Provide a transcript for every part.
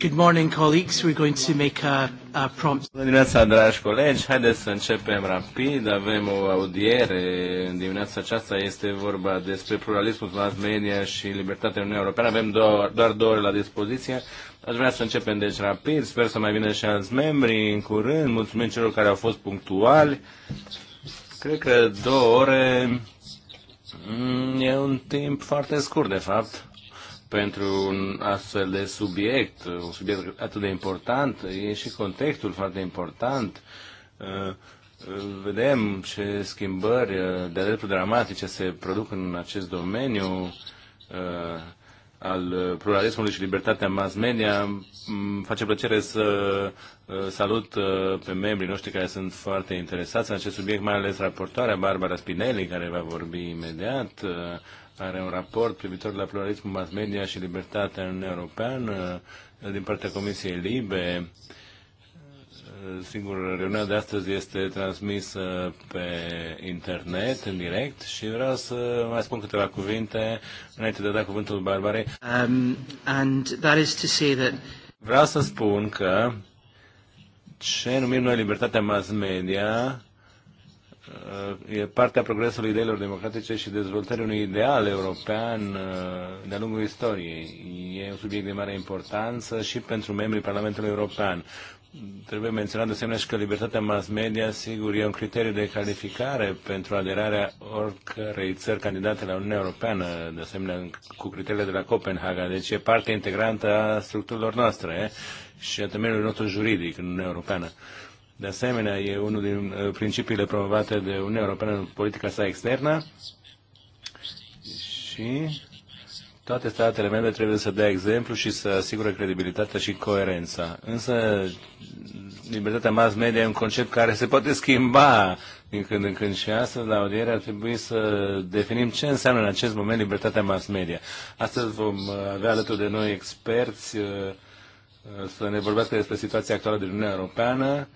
Good morning, colleagues. We're going to make a, a prompt. Bună dimineața, dragi colegi. Haideți să începem rapid. Avem o audiere în dimineața aceasta. Este vorba despre pluralismul mass media și libertatea în Uniunea Europeană. Avem doar, doar două ore la dispoziție. Aș vrea să începem deci rapid. Sper să mai vină și alți membri în curând. Mulțumim celor care au fost punctuali. Cred că două ore mm, e un timp foarte scurt, de fapt pentru un astfel de subiect, un subiect atât de important, e și contextul foarte important. Uh, uh, vedem ce schimbări uh, de dreptul dramatice se produc în acest domeniu al pluralismului și libertatea mass media. Îmi mm, face plăcere să salut pe membrii noștri care sunt foarte interesați în acest subiect, mai ales raportoarea Barbara Spinelli, care va vorbi imediat are un raport privitor la pluralismul mass media și libertatea în Uniunea Europeană uh, din partea Comisiei Libe. Uh, Singur, reuniunea de astăzi este transmisă uh, pe internet, în direct, și vreau să mai spun câteva cuvinte înainte de a da cuvântul Barbarei. Um, and that is to say that... Vreau să spun că ce numim noi libertatea mass media e partea progresului ideilor democratice și dezvoltării unui ideal european uh, de-a lungul istoriei. E un subiect de mare importanță și pentru membrii Parlamentului European. Trebuie menționat de asemenea și că libertatea mass media, sigur, e un criteriu de calificare pentru aderarea oricărei țări candidate la Uniunea Europeană, de asemenea cu criteriile de la Copenhaga. Deci e parte integrantă a structurilor noastre și a temeiului nostru juridic în Uniunea Europeană. De asemenea, e unul din uh, principiile promovate de Uniunea Europeană în politica sa externă și toate statele membre trebuie să dea exemplu și să asigure credibilitatea și coerența. Însă, libertatea mass media e un concept care se poate schimba din când în când și astăzi, la audiere, ar trebui să definim ce înseamnă în acest moment libertatea mass media. Astăzi vom uh, avea alături de noi experți uh, să ne vorbească despre situația actuală din Uniunea Europeană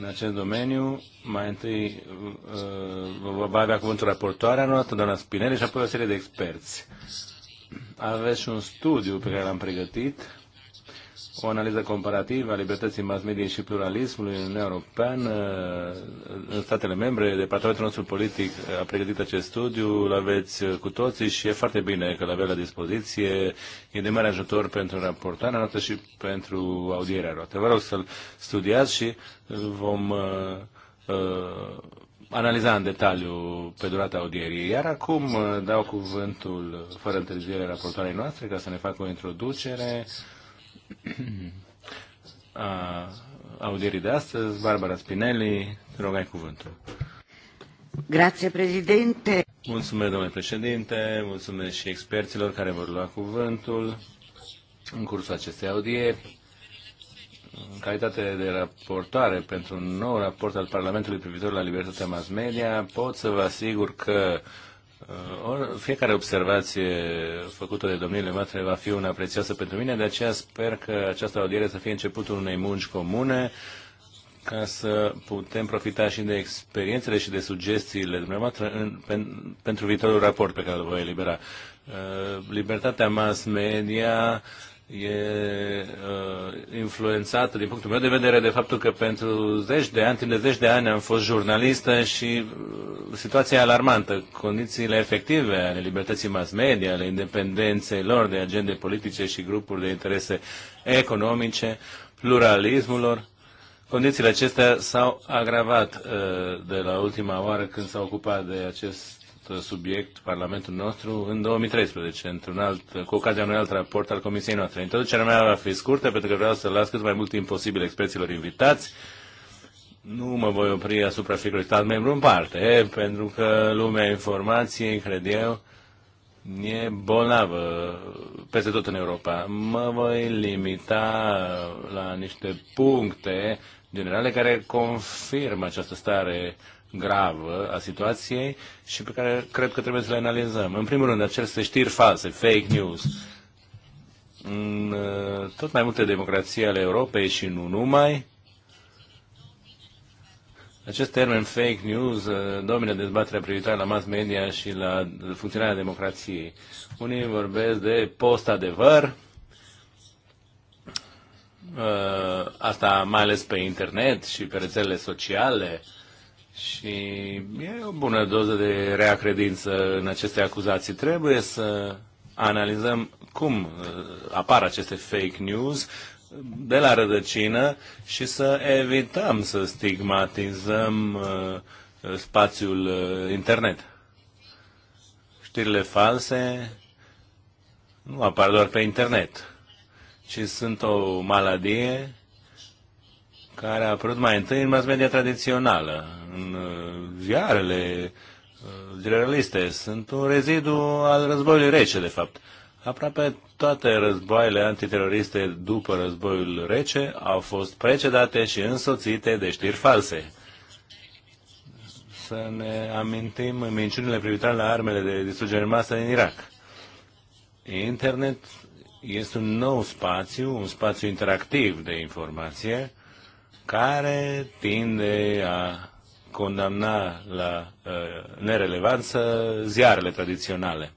în acest domeniu. Mai întâi uh, va avea cuvântul raportoarea noastră, doamna Spinelli, și apoi o serie de experți. Aveți și un studiu pe care l-am pregătit o analiză comparativă a libertății mass media și pluralismului în Uniunea Europeană, în statele membre. Departamentul nostru politic a pregătit acest studiu, îl aveți cu toții și e foarte bine că îl avem la dispoziție. E de mare ajutor pentru raportarea noastră și pentru audierea noastră. Vă rog să-l studiați și vom uh, uh, analiza în detaliu pe durata audierii. Iar acum uh, dau cuvântul, fără întârziere, raportoarei noastre, ca să ne facă o introducere audierii de astăzi. Barbara Spinelli, te rog, ai cuvântul. Grazie, președinte. Mulțumesc, domnule președinte, mulțumesc și experților care vor lua cuvântul în cursul acestei audieri. În calitate de raportoare pentru un nou raport al Parlamentului privitor la libertatea mass media, pot să vă asigur că uh, Uh, fiecare observație făcută de domnile voastre va fi una prețioasă pentru mine, de aceea sper că această audiere să fie începutul unei munci comune, ca să putem profita și de experiențele și de sugestiile dumneavoastră în, pen, pentru viitorul raport pe care îl voi elibera. Uh, libertatea mass media e uh, influențată, din punctul meu de vedere, de faptul că pentru zeci de ani, timp de zeci de ani am fost jurnalistă și uh, situația e alarmantă. Condițiile efective ale libertății mass media, ale independenței lor de agende politice și grupuri de interese economice, pluralismul lor, condițiile acestea s-au agravat uh, de la ultima oară când s-a ocupat de acest subiect Parlamentul nostru în 2013, într-un alt, cu ocazia unui alt raport al Comisiei noastre. Introducerea mea va fi scurtă, pentru că vreau să las cât mai mult timp posibil experților invitați. Nu mă voi opri asupra fiecărui stat membru în parte, pentru că lumea informației, cred eu, e bolnavă peste tot în Europa. Mă voi limita la niște puncte generale care confirmă această stare gravă a situației și pe care cred că trebuie să le analizăm. În primul rând, aceste știri false, fake news, în uh, tot mai multe democrații ale Europei și nu numai, acest termen fake news uh, domină dezbaterea privitoare la mass media și la funcționarea democrației. Unii vorbesc de post-adevăr, uh, asta mai ales pe internet și pe rețelele sociale, și e o bună doză de rea credință în aceste acuzații. Trebuie să analizăm cum uh, apar aceste fake news de la rădăcină și să evităm să stigmatizăm uh, spațiul uh, internet. Știrile false nu apar doar pe internet, ci sunt o maladie care a apărut mai întâi în mass media tradițională, în uh, ziarele generaliste. Uh, Sunt un rezidu al războiului rece, de fapt. Aproape toate războaiele antiteroriste după războiul rece au fost precedate și însoțite de știri false. Să ne amintim minciunile privitoare la armele de distrugere masă din Irak. Internet este un nou spațiu, un spațiu interactiv de informație, care tinde a condamna la uh, nerelevanță ziarele tradiționale.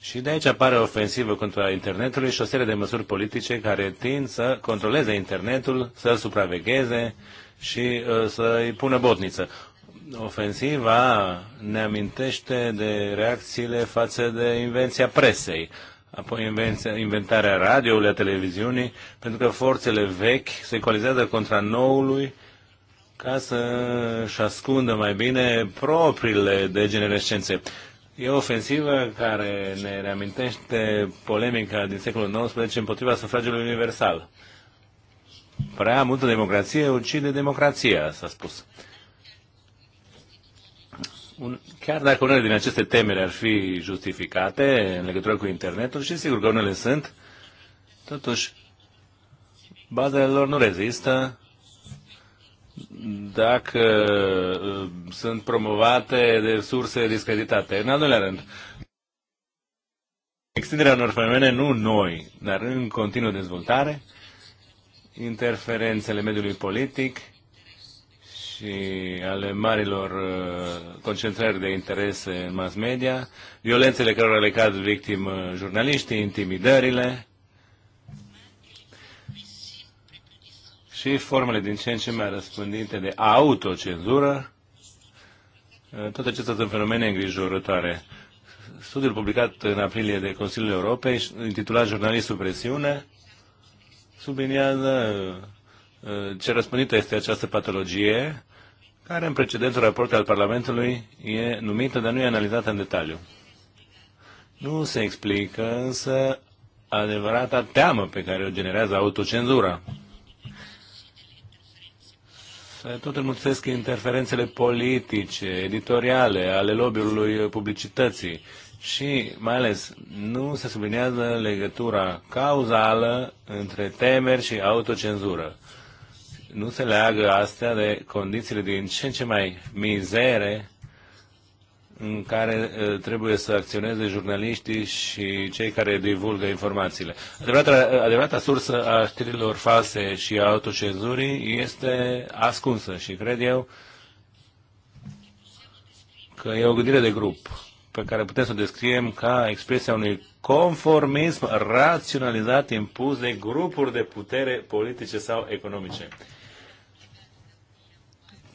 Și de aici apare o ofensivă contra internetului și o serie de măsuri politice care tind să controleze internetul, să-l supravegheze și uh, să-i pună botniță. Ofensiva ne amintește de reacțiile față de invenția presei, apoi invenția, inventarea radioului, a televiziunii, pentru că forțele vechi se coalizează contra noului ca să-și ascundă mai bine propriile degenerescențe. E o ofensivă care ne reamintește polemica din secolul XIX împotriva sufragiului universal. Prea multă democrație ucide democrația, s-a spus. Un, chiar dacă unele din aceste temeri ar fi justificate în legătură cu internetul, și sigur că unele sunt, totuși, bazele lor nu rezistă dacă uh, sunt promovate de surse discreditate. În al doilea rând, extinderea unor fenomene nu noi, dar în continuă dezvoltare, interferențele mediului politic și ale marilor uh, concentrări de interese în mass media, violențele care le cad victim uh, jurnaliștii, intimidările, și formele din ce în ce mai răspândite de autocenzură, toate acestea sunt fenomene îngrijorătoare. Studiul publicat în aprilie de Consiliul Europei, intitulat Jurnalistul Presiune, subliniază uh, ce răspândită este această patologie, care în precedentul raport al Parlamentului e numită, dar nu e analizată în detaliu. Nu se explică însă adevărata teamă pe care o generează autocenzura. Se tot înmulțesc interferențele politice, editoriale, ale lobby-ului publicității și, mai ales, nu se sublinează legătura cauzală între temeri și autocenzură. Nu se leagă astea de condițiile din ce în ce mai mizere în care trebuie să acționeze jurnaliștii și cei care divulgă informațiile. Adevărata, adevărata sursă a știrilor false și a autocenzurii este ascunsă și cred eu că e o gândire de grup pe care putem să o descriem ca expresia unui conformism raționalizat impus de grupuri de putere politice sau economice.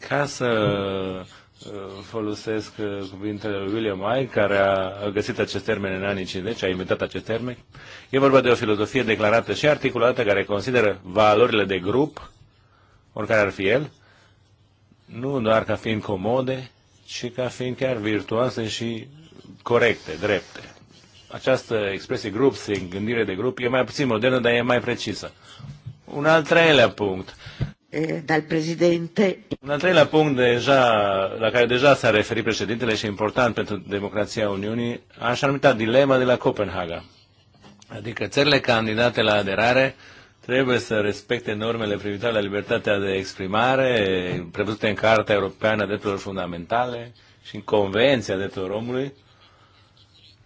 Ca să folosesc uh, cuvintele lui William Ay, care a găsit acest termen în anii 50, a inventat acest termen. E vorba de o filozofie declarată și articulată care consideră valorile de grup, oricare ar fi el, nu doar ca fiind comode, ci ca fiind chiar virtuoase și corecte, drepte. Această expresie grup, gândire de grup, e mai puțin modernă, dar e mai precisă. Un al treilea punct Eh, dal Presidente. Un al treilea punct deja, la care deja s-a referit președintele și important pentru democrația Uniunii, așa numită dilema de la Copenhaga. Adică țările candidate la aderare trebuie să respecte normele privitoare la libertatea de exprimare prevăzute în Carta Europeană a Drepturilor Fundamentale și în Convenția Drepturilor Omului,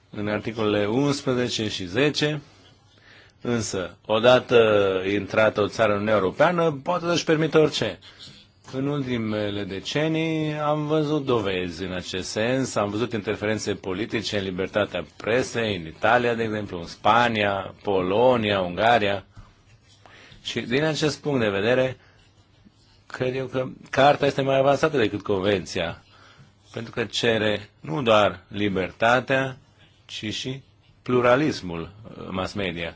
în articolele 11 și 10, Însă, odată intrată o țară în Uniunea Europeană, poate să-și permită orice. În ultimele decenii am văzut dovezi în acest sens, am văzut interferențe politice în libertatea presei, în Italia, de exemplu, în Spania, Polonia, Ungaria. Și din acest punct de vedere, cred eu că carta este mai avansată decât convenția, pentru că cere nu doar libertatea, ci și pluralismul mass media.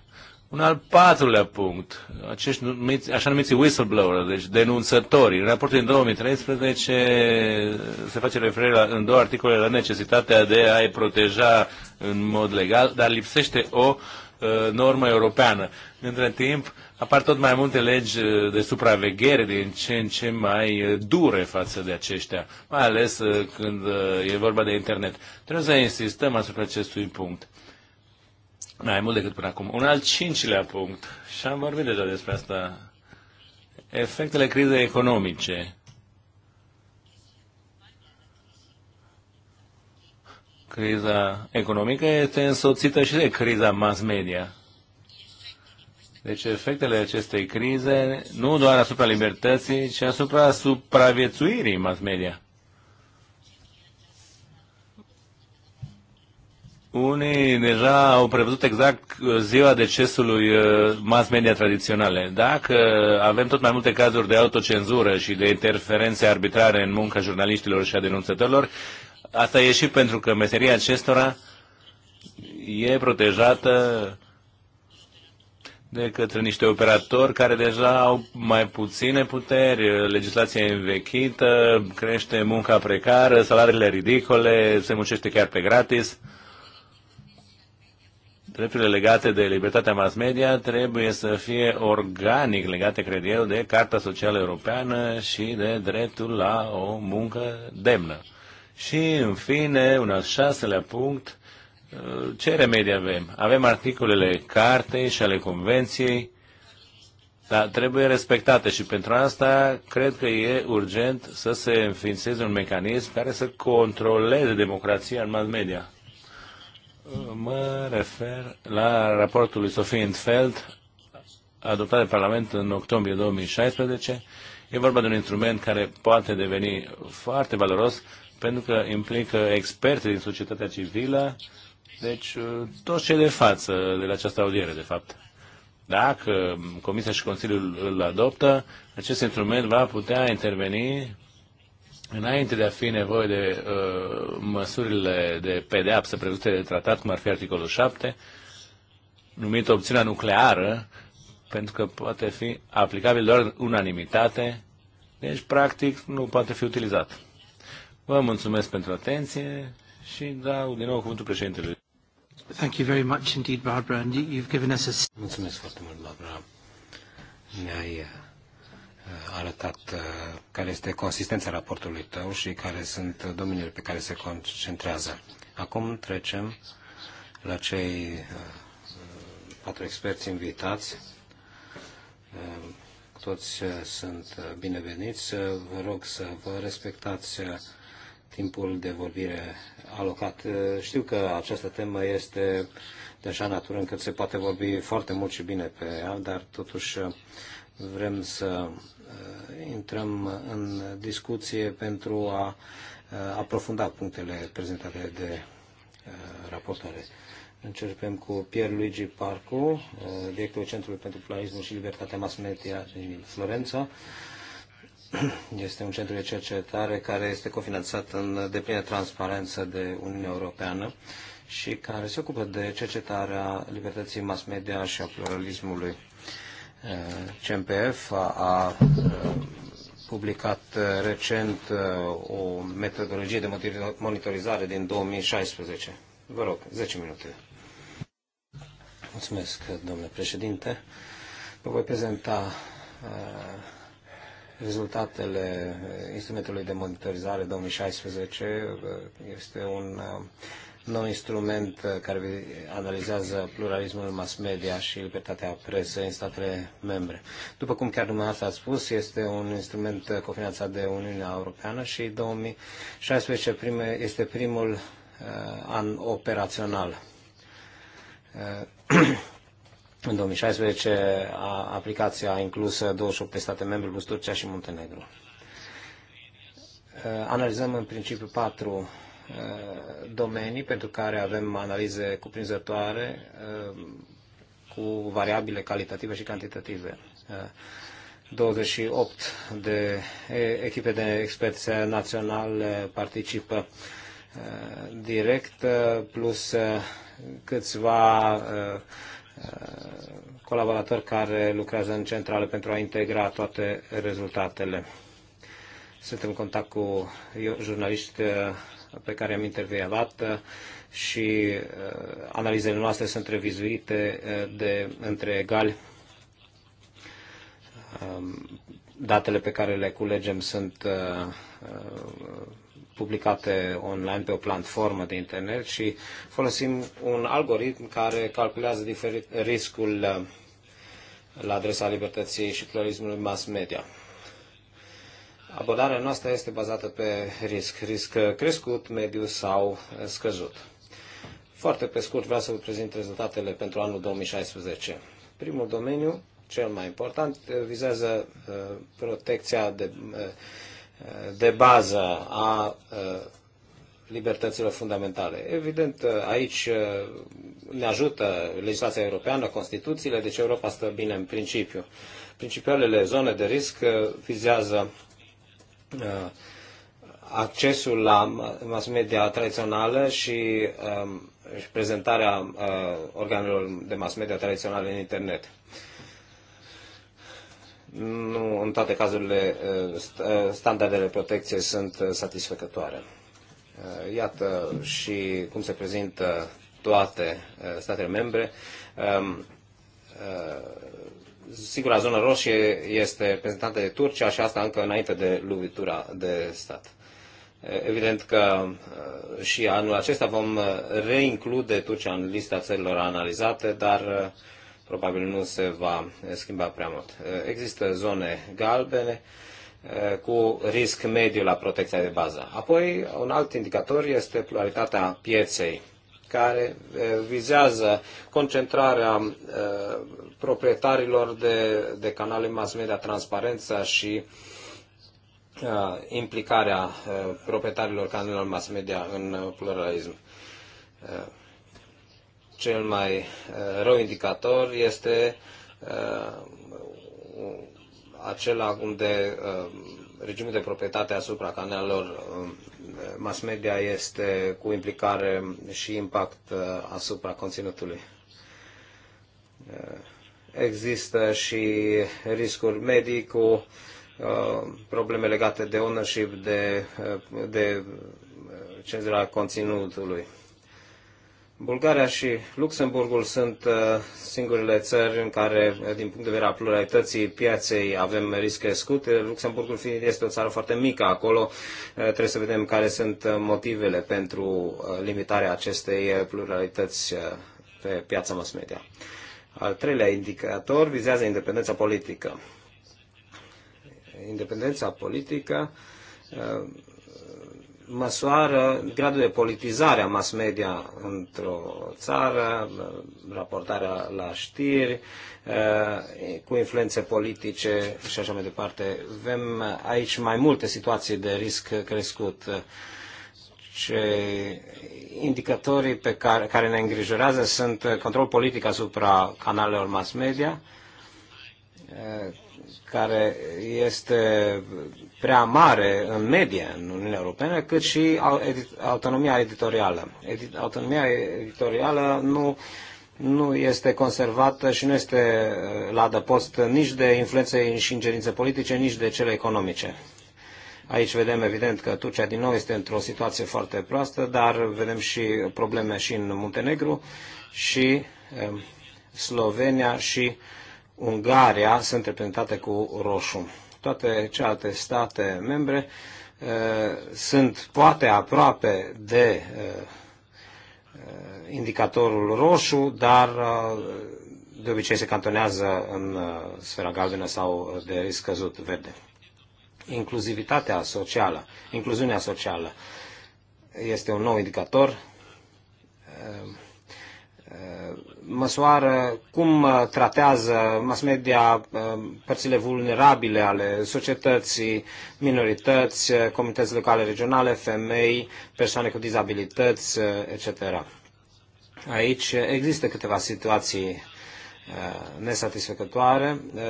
Un al patrulea punct, acești numiți, așa numiți whistleblower, deci denunțători. În raportul din 2013 se face referire la, în două articole la necesitatea de a-i proteja în mod legal, dar lipsește o uh, normă europeană. Între timp, apar tot mai multe legi uh, de supraveghere din ce în ce mai uh, dure față de aceștia, mai ales uh, când e vorba de internet. Trebuie să insistăm asupra acestui punct mai mult decât până acum. Un al cincilea punct, și am vorbit deja despre asta, efectele crizei economice. Criza economică este însoțită și de criza mass media. Deci efectele acestei crize nu doar asupra libertății, ci asupra supraviețuirii mass media. Unii deja au prevăzut exact uh, ziua decesului uh, mass media tradiționale. Dacă avem tot mai multe cazuri de autocenzură și de interferențe arbitrare în munca jurnaliștilor și a denunțătorilor, asta e și pentru că meseria acestora e protejată de către niște operatori care deja au mai puține puteri, legislația învechită, crește munca precară, salariile ridicole, se muncește chiar pe gratis drepturile legate de libertatea mass media trebuie să fie organic legate, cred eu, de Carta Socială Europeană și de dreptul la o muncă demnă. Și, în fine, un al șaselea punct, ce remedii avem? Avem articolele cartei și ale convenției, dar trebuie respectate și pentru asta cred că e urgent să se înființeze un mecanism care să controleze democrația în mass media. Mă refer la raportul lui Sofie Entfeld, adoptat de Parlament în octombrie 2016. E vorba de un instrument care poate deveni foarte valoros pentru că implică experți din societatea civilă, deci uh, toți cei de față de la această audiere, de fapt. Dacă Comisia și Consiliul îl adoptă, acest instrument va putea interveni Înainte de a fi nevoie de uh, măsurile de pedeapsă prevăzute de tratat, cum ar fi articolul 7, numită opțiunea nucleară, pentru că poate fi aplicabil doar unanimitate, deci practic nu poate fi utilizat. Vă mulțumesc pentru atenție și dau din nou cuvântul președintelui. Thank you very much indeed, Barbara. And you've given us a... Mulțumesc foarte mult, Barbara. Ne-ai arătat uh, care este consistența raportului tău și care sunt domeniile pe care se concentrează. Acum trecem la cei uh, patru experți invitați. Uh, toți sunt bineveniți. Vă rog să vă respectați timpul de vorbire alocat. Știu că această temă este de așa natură încât se poate vorbi foarte mult și bine pe ea, dar totuși vrem să Uh, intrăm în discuție pentru a uh, aprofunda punctele prezentate de uh, raportare. Începem cu Pierluigi Parco, directorul Centrului pentru pluralism și Libertatea Mass Media din Florența. Este un centru de cercetare care este cofinanțat în deplină transparență de Uniunea Europeană și care se ocupă de cercetarea libertății mass media și a pluralismului CMPF a, a publicat uh, recent uh, o metodologie de monitorizare din 2016. Vă rog, 10 minute. Mulțumesc, domnule președinte. Vă voi prezenta uh, rezultatele instrumentului de monitorizare 2016. Este un nou instrument uh, care analizează pluralismul mass media și libertatea presă în statele membre. După cum chiar dumneavoastră ați spus, este un instrument uh, cofinanțat de Uniunea Europeană și 2016 prime, este primul uh, an operațional. Uh, în 2016 a, aplicația a inclus 28 uh, de state membre plus Turcia și Muntenegru. Uh, analizăm în principiu patru Uh, domenii pentru care avem analize cuprinzătoare uh, cu variabile calitative și cantitative. 28 uh, de echipe de experți naționale participă direct, plus câțiva colaboratori care lucrează în centrală pentru a integra toate rezultatele. Sunt în contact cu jurnaliști pe care am intervievat uh, și uh, analizele noastre sunt revizuite uh, de între egali. Um, datele pe care le culegem sunt publicate online pe o platformă de internet și folosim un algoritm care calculează diferit riscul la adresa libertății și pluralismului mass media. Abordarea noastră este bazată pe risc, risc crescut, mediu sau scăzut. Foarte pe scurt vreau să vă prezint rezultatele pentru anul 2016. Primul domeniu, cel mai important, vizează uh, protecția de, uh, de bază a uh, libertăților fundamentale. Evident, aici ne ajută legislația europeană, Constituțiile, deci Europa stă bine în principiu. Principalele zone de risc vizează Uh, accesul la mass media tradițională și, um, și prezentarea uh, organelor de mass media tradiționale în internet. Nu în toate cazurile uh, standardele protecție sunt satisfăcătoare. Iată și cum se prezintă toate statele membre um, Sigur, la zona roșie este reprezentată de Turcia și asta încă înainte de lovitura de stat. Evident că uh, și anul acesta vom uh, reinclude Turcia în lista țărilor analizate, dar uh, probabil nu se va schimba prea mult. Există zone galbene cu risc mediu la protecția de bază. Apoi, un alt indicator este pluralitatea pieței care eh, vizează concentrarea eh, proprietarilor de, de canale mass media, transparența și eh, implicarea proprietarilor canalelor mass media în pluralism. Cel mai rău indicator este acela unde regimul de proprietate asupra canalelor um, mass media este cu implicare și impact uh, asupra conținutului. Uh, există și riscuri medii cu uh, probleme legate de ownership, de, de cenzura conținutului. Bulgaria și Luxemburgul sunt uh, singurele țări în care, uh, din punct de vedere a pluralității pieței, avem risc crescut. Uh, Luxemburgul fiind este o țară foarte mică, acolo trebuie să vedem care sunt motivele pentru limitarea acestei pluralități pe piața mass media. Al treilea indicator vizează independența politică. Independența politică măsoară gradul de politizare a mass media într-o țară, raportarea la știri, eh, cu influențe politice și așa mai departe. Avem aici mai multe situații de risc crescut. Ce indicatorii pe care, care ne îngrijorează sunt control politic asupra canalelor mass media, care este prea mare în medie în Uniunea Europeană, cât și autonomia editorială. Autonomia editorială nu, nu este conservată și nu este uh, la adăpost nici de influențe și ingerințe politice, nici de cele economice. Aici vedem evident că Turcia din nou este într-o situație foarte proastă, dar vedem și probleme și în Muntenegru și uh, Slovenia și uh, Ungaria sunt reprezentate cu roșu. Toate celelalte state membre eh, sunt poate aproape de eh, eh, indicatorul roșu, dar de obicei se cantonează în sfera galbenă sau de risc căzut verde. Inclusivitatea socială, incluziunea socială este un nou indicator măsoară cum uh, tratează mass media uh, părțile vulnerabile ale societății, minorități, uh, comunități locale regionale, femei, persoane cu dizabilități, etc. Aici există câteva situații Uh, nesatisfăcătoare. Uh,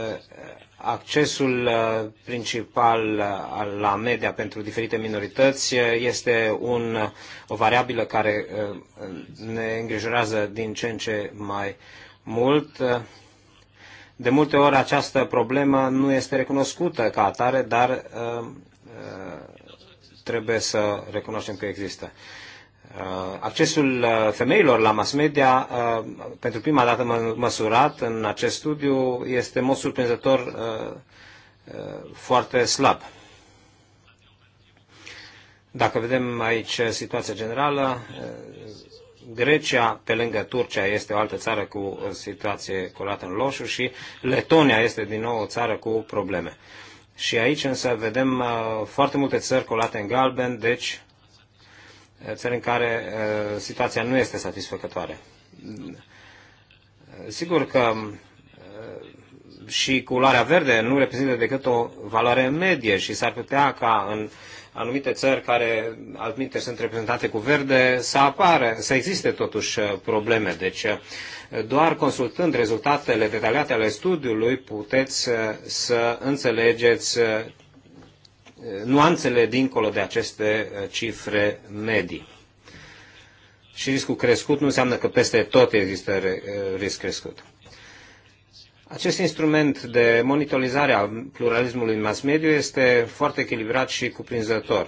accesul uh, principal la media pentru diferite minorități este un, o variabilă care ne îngrijorează din ce în ce mai mult. De multe ori această problemă nu este recunoscută ca atare, dar trebuie să recunoaștem că există. Uh, accesul uh, femeilor la mass media, uh, pentru prima dată măsurat în acest studiu, este în mod surprinzător foarte slab. Dacă vedem aici situația generală, Grecia, pe lângă Turcia, este o altă țară cu situație colată în loșu și Letonia este din nou o țară cu probleme. Și aici însă vedem foarte multe țări colate în galben, deci Uh, țări în care uh, situația nu este satisfăcătoare. Uh, sigur că și culoarea verde nu reprezintă decât o valoare medie și s-ar putea ca în anumite țări care anumite sunt reprezentate cu verde să apare, să existe totuși probleme. Deci doar consultând rezultatele detaliate ale studiului puteți să înțelegeți nuanțele dincolo de aceste uh, cifre medii. Și riscul crescut nu înseamnă că peste tot există uh, risc crescut. Acest instrument de monitorizare a pluralismului în mass media este foarte echilibrat și cuprinzător.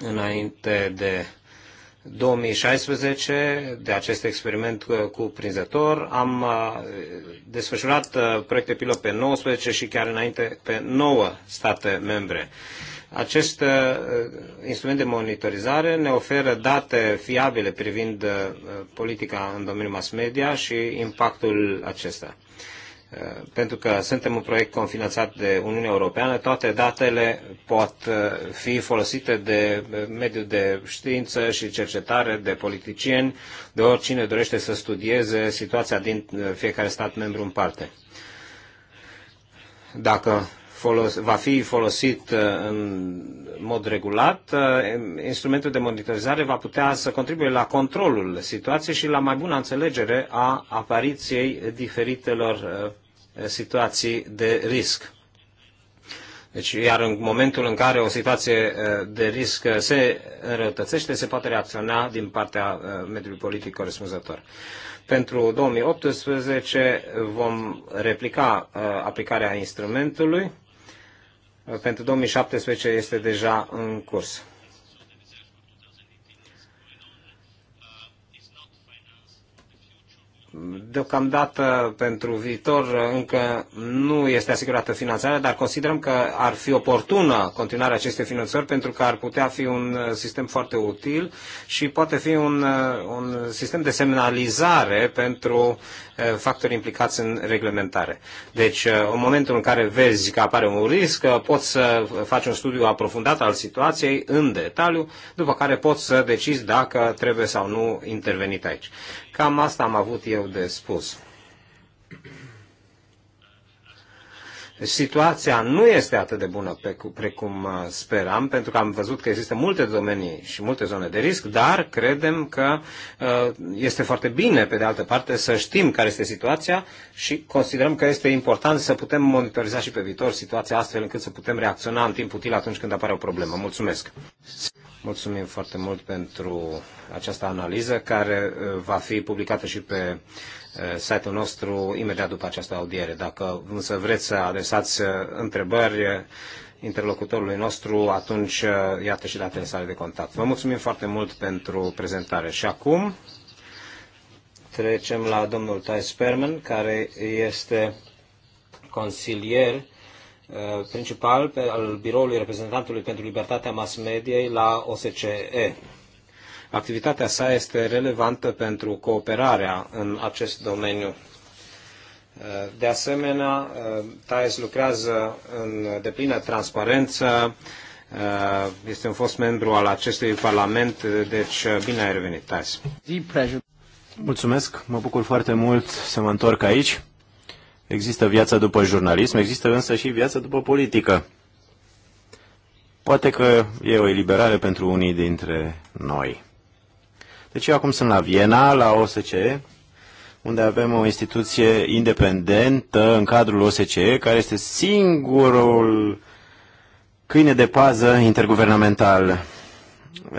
Înainte de 2016, de acest experiment uh, cuprinzător, am uh, desfășurat uh, proiecte pilot pe 19 și chiar înainte pe 9 state membre. Acest instrument de monitorizare ne oferă date fiabile privind politica în domeniul mass media și impactul acesta pentru că suntem un proiect confinanțat de Uniunea Europeană, toate datele pot uh, fi folosite de uh, mediul de știință și cercetare, de politicieni, de oricine dorește să studieze situația din uh, fiecare stat membru în parte. Dacă folos, va fi folosit în mod regulat, instrumentul de monitorizare va putea să contribuie la controlul situației și la mai bună înțelegere a apariției diferitelor situații de risc. Deci, iar în momentul în care o situație uh, de risc uh, se înrăutățește, se poate reacționa din partea uh, mediului politic corespunzător. Pentru 2018 vom replica aplicarea instrumentului. Pentru 2017 este deja în curs. Deocamdată pentru viitor încă nu este asigurată finanțarea, dar considerăm că ar fi oportună continuarea acestei finanțări pentru că ar putea fi un uh, sistem foarte util și poate fi un, uh, un sistem de semnalizare pentru Eh, factori implicați în reglementare. Deci, eh, în momentul în care vezi că apare un risc, eh, poți să faci un studiu aprofundat al situației în detaliu, după care poți să decizi dacă trebuie sau nu intervenit aici. Cam asta am avut eu de spus. situația nu este atât de bună precum uh, speram, pentru că am văzut că există multe domenii și multe zone de risc, dar credem că uh, este foarte bine, pe de altă parte, să știm care este situația și considerăm că este important să putem monitoriza și pe viitor situația astfel încât să putem reacționa în timp util atunci când apare o problemă. Mulțumesc! Mulțumim foarte mult pentru această analiză care uh, va fi publicată și pe uh, site-ul nostru imediat după această audiere. Dacă însă vreți să adresați uh, întrebări interlocutorului nostru, atunci iată și datele sale de contact. Vă mulțumim foarte mult pentru prezentare. Și acum trecem la domnul Tai Sperman, care este consilier Uh, principal al Biroului Reprezentantului pentru Libertatea Mass Mediei la OSCE. Activitatea sa este relevantă pentru cooperarea în acest domeniu. Uh, de asemenea, uh, TAES lucrează în deplină transparență, este un fost membru al acestui parlament, deci bine ai revenit, TAES. Mulțumesc, mă bucur foarte mult să mă întorc aici. Există viața după jurnalism, există însă și viața după politică. Poate că e o eliberare pentru unii dintre noi. Deci eu acum sunt la Viena, la OSCE, unde avem o instituție independentă în cadrul OSCE, care este singurul câine de pază interguvernamental.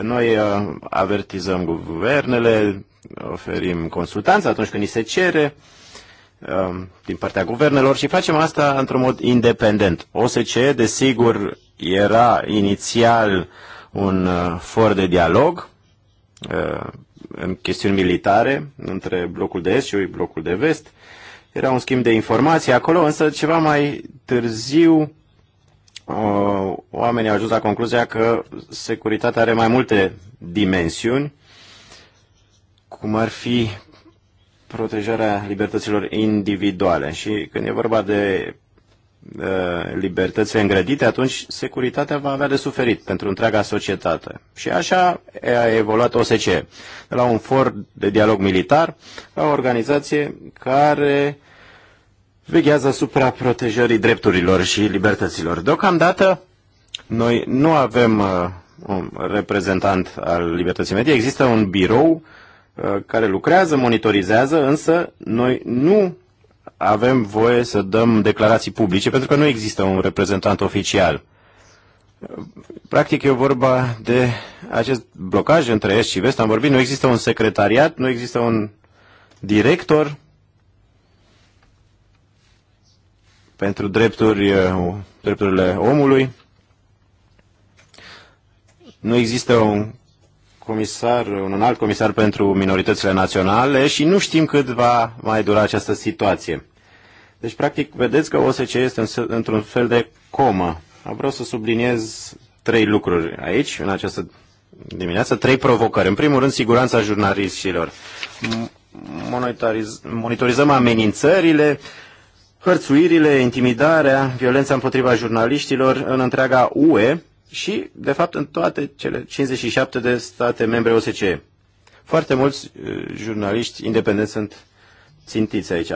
Noi uh, avertizăm guvernele, oferim consultanță atunci când ni se cere, Um, din partea guvernelor și facem asta într-un mod independent. OSCE, desigur, era inițial un uh, for de dialog uh, în chestiuni militare între blocul de est și blocul de vest. Era un schimb de informații acolo, însă ceva mai târziu uh, oamenii au ajuns la concluzia că securitatea are mai multe dimensiuni, cum ar fi protejarea libertăților individuale. Și când e vorba de uh, libertățile îngrădite, atunci securitatea va avea de suferit pentru întreaga societate. Și așa a evoluat OSCE, de la un for de dialog militar la o organizație care veghează asupra protejării drepturilor și libertăților. Deocamdată, noi nu avem uh, un reprezentant al libertății medie, există un birou uh, Uh, care lucrează, monitorizează, însă noi nu avem voie să dăm declarații publice pentru că nu există un reprezentant oficial. Practic e vorba de acest blocaj între Est și Vest. Am vorbit, nu există un secretariat, nu există un director pentru drepturi, uh, drepturile omului. Nu există un comisar, un alt comisar pentru minoritățile naționale și nu știm cât va mai dura această situație. Deci, practic, vedeți că OSCE este într-un fel de comă. Vreau să subliniez trei lucruri aici, în această dimineață, trei provocări. În primul rând, siguranța jurnaliștilor. monitorizăm amenințările, hărțuirile, intimidarea, violența împotriva jurnaliștilor în întreaga UE și, de fapt, în toate cele 57 de state membre OSCE. Foarte mulți uh, jurnaliști independenți sunt țintiți aici.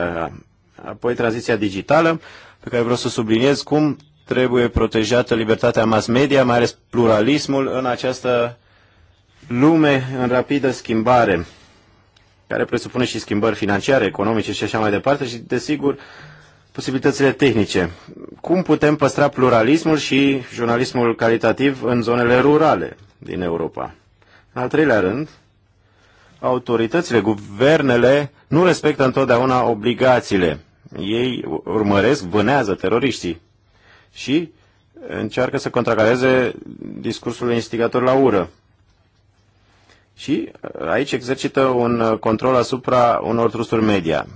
Apoi tranziția digitală, pe care vreau să subliniez cum trebuie protejată libertatea mass media, mai ales pluralismul în această lume în rapidă schimbare, care presupune și schimbări financiare, economice și așa mai departe și, desigur, posibilitățile tehnice. Cum putem păstra pluralismul și jurnalismul calitativ în zonele rurale din Europa? În al treilea rând, autoritățile, guvernele nu respectă întotdeauna obligațiile. Ei urmăresc, vânează teroriștii și încearcă să contracareze discursul instigator la ură. Și aici exercită un control asupra unor trusturi media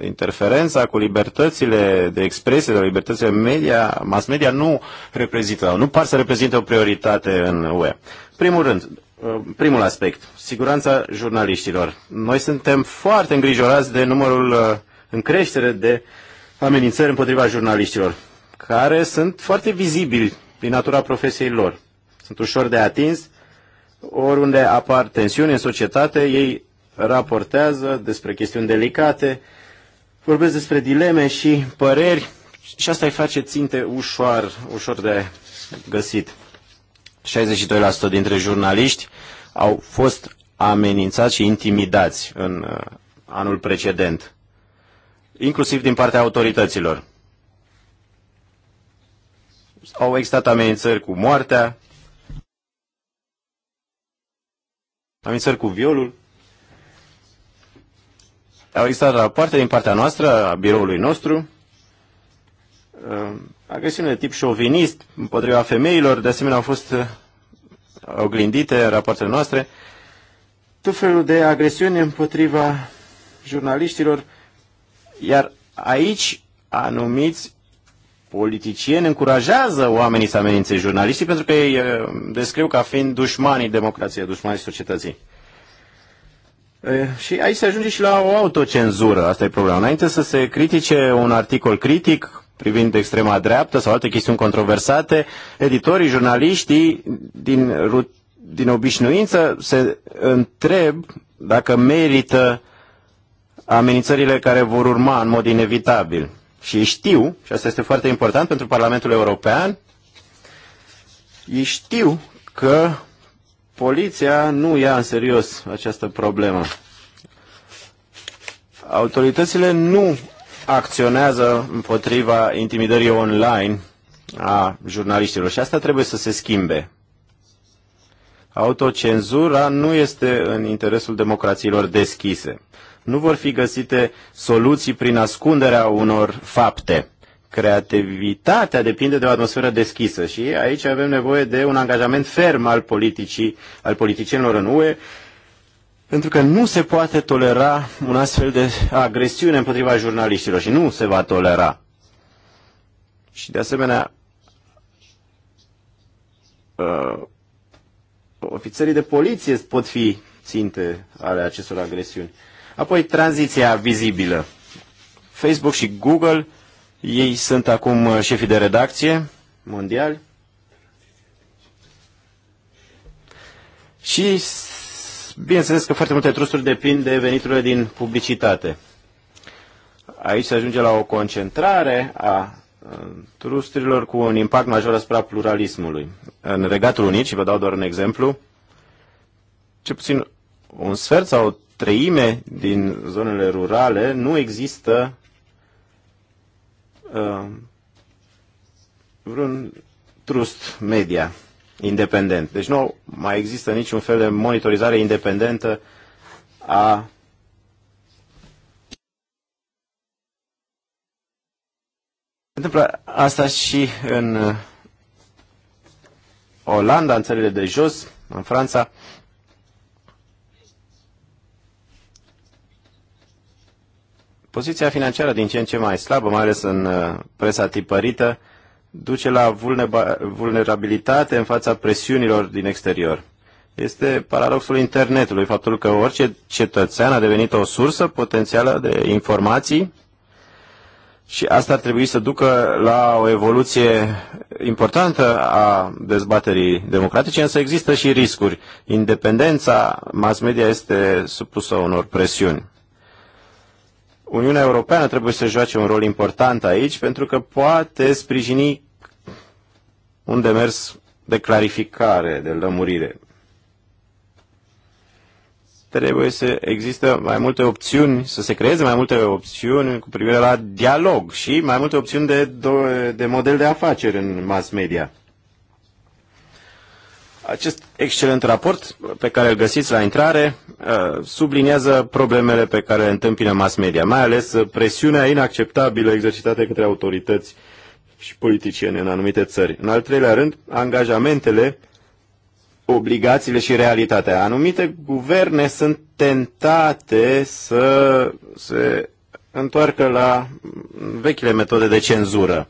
interferența cu libertățile de expresie, de libertățile media, mass media nu reprezintă, nu par să reprezinte o prioritate în UE. Primul rând, uh, primul aspect, siguranța jurnaliștilor. Noi suntem foarte îngrijorați de numărul uh, în creștere de amenințări împotriva jurnaliștilor, care sunt foarte vizibili din natura profesiei lor. Sunt ușor de atins, oriunde apar tensiuni în societate, ei raportează despre chestiuni delicate, vorbesc despre dileme și păreri și asta îi face ținte ușor, ușor de găsit. 62% dintre jurnaliști au fost amenințați și intimidați în uh, anul precedent, inclusiv din partea autorităților. Au existat amenințări cu moartea, amenințări cu violul, au existat rapoarte din partea noastră, a biroului nostru, uh, agresiune de tip șovinist împotriva femeilor, de asemenea au fost uh, oglindite rapoartele noastre, tot felul de agresiuni împotriva jurnaliștilor, iar aici anumiți politicieni încurajează oamenii să amenințe jurnaliștii pentru că ei uh, descriu ca fiind dușmanii democrației, dușmanii societății. Și aici se ajunge și la o autocenzură, asta e problema. Înainte să se critique un articol critic privind extrema dreaptă sau alte chestiuni controversate, editorii, jurnaliștii, din, din obișnuință, se întreb dacă merită amenințările care vor urma în mod inevitabil. Și știu, și asta este foarte important pentru Parlamentul European, ei știu că poliția nu ia în serios această problemă. Autoritățile nu acționează împotriva intimidării online a jurnaliștilor și asta trebuie să se schimbe. Autocenzura nu este în interesul democrațiilor deschise. Nu vor fi găsite soluții prin ascunderea unor fapte. Creativitatea depinde de o atmosferă deschisă și aici avem nevoie de un angajament ferm al politicii, al politicienilor în UE, pentru că nu se poate tolera un astfel de agresiune împotriva jurnaliștilor și nu se va tolera. Și de asemenea, uh, ofițerii de poliție pot fi ținte ale acestor agresiuni. Apoi, tranziția vizibilă. Facebook și Google ei sunt acum uh, șefii de redacție mondiali și bineînțeles că foarte multe trusturi depind de veniturile din publicitate. Aici se ajunge la o concentrare a uh, trusturilor cu un impact major asupra pluralismului. În Regatul Unit, și vă dau doar un exemplu, ce puțin un sfert sau o treime din zonele rurale nu există Uh, vreun trust media independent. Deci nu mai există niciun fel de monitorizare independentă a Se întâmplă asta și în uh, Olanda, în țările de jos, în Franța. Poziția financiară din ce în ce mai slabă, mai ales în uh, presa tipărită, duce la vulnerabilitate în fața presiunilor din exterior. Este paradoxul internetului, faptul că orice cetățean a devenit o sursă potențială de informații și asta ar trebui să ducă la o evoluție importantă a dezbaterii democratice, însă există și riscuri. Independența mass media este supusă unor presiuni. Uniunea Europeană trebuie să joace un rol important aici pentru că poate sprijini un demers de clarificare, de lămurire. Trebuie să există mai multe opțiuni, să se creeze mai multe opțiuni cu privire la dialog și mai multe opțiuni de, de model de afaceri în mass media. Acest excelent raport pe care îl găsiți la intrare uh, subliniază problemele pe care le întâmpină mass media, mai ales presiunea inacceptabilă exercitată către autorități și politicieni în anumite țări. În al treilea rând, angajamentele, obligațiile și realitatea. Anumite guverne sunt tentate să se întoarcă la vechile metode de cenzură.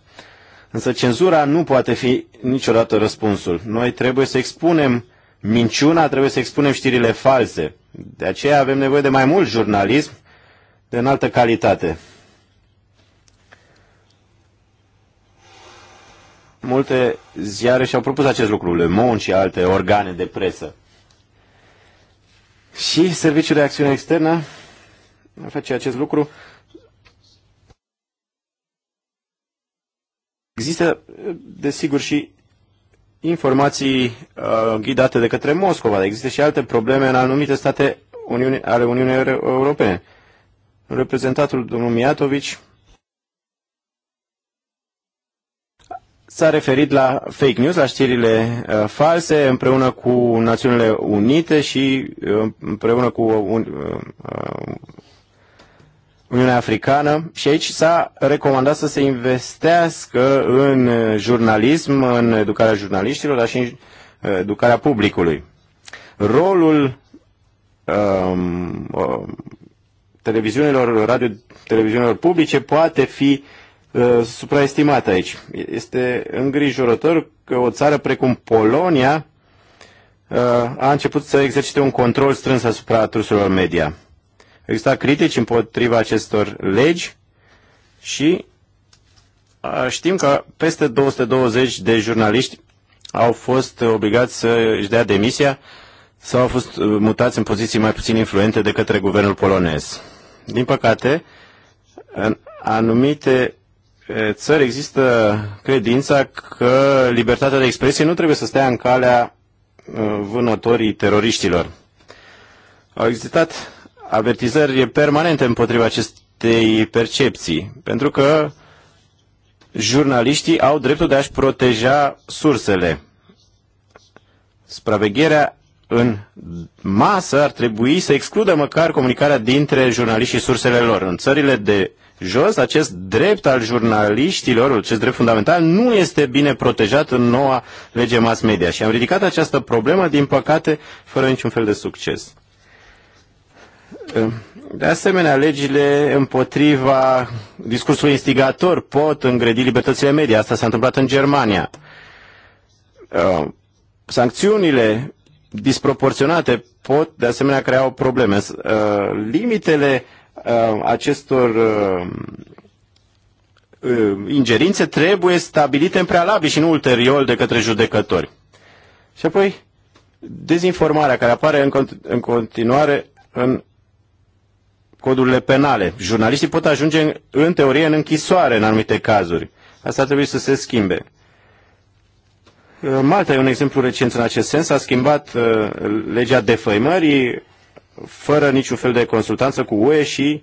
Însă cenzura nu poate fi niciodată răspunsul. Noi trebuie să expunem minciuna, trebuie să expunem știrile false. De aceea avem nevoie de mai mult jurnalism de înaltă calitate. Multe ziare și-au propus acest lucru, Le Monde și alte organe de presă. Și Serviciul de Acțiune Externă face acest lucru Există, desigur, și informații uh, ghidate de către Moscova. Există și alte probleme în anumite state Uniune, ale Uniunii Europene. Reprezentatul domnul Miatovici s-a referit la fake news, la știrile uh, false, împreună cu Națiunile Unite și uh, împreună cu uh, uh Uniunea Africană și aici s-a recomandat să se investească în jurnalism, în educarea jurnaliștilor, dar și în uh, educarea publicului. Rolul um, um, televiziunilor, radio, televiziunilor publice poate fi uh, supraestimat aici. Este îngrijorător că o țară precum Polonia uh, a început să exercite un control strâns asupra truselor media exista critici împotriva acestor legi și știm că peste 220 de jurnaliști au fost obligați să își dea demisia sau au fost uh, mutați în poziții mai puțin influente de către guvernul polonez. Din păcate, în anumite țări există credința că libertatea de expresie nu trebuie să stea în calea uh, vânătorii teroriștilor. Au existat avertizări permanente împotriva acestei percepții, pentru că jurnaliștii au dreptul de a-și proteja sursele. Spravegherea în masă ar trebui să excludă măcar comunicarea dintre jurnaliști și sursele lor. În țările de jos, acest drept al jurnaliștilor, acest drept fundamental, nu este bine protejat în noua lege mass media. Și am ridicat această problemă, din păcate, fără niciun fel de succes. Ehm, de asemenea, legile împotriva discursului instigator pot îngredi libertățile media. Asta s-a întâmplat în Germania. Ehm, sancțiunile disproporționate pot, de asemenea, crea o probleme. Ehm, limitele acestor ingerințe trebuie stabilite în prealabil și nu ulterior de către judecători. Și apoi, dezinformarea care apare în, continuare în codurile penale. Jurnaliștii pot ajunge, în teorie, în închisoare în anumite cazuri. Asta trebuie să se schimbe. Uh, Malta e un exemplu recent în acest sens. A schimbat uh, legea defăimării fără niciun fel de consultanță cu UE și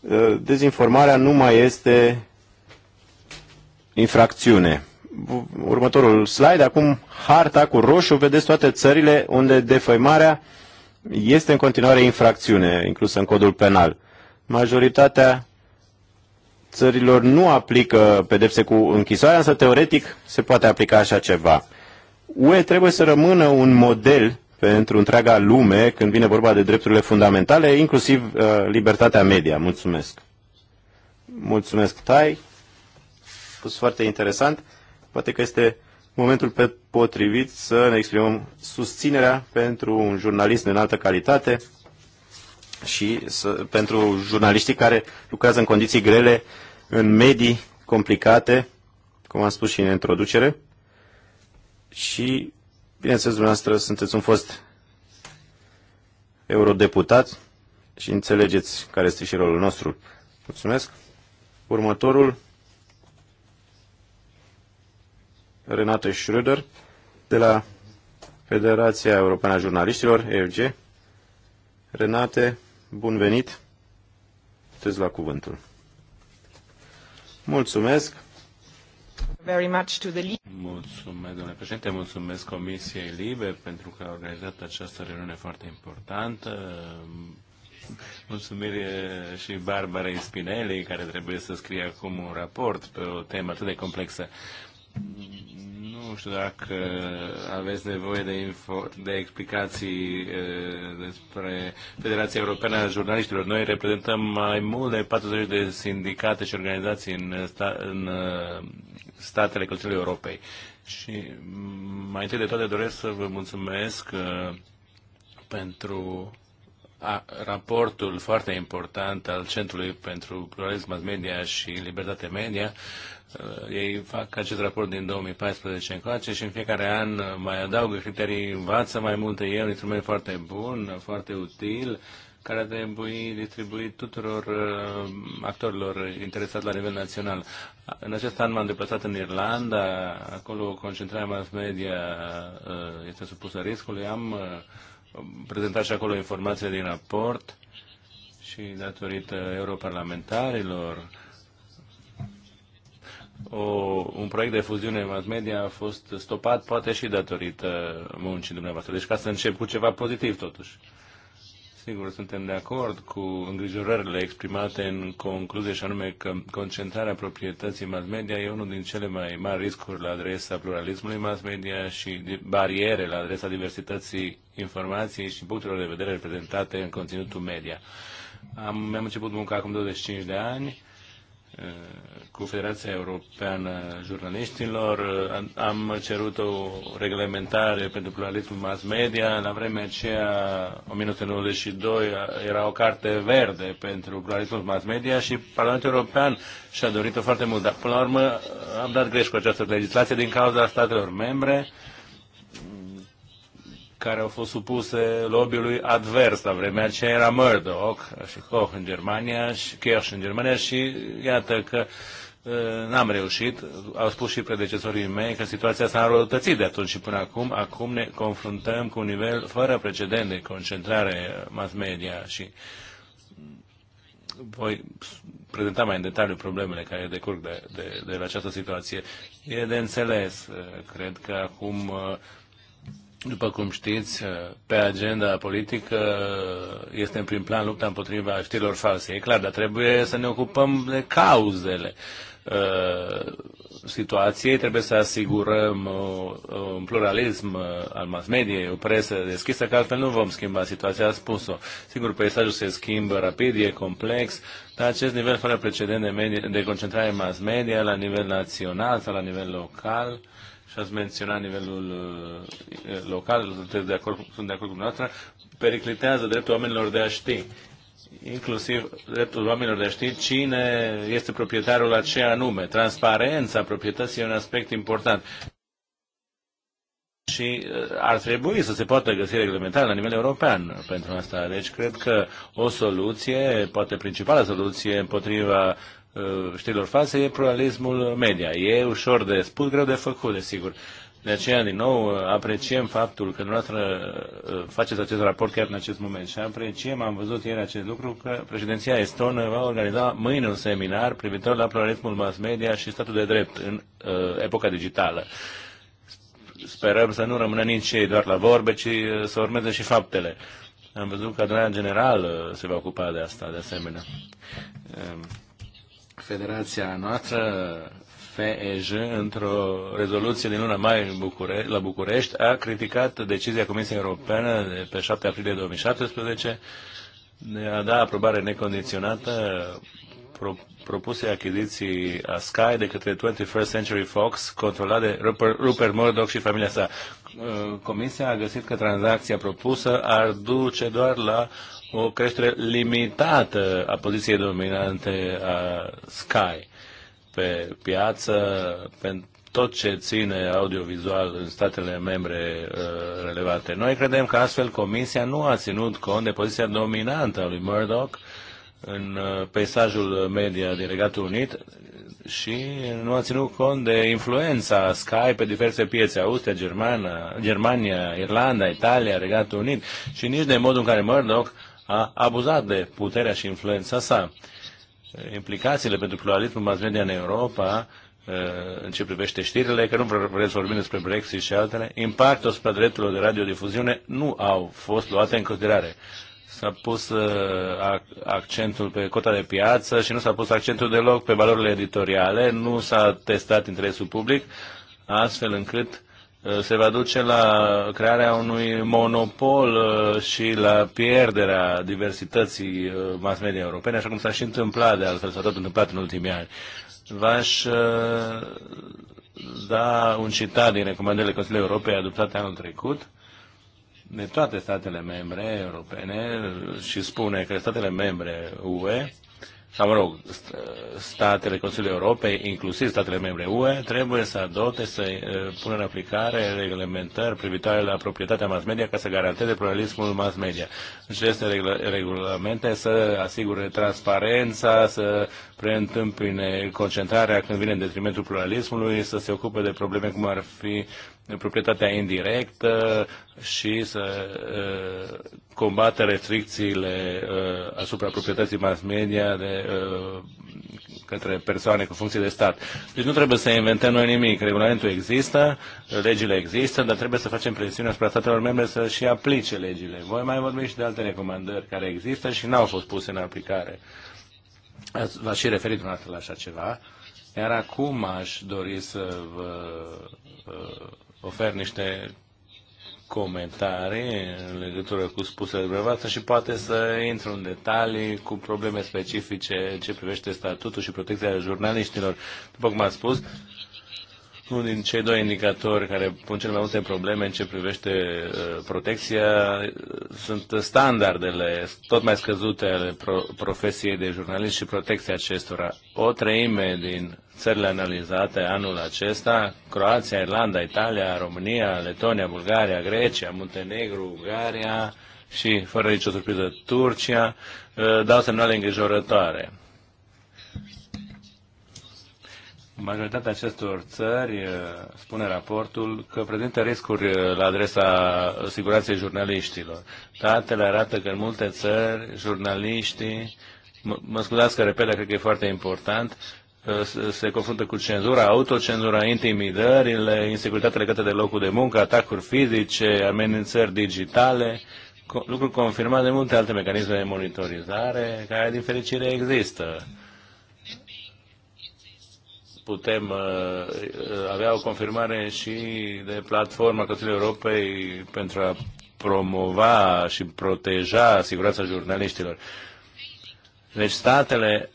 uh, dezinformarea nu mai este infracțiune. Următorul slide, acum harta cu roșu, vedeți toate țările unde defăimarea uh, este în continuare infracțiune inclusă în codul penal. Majoritatea țărilor nu aplică pedepse cu închisoare, însă teoretic se poate aplica așa ceva. UE trebuie să rămână un model pentru întreaga lume când vine vorba de drepturile fundamentale, inclusiv uh, libertatea media. Mulțumesc. Mulțumesc, Tai. A fost foarte interesant. Poate că este momentul pe potrivit să ne exprimăm susținerea pentru un jurnalist de înaltă calitate și să, pentru jurnaliștii care lucrează în condiții grele, în medii complicate, cum am spus și în introducere. Și, bineînțeles, dumneavoastră sunteți un fost eurodeputat și înțelegeți care este și rolul nostru. Mulțumesc. Următorul Renate Schröder de la Federația Europeană a Jurnaliștilor, EFG. Renate, bun venit! Te la cuvântul. Mulțumesc! Very much to the mulțumesc, domnule președinte, mulțumesc Comisiei Libe pentru că a organizat această reuniune foarte importantă. Mulțumire și Barbara Spinelli, care trebuie să scrie acum un raport pe o temă atât de complexă. Nu știu dacă aveți nevoie de, info, de explicații despre Federația Europeană a Jurnaliștilor. Noi reprezentăm mai mult de 40 de sindicate și organizații în, sta, în statele Consiliului Europei. Și mai întâi de toate doresc să vă mulțumesc pentru a, raportul foarte important al Centrului pentru Pluralism Mass Media și Libertate Media, Uh, ei fac acest raport din 2014 încoace și în fiecare an mai adaugă criterii, învață mai multe. E un instrument foarte bun, foarte util, care trebuie distribuit tuturor uh, actorilor interesați la nivel național. În acest an m-am deplasat în Irlanda, acolo concentrarea mass media uh, este supusă riscului. Am prezentat și acolo informații din raport și datorită europarlamentarilor o, un proiect de fuziune mass media a fost stopat, poate și datorită muncii dumneavoastră. Deci ca să încep cu ceva pozitiv totuși. Sigur, suntem de acord cu îngrijorările exprimate în concluzie și anume că concentrarea proprietății mass media e unul din cele mai mari riscuri la adresa pluralismului mass media și bariere la adresa diversității informației și punctelor de vedere reprezentate în conținutul media. Am, am început munca acum 25 de ani cu Federația Europeană Jurnaliștilor. Am cerut o reglementare pentru pluralismul mass media. La vremea aceea, 1992, era o carte verde pentru pluralismul mass media și Parlamentul European și-a dorit-o foarte mult. Dar, până la urmă, am dat greș cu această legislație din cauza statelor membre care au fost supuse lobby-ului advers la vremea aceea era Murdoch și Koch în Germania și Kirsch în Germania și iată că n-am reușit. Au spus și predecesorii mei că situația s-a înrăutățit de atunci și până acum. Acum ne confruntăm cu un nivel fără precedent de concentrare mass media și voi prezenta mai în detaliu problemele care decurg de, de, de la această situație. E de înțeles, cred că acum după cum știți, pe agenda politică este în prim plan lupta împotriva știrilor false. E clar, dar trebuie să ne ocupăm de cauzele uh, situației, trebuie să asigurăm uh, un pluralism uh, al mass media, o presă deschisă, că altfel nu vom schimba situația, a spus-o. Sigur, peisajul se schimbă rapid, e complex, dar acest nivel fără precedent de, media, de concentrare mass media la nivel național sau la nivel local și ați menționat nivelul uh, local, sunteți de acord, sunt de acord cu dumneavoastră, periclitează dreptul oamenilor de a ști inclusiv dreptul oamenilor de a ști cine este proprietarul la ce anume. Transparența proprietății e un aspect important. Și uh, ar trebui să se poată găsi reglementare la nivel european pentru asta. Deci cred că o soluție, poate principala soluție împotriva Uh, știrilor false e pluralismul media. E ușor de spus, greu de făcut, desigur. De aceea, din nou, apreciem faptul că dumneavoastră uh, faceți acest raport chiar în acest moment și apreciem, am văzut ieri acest lucru, că președinția estonă va organiza mâine un seminar privitor la pluralismul mass media și statul de drept în uh, epoca digitală. Sperăm să nu rămână nici ei doar la vorbe, ci uh, să urmeze și faptele. Am văzut că adunarea generală se va ocupa de asta, de asemenea. Uh federația noastră, FEJ, într-o rezoluție din luna mai în Bucure- la București, a criticat decizia Comisiei europene de pe 7 aprilie 2017 de a da aprobare necondiționată pro- propuse achiziții a Sky de către 21st Century Fox, controlat de Rupert Murdoch și familia sa. Comisia a găsit că tranzacția propusă ar duce doar la o creștere limitată a poziției dominante a Sky pe piață, pentru tot ce ține audiovizual în statele membre uh, relevate. Noi credem că astfel Comisia nu a ținut cont de poziția dominantă a lui Murdoch în uh, peisajul media din Regatul Unit și nu a ținut cont de influența Sky pe diverse piețe, Austria, Germana, Germania, Irlanda, Italia, Regatul Unit și nici de modul în care Murdoch a abuzat de puterea și influența sa. Implicațiile pentru pluralismul mass media în Europa eh, în ce privește știrile, că nu vreți vorbim despre Brexit și altele, impactul asupra drepturilor de radiodifuziune nu au fost luate în considerare. S-a pus eh, accentul pe cota de piață și nu s-a pus accentul deloc pe valorile editoriale, nu s-a testat interesul public, astfel încât Uh, se va duce la crearea unui monopol uh, și la pierderea diversității uh, mass media europene, așa cum s-a și întâmplat, de altfel s-a tot întâmplat în ultimii ani. V-aș da un citat din recomandările Consiliului Europei adoptate anul trecut de toate statele membre europene și spune că statele membre UE sau mă rog, statele Consiliului Europei, inclusiv statele membre UE, trebuie să adopte, să uh, pună în aplicare reglementări privitoare la proprietatea mass media ca să garanteze pluralismul mass media. Și deci aceste regulamente să asigure transparența, să preîntâmpine concentrarea când vine în detrimentul pluralismului, să se ocupe de probleme cum ar fi proprietatea indirectă și să uh, combată restricțiile uh, asupra proprietății mass media de uh, către persoane cu funcții de stat. Deci nu trebuie să inventăm noi nimic. Regulamentul există, legile există, dar trebuie să facem presiune asupra statelor membre să și aplice legile. Voi mai vorbi și de alte recomandări care există și n-au fost puse în aplicare. v aș și referit dumneavoastră la așa ceva. Iar acum aș dori să vă ofer niște comentarii în legătură cu spusele dumneavoastră și poate să intru în detalii cu probleme specifice ce privește statutul și protecția jurnaliștilor. După cum am spus, unul din cei doi indicatori care pun cele mai multe probleme în ce privește uh, protecția uh, sunt standardele tot mai scăzute ale profesiei de jurnalist și protecția acestora. O treime din țările analizate anul acesta, Croația, Irlanda, Italia, România, Letonia, Bulgaria, Grecia, Muntenegru, Ungaria și, fără nicio surpriză, Turcia, uh, dau semnale îngrijorătoare. Majoritatea acestor țări, uh, spune raportul, că prezintă riscuri uh, la adresa siguranței jurnaliștilor. Datele arată că în multe țări jurnaliștii, mă scuzați că repede, cred că e foarte important, Uh, se confruntă cu cenzura, autocenzura, intimidările, insecuritate legată de locul de muncă, atacuri fizice, amenințări digitale, lucruri confirmate de multe alte mecanisme de monitorizare care, din fericire, există putem uh, uh, avea o confirmare și de platforma Consiliului Europei pentru a promova și proteja siguranța jurnaliștilor. Deci statele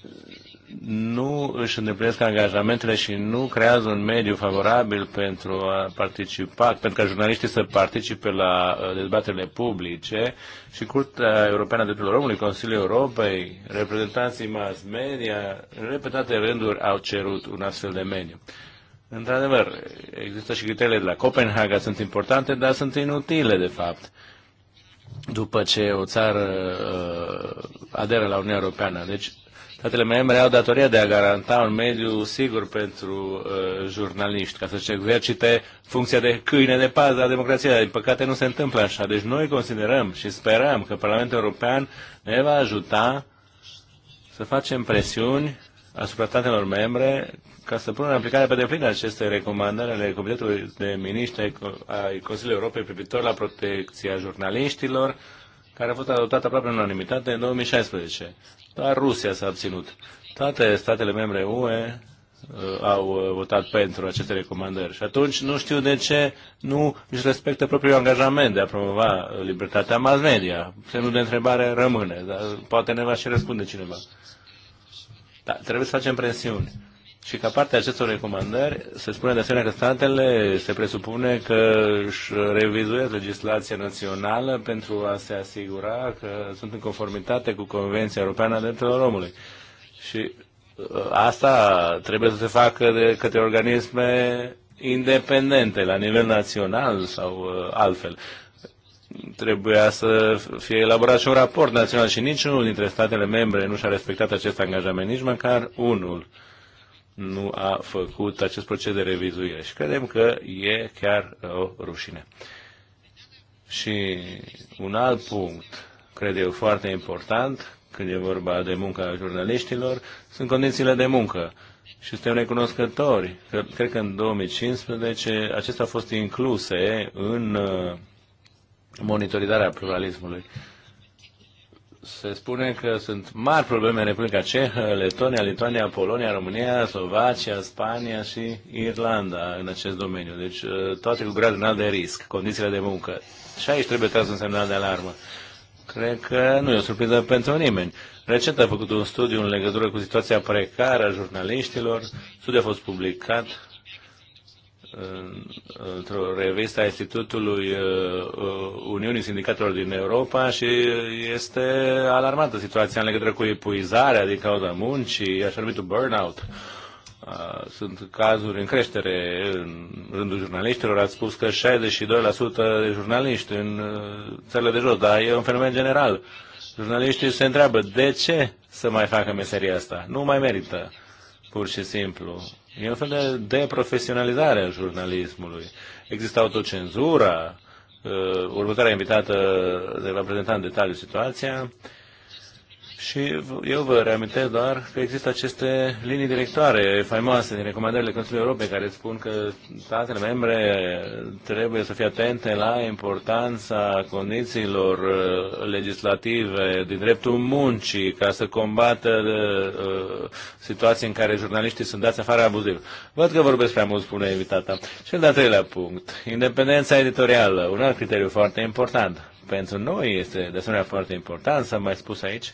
nu își îndeplinesc angajamentele și nu creează un mediu favorabil pentru a participa, pentru ca jurnaliștii să participe la uh, dezbaterile publice și Curtea Europeană a Drepturilor Omului, Consiliul Europei, reprezentanții mass media, în repetate rânduri au cerut un astfel de mediu. Într-adevăr, există și criteriile de la Copenhaga, sunt importante, dar sunt inutile, de fapt după ce o țară uh, aderă la Uniunea Europeană. Deci statele membre au datoria de a garanta un mediu sigur pentru uh, jurnaliști, ca să-și exercite funcția de câine de pază a democrației. Dar, din păcate, nu se întâmplă așa. Deci noi considerăm și sperăm că Parlamentul European ne va ajuta să facem presiuni asupra statelor membre ca să pună în aplicare pe deplin aceste recomandări ale Comitetului de Miniștri ai Consiliului Europei privitor la protecția jurnaliștilor, care a fost adoptată aproape în unanimitate în 2016 dar Rusia s-a abținut. Toate statele membre UE uh, au uh, votat pentru aceste recomandări. Și atunci nu știu de ce nu își respectă propriul angajament de a promova uh, libertatea mass media. Semnul de întrebare rămâne, dar poate ne va și răspunde cineva. Da, trebuie să facem presiuni. Și ca parte a acestor recomandări, se spune de asemenea că statele se presupune că își revizuiesc legislația națională pentru a se asigura că sunt în conformitate cu Convenția Europeană a Drepturilor Omului. Și uh, asta trebuie să se facă de către organisme independente, la nivel național sau uh, altfel. Trebuia să fie elaborat și un raport național și niciunul dintre statele membre nu și-a respectat acest angajament, nici măcar unul nu a făcut acest proces de revizuire. Și credem că e chiar uh, o rușine. Și un alt punct, cred eu, foarte important, când e vorba de munca jurnaliștilor, sunt condițiile de muncă. Și suntem recunoscători. Cred că în 2015 acestea au fost incluse în uh, monitorizarea pluralismului se spune că sunt mari probleme în Republica Cehă, Letonia, Lituania, Polonia, România, Slovacia, Spania și Irlanda în acest domeniu. Deci uh, toate cu grad înalt de risc, condițiile de muncă. Și aici trebuie tras un semnal de alarmă. Cred că nu e o surpriză pentru nimeni. Recent a făcut un studiu în legătură cu situația precară a jurnaliștilor. Studiul a fost publicat într-o revistă a Institutului uh, uh, Uniunii Sindicatelor din Europa și este alarmantă situația în legătură cu epuizarea din cauza muncii, așa numitul burnout. Uh, sunt cazuri în creștere în rândul jurnaliștilor. Ați spus că 62% de jurnaliști în țările de jos, dar e un fenomen general. Jurnaliștii se întreabă de ce să mai facă meseria asta. Nu mai merită, pur și simplu E un fel de deprofesionalizare a jurnalismului. Există autocenzura, uh, următoarea invitată de va prezenta în detaliu situația, și eu vă reamintesc doar că există aceste linii directoare faimoase din recomandările Consiliului Europei care spun că statele membre trebuie să fie atente la importanța condițiilor uh, legislative din dreptul muncii ca să combată uh, situații în care jurnaliștii sunt dați afară abuziv. Văd că vorbesc prea mult, spune invitata. Cel de-al treilea punct, independența editorială, un alt criteriu foarte important. Pentru noi este de asemenea foarte important, s-a mai spus aici,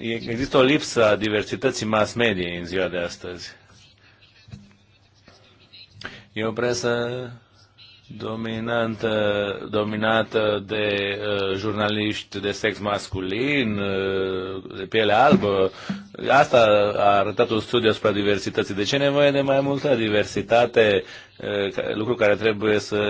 există o lipsă a diversității mass media în ziua de astăzi. E o presă dominantă, dominată de uh, jurnaliști de sex masculin, uh, de piele albă. Asta a arătat un studiu asupra diversității. De ce nevoie de mai multă diversitate? Uh, lucru care trebuie să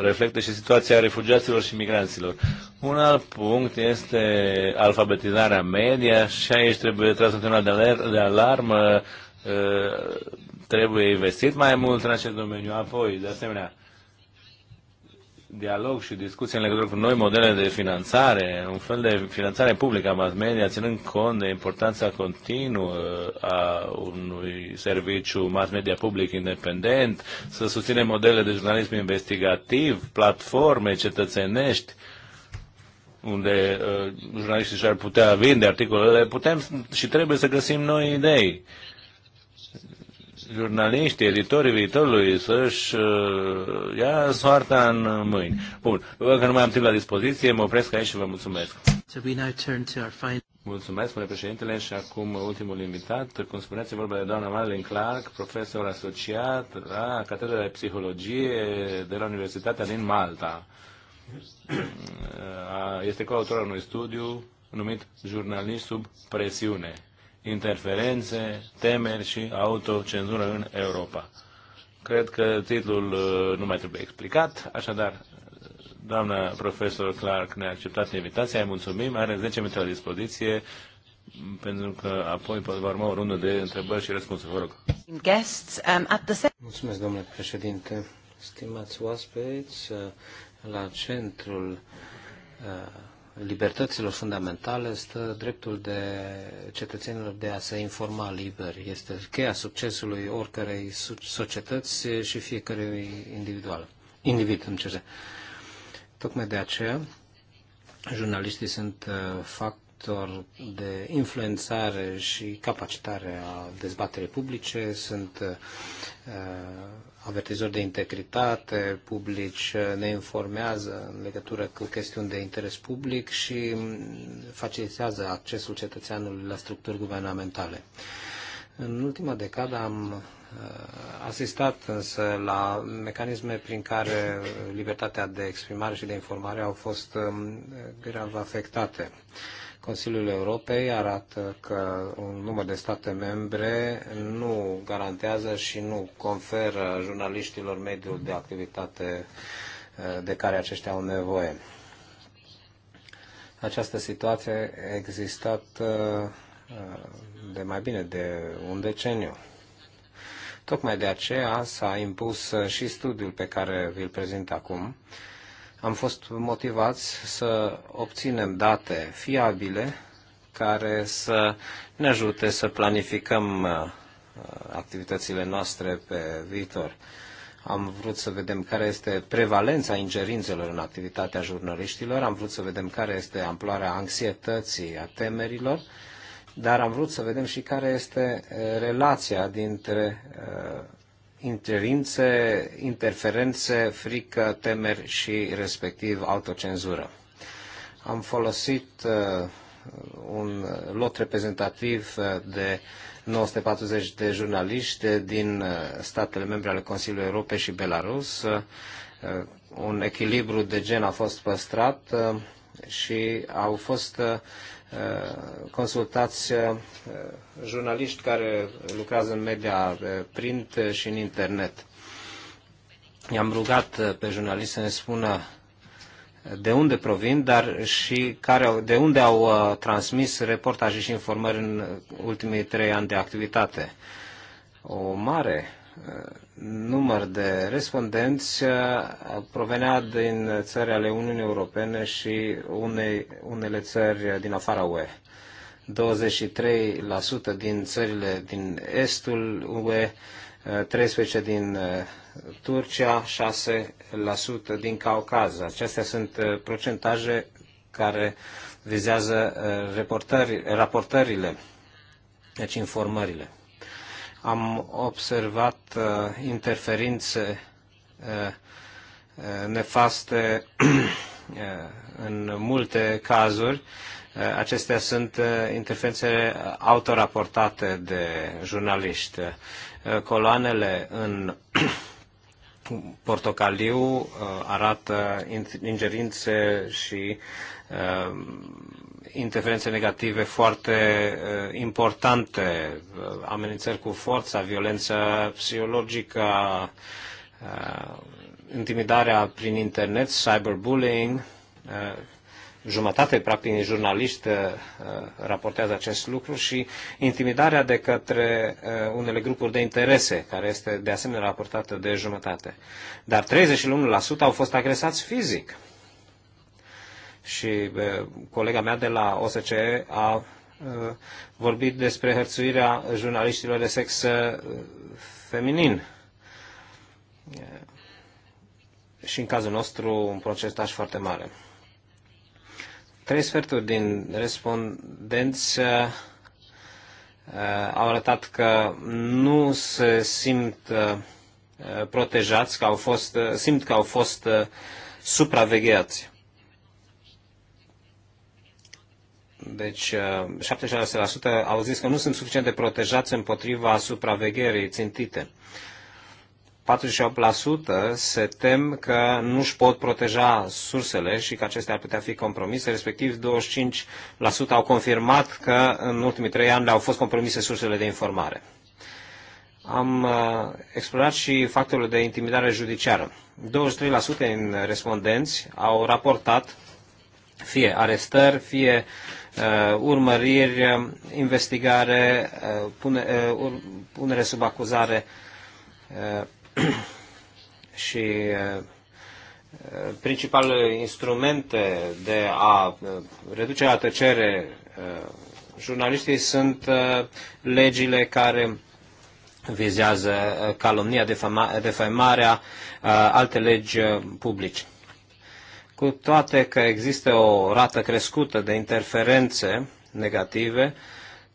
reflecte și situația refugiaților și migranților. Un alt punct este alfabetizarea media și aici trebuie tras un de, aler- de alarmă. Uh, trebuie investit mai mult în acest domeniu. Apoi, de asemenea, dialog și discuții în legătură cu noi modele de finanțare, un fel de finanțare publică a mass media, ținând cont de importanța continuă a unui serviciu mass media public independent, să susținem modele de jurnalism investigativ, platforme cetățenești, unde uh, jurnaliștii și-ar putea vinde articolele, putem și trebuie să găsim noi idei. Uh, jurnaliștii, editorii viitorului să-și uh, ia soarta în mâini. Bun, văd că nu mai am timp la dispoziție, mă opresc aici și vă mulțumesc. So we now turn to our final... Mulțumesc, spune președintele, și acum ultimul invitat. Cum spuneați, vorba de doamna Madeline Clark, profesor asociat la Catedra de Psihologie de la Universitatea din Malta. Este coautorul unui studiu numit Jurnalist sub presiune interferențe, temeri și autocenzură în Europa. Cred că titlul uh, nu mai trebuie explicat, așadar, doamna profesor Clark ne-a acceptat invitația, îi mulțumim, are 10 minute la dispoziție, pentru că apoi va urma o rundă de întrebări și răspunsuri. Vă rog. Um, Mulțumesc, domnule președinte. Stimați oaspeți, uh, la centrul uh, libertăților fundamentale stă dreptul de cetățenilor de a se informa liber. Este cheia succesului oricărei societăți și fiecărui individual. Individ, în ce Tocmai de aceea, jurnaliștii sunt uh, factor de influențare și capacitare a dezbaterii publice, sunt uh, avertizori de integritate publici uh, ne informează în legătură cu chestiuni de interes public și mm, facilitează accesul cetățeanului la structuri guvernamentale. În ultima decadă am uh, asistat însă la mecanisme prin care libertatea de exprimare și de informare au fost um, grav afectate. Consiliul Europei arată că un număr de state membre nu garantează și nu conferă jurnaliștilor mediul de activitate eh, de care aceștia au nevoie. Această situație a existat eh, de mai bine de un deceniu. Tocmai de aceea s-a impus eh, și studiul pe care vi-l prezint acum, am fost motivați să obținem date fiabile care să ne ajute să planificăm uh, activitățile noastre pe viitor. Am vrut să vedem care este prevalența ingerințelor în activitatea jurnaliștilor, am vrut să vedem care este amploarea anxietății, a temerilor, dar am vrut să vedem și care este uh, relația dintre uh, interințe, interferențe, frică, temeri și respectiv autocenzură. Am folosit uh, un lot reprezentativ uh, de 940 de jurnaliști din uh, statele membre ale Consiliului Europei și Belarus. Un echilibru de gen a fost păstrat și au fost consultați uh, jurnaliști care lucrează în media uh, print și în internet. I-am rugat uh, pe jurnaliști să ne spună de unde provin, dar și care, de unde au transmis reportaje și informări în ultimii trei ani de activitate. O mare număr de respondenți uh, provenea din țări ale Uniunii Europene și unei, unele țări din afara UE. 23% din țările din estul UE, 13% uh, din uh, Turcia, 6% din Caucaz. Acestea sunt procentaje care vizează raportările, deci informările am observat uh, interferințe uh, uh nefaste uh, în multe cazuri. Uh, acestea sunt interferințe autoraportate de jurnaliști. Coloanele în portocaliu arată ingerințe și interferențe negative foarte eh, importante, eh, amenințări cu forța, violență psihologică, eh, intimidarea prin internet, cyberbullying. Jumătate, practic, din jurnaliști raportează acest lucru și intimidarea de către unele grupuri de interese, care este de asemenea raportată de jumătate. Dar 31% au fost agresați fizic și colega mea de la OSCE a vorbit despre hărțuirea jurnaliștilor de sex feminin. Și în cazul nostru un procentaj foarte mare. Trei sferturi din respondenți au arătat că nu se simt protejați, că au fost, simt că au fost supravegheați. Deci 76% uh, au zis că nu sunt suficient de protejați împotriva supravegherii țintite. 48% se tem că nu își pot proteja sursele și că acestea ar putea fi compromise, respectiv 25% au confirmat că în ultimii trei ani le-au fost compromise sursele de informare. Am uh, explorat și factorul de intimidare judiciară. 23% din respondenți au raportat fie arestări, fie Uh, urmăriri, uh, investigare, uh, pune, punere sub acuzare și principal instrumente de a reduce la tăcere jurnaliștii sunt legile care vizează calomnia, defamarea, alte legi publice cu toate că există o rată crescută de interferențe negative,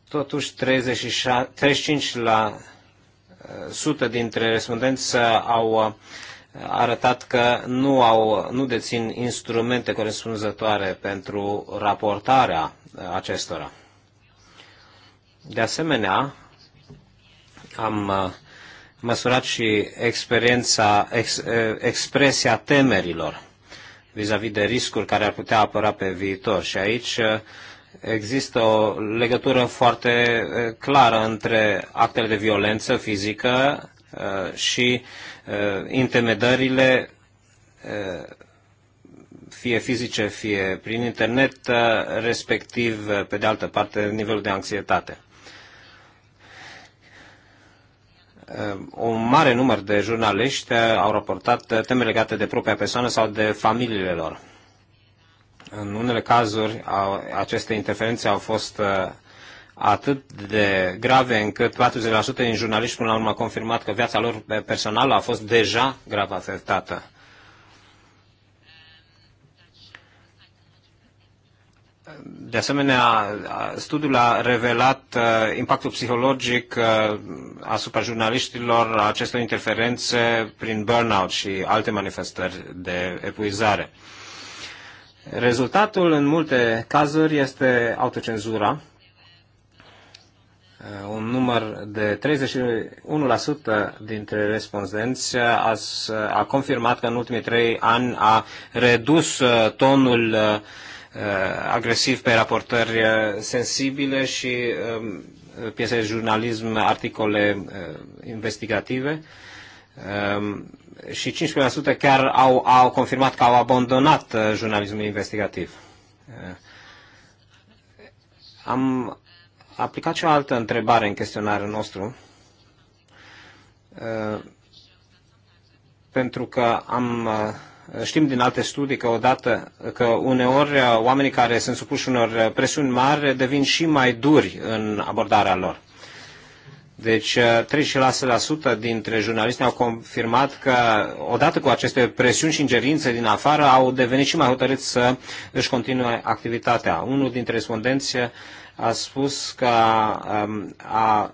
totuși 36, 35 la uh, sută dintre respondenți au uh, arătat că nu, au, nu dețin instrumente corespunzătoare pentru raportarea uh, acestora. De asemenea, am măsurat și experiența, ex, expresia temerilor vis-a-vis -vis de riscuri care ar putea apăra pe viitor. Și aici uh, există o legătură foarte uh, clară între actele de violență fizică uh, și intimidările fie fizice, fie prin internet, respectiv, pe de altă parte, nivelul de anxietate. Um, un mare număr de jurnaliști uh, au raportat uh, teme legate de propria persoană sau de familiile lor. În unele cazuri, aceste interferențe au fost uh, atât de grave încât 40% din jurnaliști până la urmă au confirmat că viața lor personală a fost deja grav afectată. De asemenea, studiul a revelat uh, impactul psihologic uh, asupra jurnaliștilor acestor interferențe prin burnout și alte manifestări de epuizare. Rezultatul în multe cazuri este autocenzura, uh, un număr de 31% dintre respondenți a, a confirmat că în ultimii trei ani a redus tonul Uh, agresiv pe raportări uh, sensibile și um, piese de jurnalism, articole uh, investigative um, și 15% chiar au, au confirmat că au abandonat jurnalismul investigativ. Am aplicat și o altă întrebare în chestionarul nostru, pentru că am Știm din alte studii că odată că uneori uh, oamenii care sunt supuși unor uh, presiuni mari devin și mai duri în abordarea lor. Deci 36% uh, dintre jurnaliști au confirmat că odată cu aceste presiuni și ingerințe din afară au devenit și mai hotărâți să își continue activitatea. Unul dintre respondenți a spus că um, a, a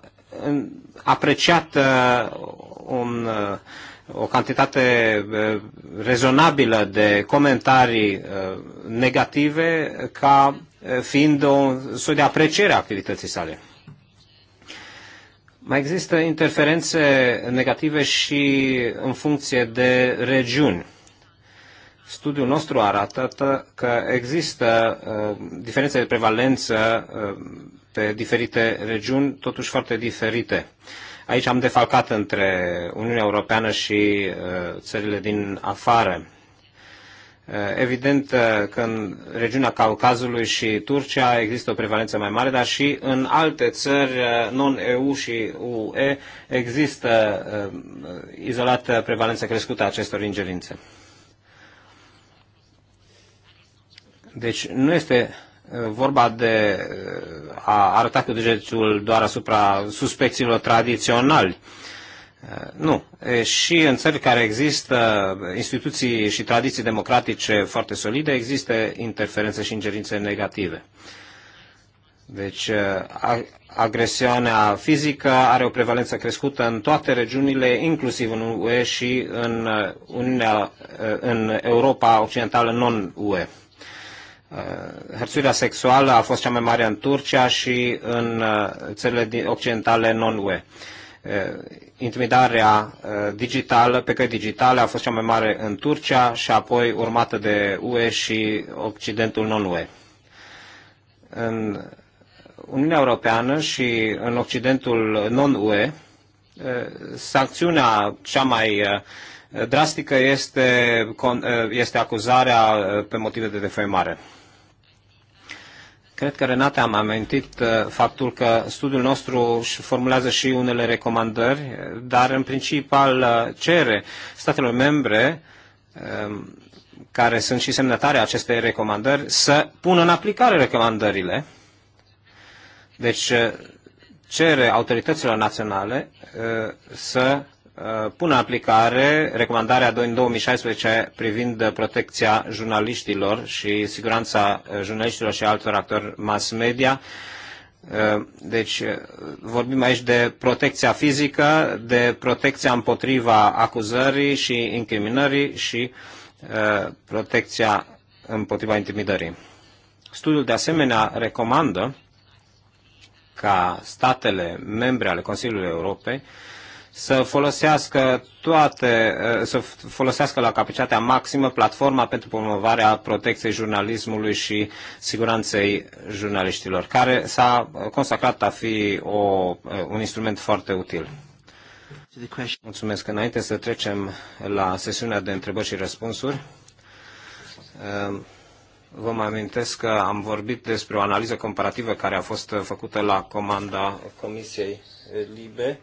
apreciat un o cantitate eh, rezonabilă de comentarii eh, negative ca eh, fiind o soi de apreciere a activității sale. Mai există interferențe negative și în funcție de regiuni. Studiul nostru arată că există diferențe de prevalență pe diferite regiuni, totuși foarte diferite. Aici am defalcat între Uniunea Europeană și uh, țările din afară. Uh, evident uh, că în regiunea Caucazului și Turcia există o prevalență mai mare, dar și în alte țări non-EU și UE există izolată prevalență crescută a acestor ingerințe. Deci nu este vorba de a arăta cu degetul doar asupra suspecțiilor tradiționali. Nu. Și în țări care există instituții și tradiții democratice foarte solide, există interferențe și ingerințe negative. Deci agresiunea fizică are o prevalență crescută în toate regiunile, inclusiv în UE și în, Uniunea, în Europa Occidentală non-UE. Uh, hărțuirea sexuală a fost cea mai mare în Turcia și în uh, țările occidentale non-UE. Uh, intimidarea digitală, pe căi digitale, a fost cea mai mare în Turcia și apoi urmată de UE și Occidentul non-UE. În Uniunea Europeană și în Occidentul non-UE, sancțiunea cea mai drastică este, este acuzarea pe motive de defăimare. Cred că Renate am amintit uh, faptul că studiul nostru își formulează și unele recomandări, uh, dar în principal uh, cere statelor membre um, care sunt și semnătare acestei recomandări să pună în aplicare recomandările. Deci cere autorităților naționale să Uh, pună în aplicare recomandarea din 2016 privind protecția jurnaliștilor și siguranța uh, jurnaliștilor și altor actori mass media. Uh, deci vorbim aici de protecția fizică, de protecția împotriva acuzării și incriminării și protecția împotriva intimidării. Studiul de asemenea recomandă ca statele membre ale Consiliului Europei să folosească toate, eh, să folosească la capacitatea maximă platforma pentru promovarea protecției jurnalismului și siguranței jurnaliștilor, care s-a consacrat a fi o, eh, un instrument foarte util. Mulțumesc. Înainte să trecem la sesiunea de întrebări și răspunsuri, eh, Vă mai amintesc că am vorbit despre o analiză comparativă care a fost făcută la comanda Comisiei Libe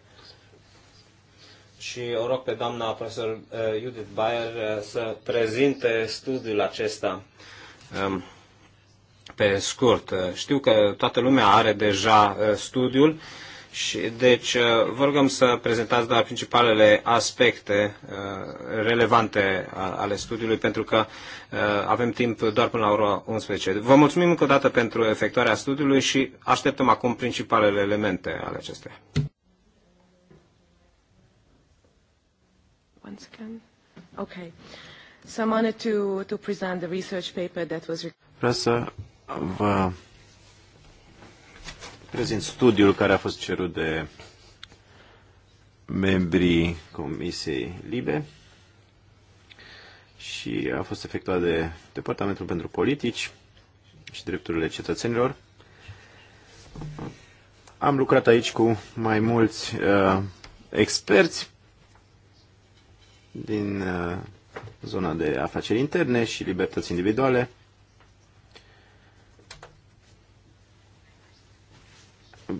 și o rog pe doamna profesor uh, Judith Bayer uh, să prezinte studiul acesta um, pe scurt. Uh, știu că toată lumea are deja studiul și deci vă rugăm să prezentați doar principalele aspecte relevante ale studiului pentru că avem timp doar până la ora 11. Vă mulțumim încă o dată pentru efectuarea studiului și așteptăm acum principalele elemente ale acesteia. once again. Okay. So I'm honored to, to present the research paper that was... Vreau să vă prezint studiul care a fost cerut de membrii Comisiei Libe și a fost efectuat de Departamentul pentru Politici și Drepturile Cetățenilor. Am lucrat aici cu mai mulți uh, experți din uh, zona de afaceri interne și libertăți individuale.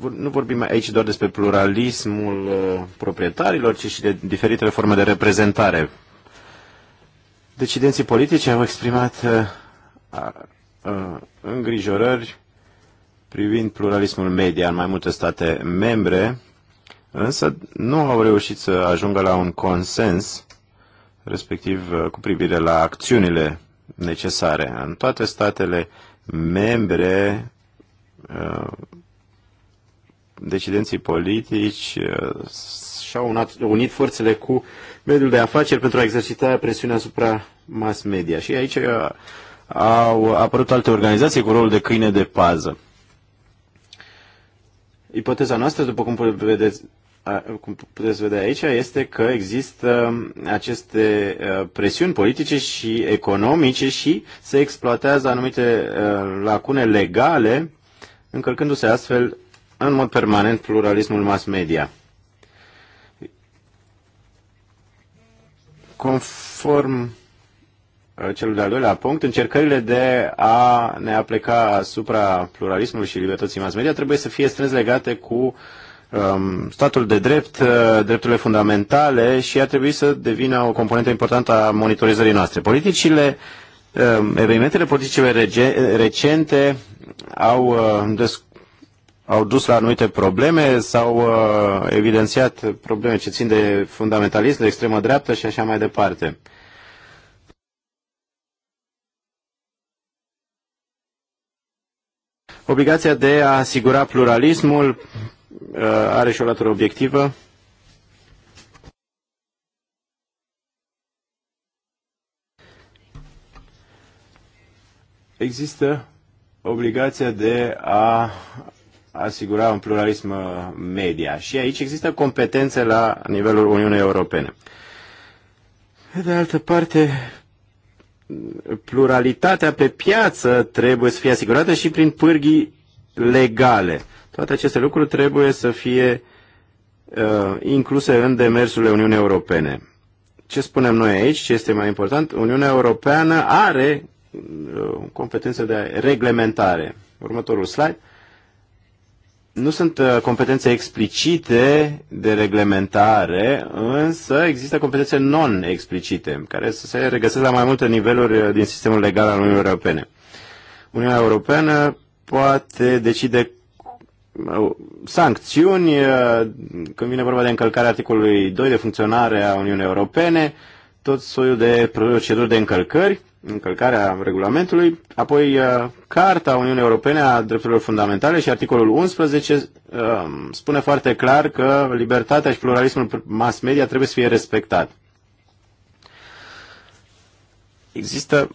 Nu vorbim aici doar despre pluralismul uh, proprietarilor, ci și de diferitele forme de reprezentare. Decidenții politici au exprimat uh, îngrijorări privind pluralismul media în mai multe state membre, însă nu au reușit să ajungă la un consens respectiv uh, cu privire la acțiunile necesare. În toate statele membre, uh, decidenții politici uh, și-au unit forțele cu mediul de afaceri pentru a exercita presiunea asupra mass media. Și aici au apărut alte organizații cu rolul de câine de pază. Ipoteza noastră, după cum vedeți cum puteți vedea aici, este că există aceste uh, presiuni politice și economice și se exploatează anumite uh, lacune legale, încălcându-se astfel în mod permanent pluralismul mass media. Conform uh, celul de-al doilea punct, încercările de a ne apleca asupra pluralismului și libertății mass media trebuie să fie strâns legate cu uh, Um, statul de drept, uh, drepturile fundamentale și a trebuit să devină o componentă importantă a monitorizării noastre. Politicile, um, evenimentele politice recente au, uh, au dus la anumite probleme, s-au uh, evidențiat probleme ce țin de fundamentalism, de extremă dreaptă și așa mai departe. Obligația de a asigura pluralismul Uh, are și o latură obiectivă. Există obligația de a asigura un pluralism media și aici există competențe la nivelul Uniunii Europene. De altă parte, pluralitatea pe piață trebuie să fie asigurată și prin pârghii legale. Toate aceste lucruri trebuie să fie uh, incluse în demersurile Uniunii Europene. Ce spunem noi aici, ce este mai important? Uniunea Europeană are uh, competență de reglementare. Următorul slide. Nu sunt uh, competențe explicite de reglementare, însă există competențe non-explicite, care se regăsesc la mai multe niveluri uh, din sistemul legal al Uniunii Europene. Uniunea Europeană poate decide uh, sancțiuni uh, când vine vorba de încălcarea articolului 2 de funcționare a Uniunii Europene, tot soiul de proceduri de încălcări, încălcarea regulamentului, apoi uh, Carta Uniunii Europene a Drepturilor Fundamentale și articolul 11 spune foarte clar că libertatea și pluralismul mass media trebuie să fie respectat. Există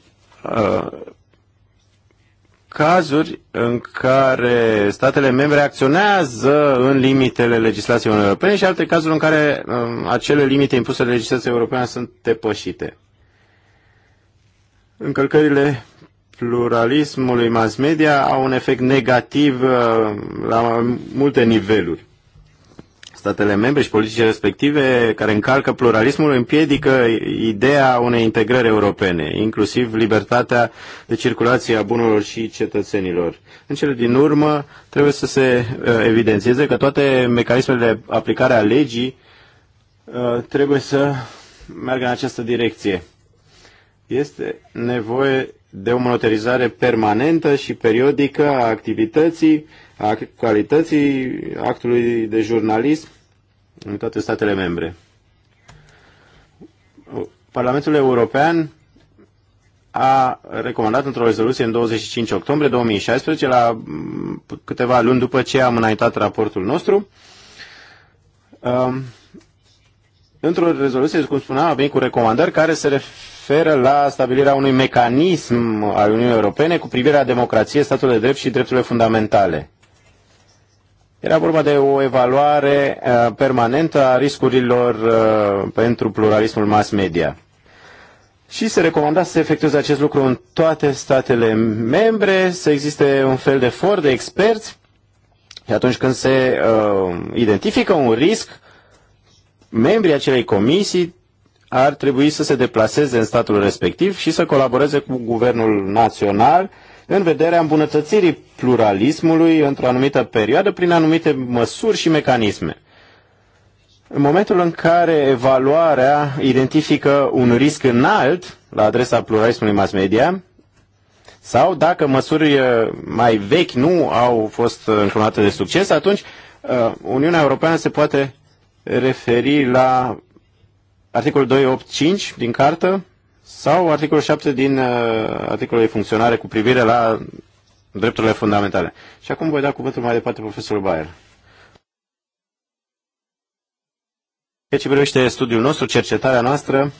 cazuri în care statele membre acționează în limitele legislației Europene și alte cazuri în care um, acele limite impuse de legislația europeană sunt depășite. Încălcările pluralismului mass media au un efect negativ uh, la multe niveluri statele membre și politicile respective care încalcă pluralismul împiedică ideea unei integrări europene, inclusiv libertatea de circulație a bunurilor și cetățenilor. În cele din urmă, trebuie să se uh, evidențieze că toate mecanismele de aplicare a legii uh, trebuie să meargă în această direcție. Este nevoie de o monitorizare permanentă și periodică a activității, a calității actului de jurnalism în toate statele membre. Parlamentul European a recomandat într-o rezoluție în 25 octombrie 2016, la mm, câteva luni după ce am înaintat raportul nostru, um, într-o rezoluție, cum spuneam, a venit cu recomandări care se referă la stabilirea unui mecanism al Uniunii Europene cu privire la democrație, statul de drept și drepturile fundamentale. Era vorba de o evaluare uh, permanentă a riscurilor uh, pentru pluralismul mass media. Și se recomanda să se efectueze acest lucru în toate statele membre, să existe un fel de for de experți și atunci când se uh, identifică un risc, membrii acelei comisii ar trebui să se deplaseze în statul respectiv și să colaboreze cu guvernul național în vederea îmbunătățirii pluralismului într-o anumită perioadă prin anumite măsuri și mecanisme. În momentul în care evaluarea identifică un risc înalt la adresa pluralismului mass media, sau dacă măsuri uh, mai vechi nu au fost uh, înclonate de succes, atunci uh, Uniunea Europeană se poate referi la articolul 285 din cartă, sau articolul 7 din uh, articolul de funcționare cu privire la drepturile fundamentale. Și acum voi da cuvântul mai departe profesorul Bayer. Ceea ce privește studiul nostru, cercetarea noastră,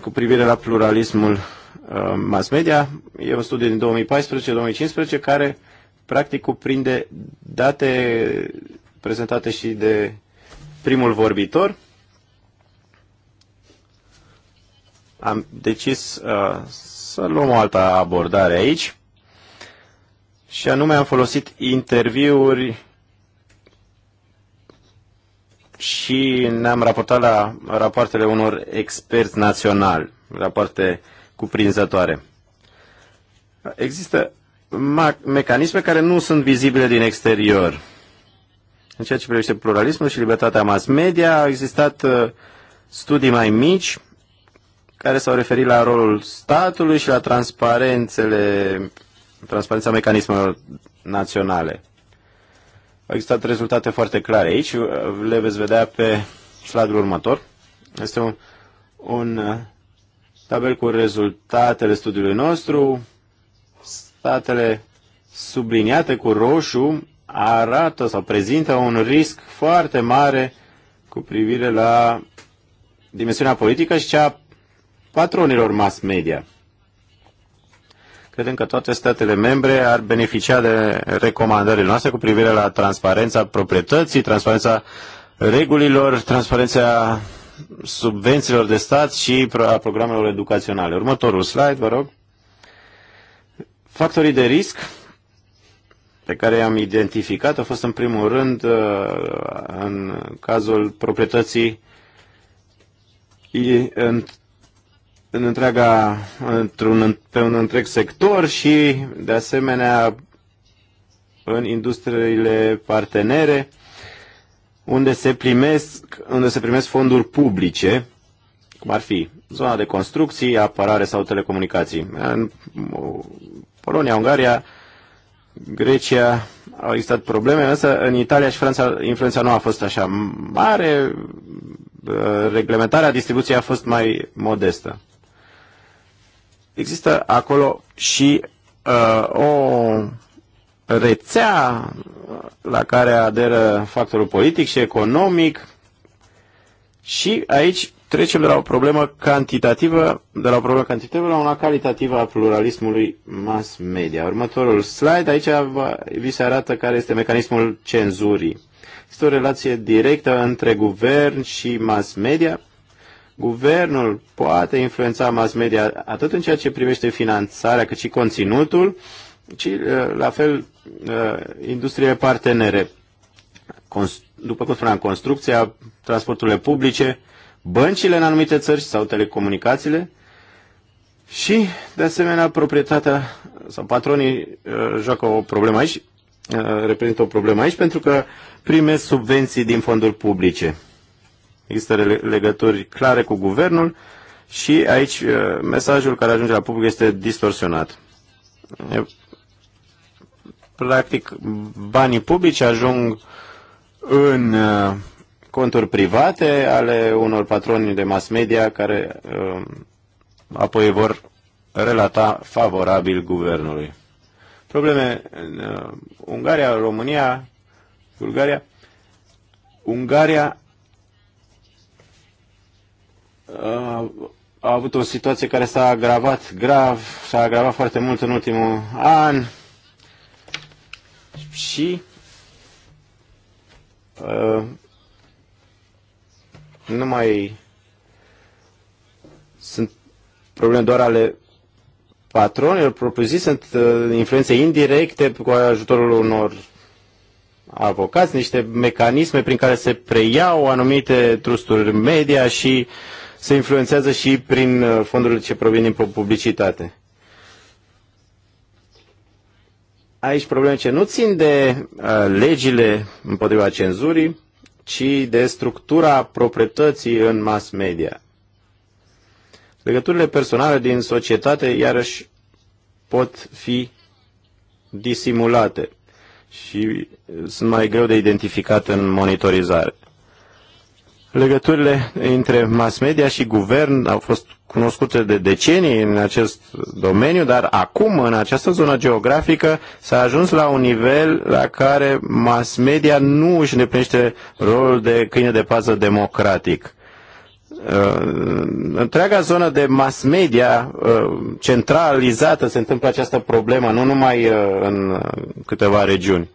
cu privire la pluralismul uh, mass media, e un studiu din 2014-2015 care practic cuprinde date prezentate și de primul vorbitor, am decis uh, să luăm o altă abordare aici și anume am folosit interviuri și ne-am raportat la rapoartele unor experți naționali, rapoarte cuprinzătoare. Există mecanisme care nu sunt vizibile din exterior. În ceea ce privește pluralismul și libertatea mass media, au existat uh, studii mai mici care s-au referit la rolul statului și la transparențele, transparența mecanismelor naționale. Au existat rezultate foarte clare aici, le veți vedea pe slide-ul următor. Este un, un uh, tabel cu rezultatele studiului nostru. Statele subliniate cu roșu arată sau prezintă un risc foarte mare cu privire la dimensiunea politică și cea patronilor mass media. Credem că toate statele membre ar beneficia de recomandările noastre cu privire la transparența proprietății, transparența regulilor, transparența subvențiilor de stat și a programelor educaționale. Următorul slide, vă rog. Factorii de risc pe care i-am identificat au fost în primul rând uh, în cazul proprietății în întreaga, într-un, pe un întreg sector și, de asemenea, în industriile partenere, unde se, primesc, unde se primesc fonduri publice, cum ar fi zona de construcții, apărare sau telecomunicații. În Polonia, Ungaria, Grecia au existat probleme, însă în Italia și Franța influența nu a fost așa mare, reglementarea distribuției a fost mai modestă există acolo și uh, o rețea la care aderă factorul politic și economic și aici trecem de la o problemă cantitativă, de la o problemă cantitativă la una calitativă a pluralismului mass media. Următorul slide, aici vi se arată care este mecanismul cenzurii. Este o relație directă între guvern și mass media guvernul poate influența mass media atât în ceea ce privește finanțarea, cât și conținutul, ci uh, la fel uh, industrie partenere. După cum spuneam, construcția, transporturile publice, băncile în anumite țări sau telecomunicațiile și, de asemenea, proprietatea sau patronii uh, joacă o problemă aici, reprezintă o problemă aici pentru că primesc subvenții din fonduri publice. Există legături clare cu guvernul și aici uh, mesajul care ajunge la public este distorsionat. Practic, banii publici ajung în uh, conturi private ale unor patroni de mass media care uh, apoi vor relata favorabil guvernului. Probleme în Ungaria, România, Bulgaria. Ungaria a avut o situație care s-a agravat grav, s-a agravat foarte mult în ultimul an și uh, nu mai sunt probleme doar ale patronilor propriu-zis, sunt uh, influențe indirecte cu ajutorul unor avocați, niște mecanisme prin care se preiau anumite trusturi media și uh, se influențează și prin uh, fondurile ce provin din publicitate. Aici probleme ce nu țin de uh, legile împotriva cenzurii, ci de structura proprietății în mass media. Legăturile personale din societate, iarăși, pot fi disimulate și uh, sunt mai greu de identificat în monitorizare. Legăturile între mass media și guvern au fost cunoscute de decenii în acest domeniu, dar acum, în această zonă geografică, s-a ajuns la un nivel la care mass media nu își îndeplinește rolul de câine de pază democratic. Uh, întreaga zonă de mass media uh, centralizată se întâmplă această problemă, nu numai uh, în câteva regiuni.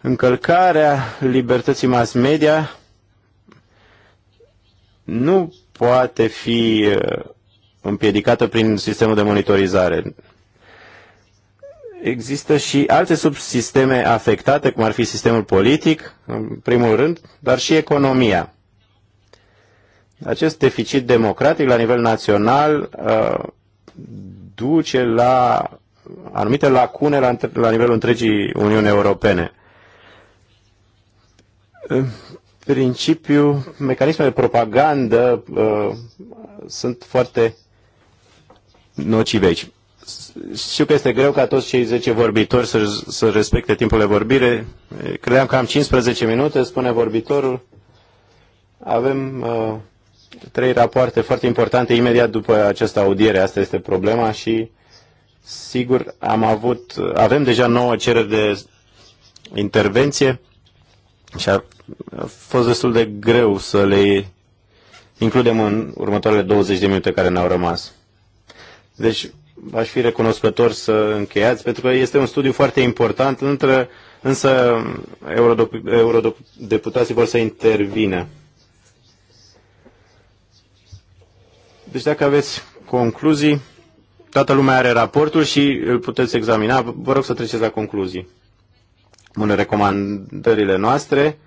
Încălcarea libertății mass media nu poate fi uh, împiedicată prin sistemul de monitorizare. Există și alte subsisteme afectate, cum ar fi sistemul politic, în primul rând, dar și economia. Acest deficit democratic la nivel național uh, duce la anumite lacune la, la nivelul întregii Uniuni Europene principiu, mecanismele de propagandă uh, sunt foarte nocive aici. Știu că este greu ca toți cei 10 vorbitori să, să respecte timpul de vorbire. Credeam că am 15 minute, spune vorbitorul. Avem uh, trei rapoarte foarte importante imediat după această audiere. Asta este problema și sigur am avut, avem deja nouă cereri de intervenție și a fost destul de greu să le includem în următoarele 20 de minute care ne-au rămas. Deci aș fi recunoscător să încheiați, pentru că este un studiu foarte important, între, însă eurodeputații vor să intervină. Deci dacă aveți concluzii, toată lumea are raportul și îl puteți examina. Vă rog să treceți la concluzii. Bună, recomandările noastre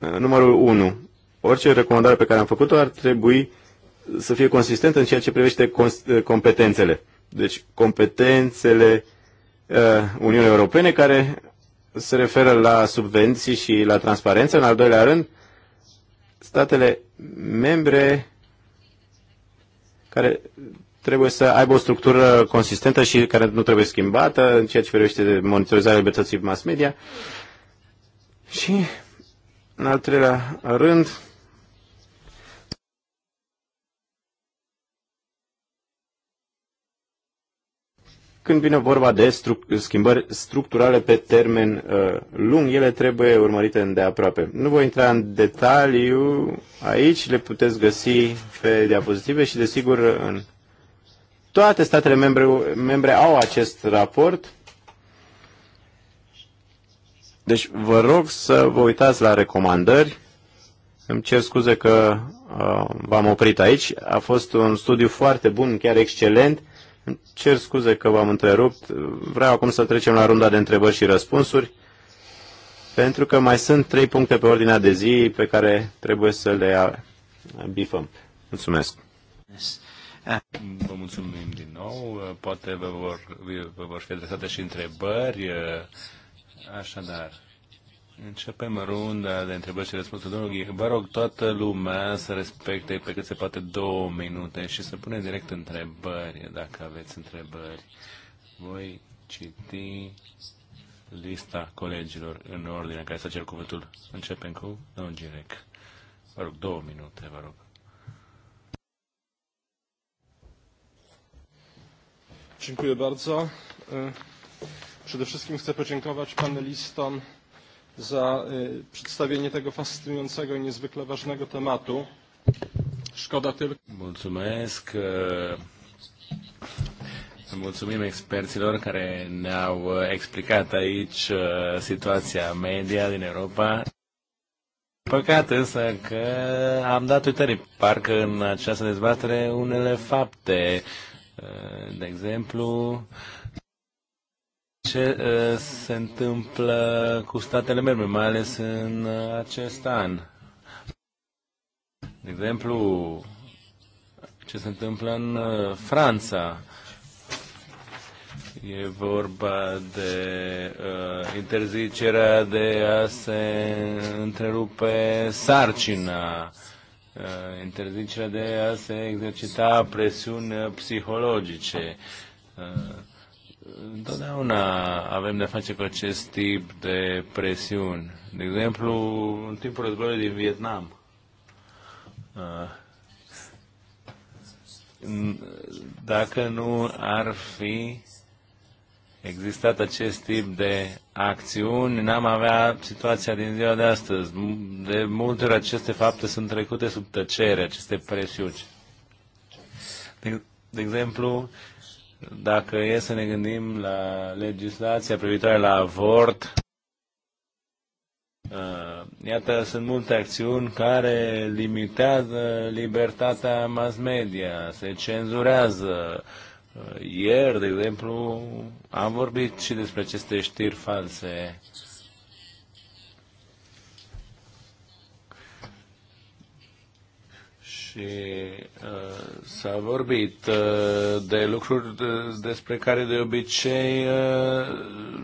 Eh, numărul 1. Orice recomandare pe care am făcut-o ar trebui să fie consistentă în ceea ce privește eh, competențele. Deci competențele eh, Uniunii Europene care se referă la subvenții și la transparență. În al doilea rând, statele membre care trebuie să aibă o structură consistentă și care nu trebuie schimbată în ceea ce privește monitorizarea libertății mass media. Și în al treilea rând, când vine vorba de stru schimbări structurale pe termen uh, lung, ele trebuie urmărite îndeaproape. Nu voi intra în detaliu aici, le puteți găsi pe diapozitive și, desigur, în toate statele membre, membre au acest raport deci vă rog să vă uitați la recomandări. Îmi cer scuze că uh, v-am oprit aici. A fost un studiu foarte bun, chiar excelent. Îmi cer scuze că v-am întrerupt. Vreau acum să trecem la runda de întrebări și răspunsuri, pentru că mai sunt trei puncte pe ordinea de zi pe care trebuie să le uh, bifăm. Mulțumesc! Ah. Vă mulțumim din nou. Poate vă vor, vă vor fi adresate și întrebări Așadar, începem runda de întrebări și răspunsuri. Domnul Ghi, vă rog toată lumea să respecte pe cât se poate două minute și să pune direct întrebări, dacă aveți întrebări. Voi citi lista colegilor în ordine care să cer cuvântul. Începem cu domnul Girec. Vă rog, două minute, vă rog. Dziękuję bardzo. Przede wszystkim chcę podziękować panelistom za przedstawienie tego fascynującego i niezwykle ważnego tematu. Szkoda tylko... Mulțumesc. Mulțumim experților care ne-au explicat aici situația media din Europa. Păcat însă că am dat uitări, parcă în această dezbatere, unele fapte. De exemplu, ce uh, se întâmplă cu statele membre, mai ales în uh, acest an. De exemplu, ce se întâmplă în uh, Franța. E vorba de uh, interzicerea de a se întrerupe sarcina, uh, interzicerea de a se exercita presiuni psihologice. Uh, întotdeauna avem de-a face cu acest tip de presiuni. De exemplu, în timpul războiului din Vietnam, uh, dacă nu ar fi existat acest tip de acțiuni, n-am avea situația din ziua de astăzi. De multe ori aceste fapte sunt trecute sub tăcere, aceste presiuni. De, de exemplu, uh, dacă e să ne gândim la legislația privitoare la avort, uh, Iată, sunt multe acțiuni care limitează libertatea mass media, se cenzurează. Uh, ieri, de exemplu, am vorbit și despre aceste știri false și uh, s-a vorbit uh, de lucruri de, uh, despre care de obicei uh,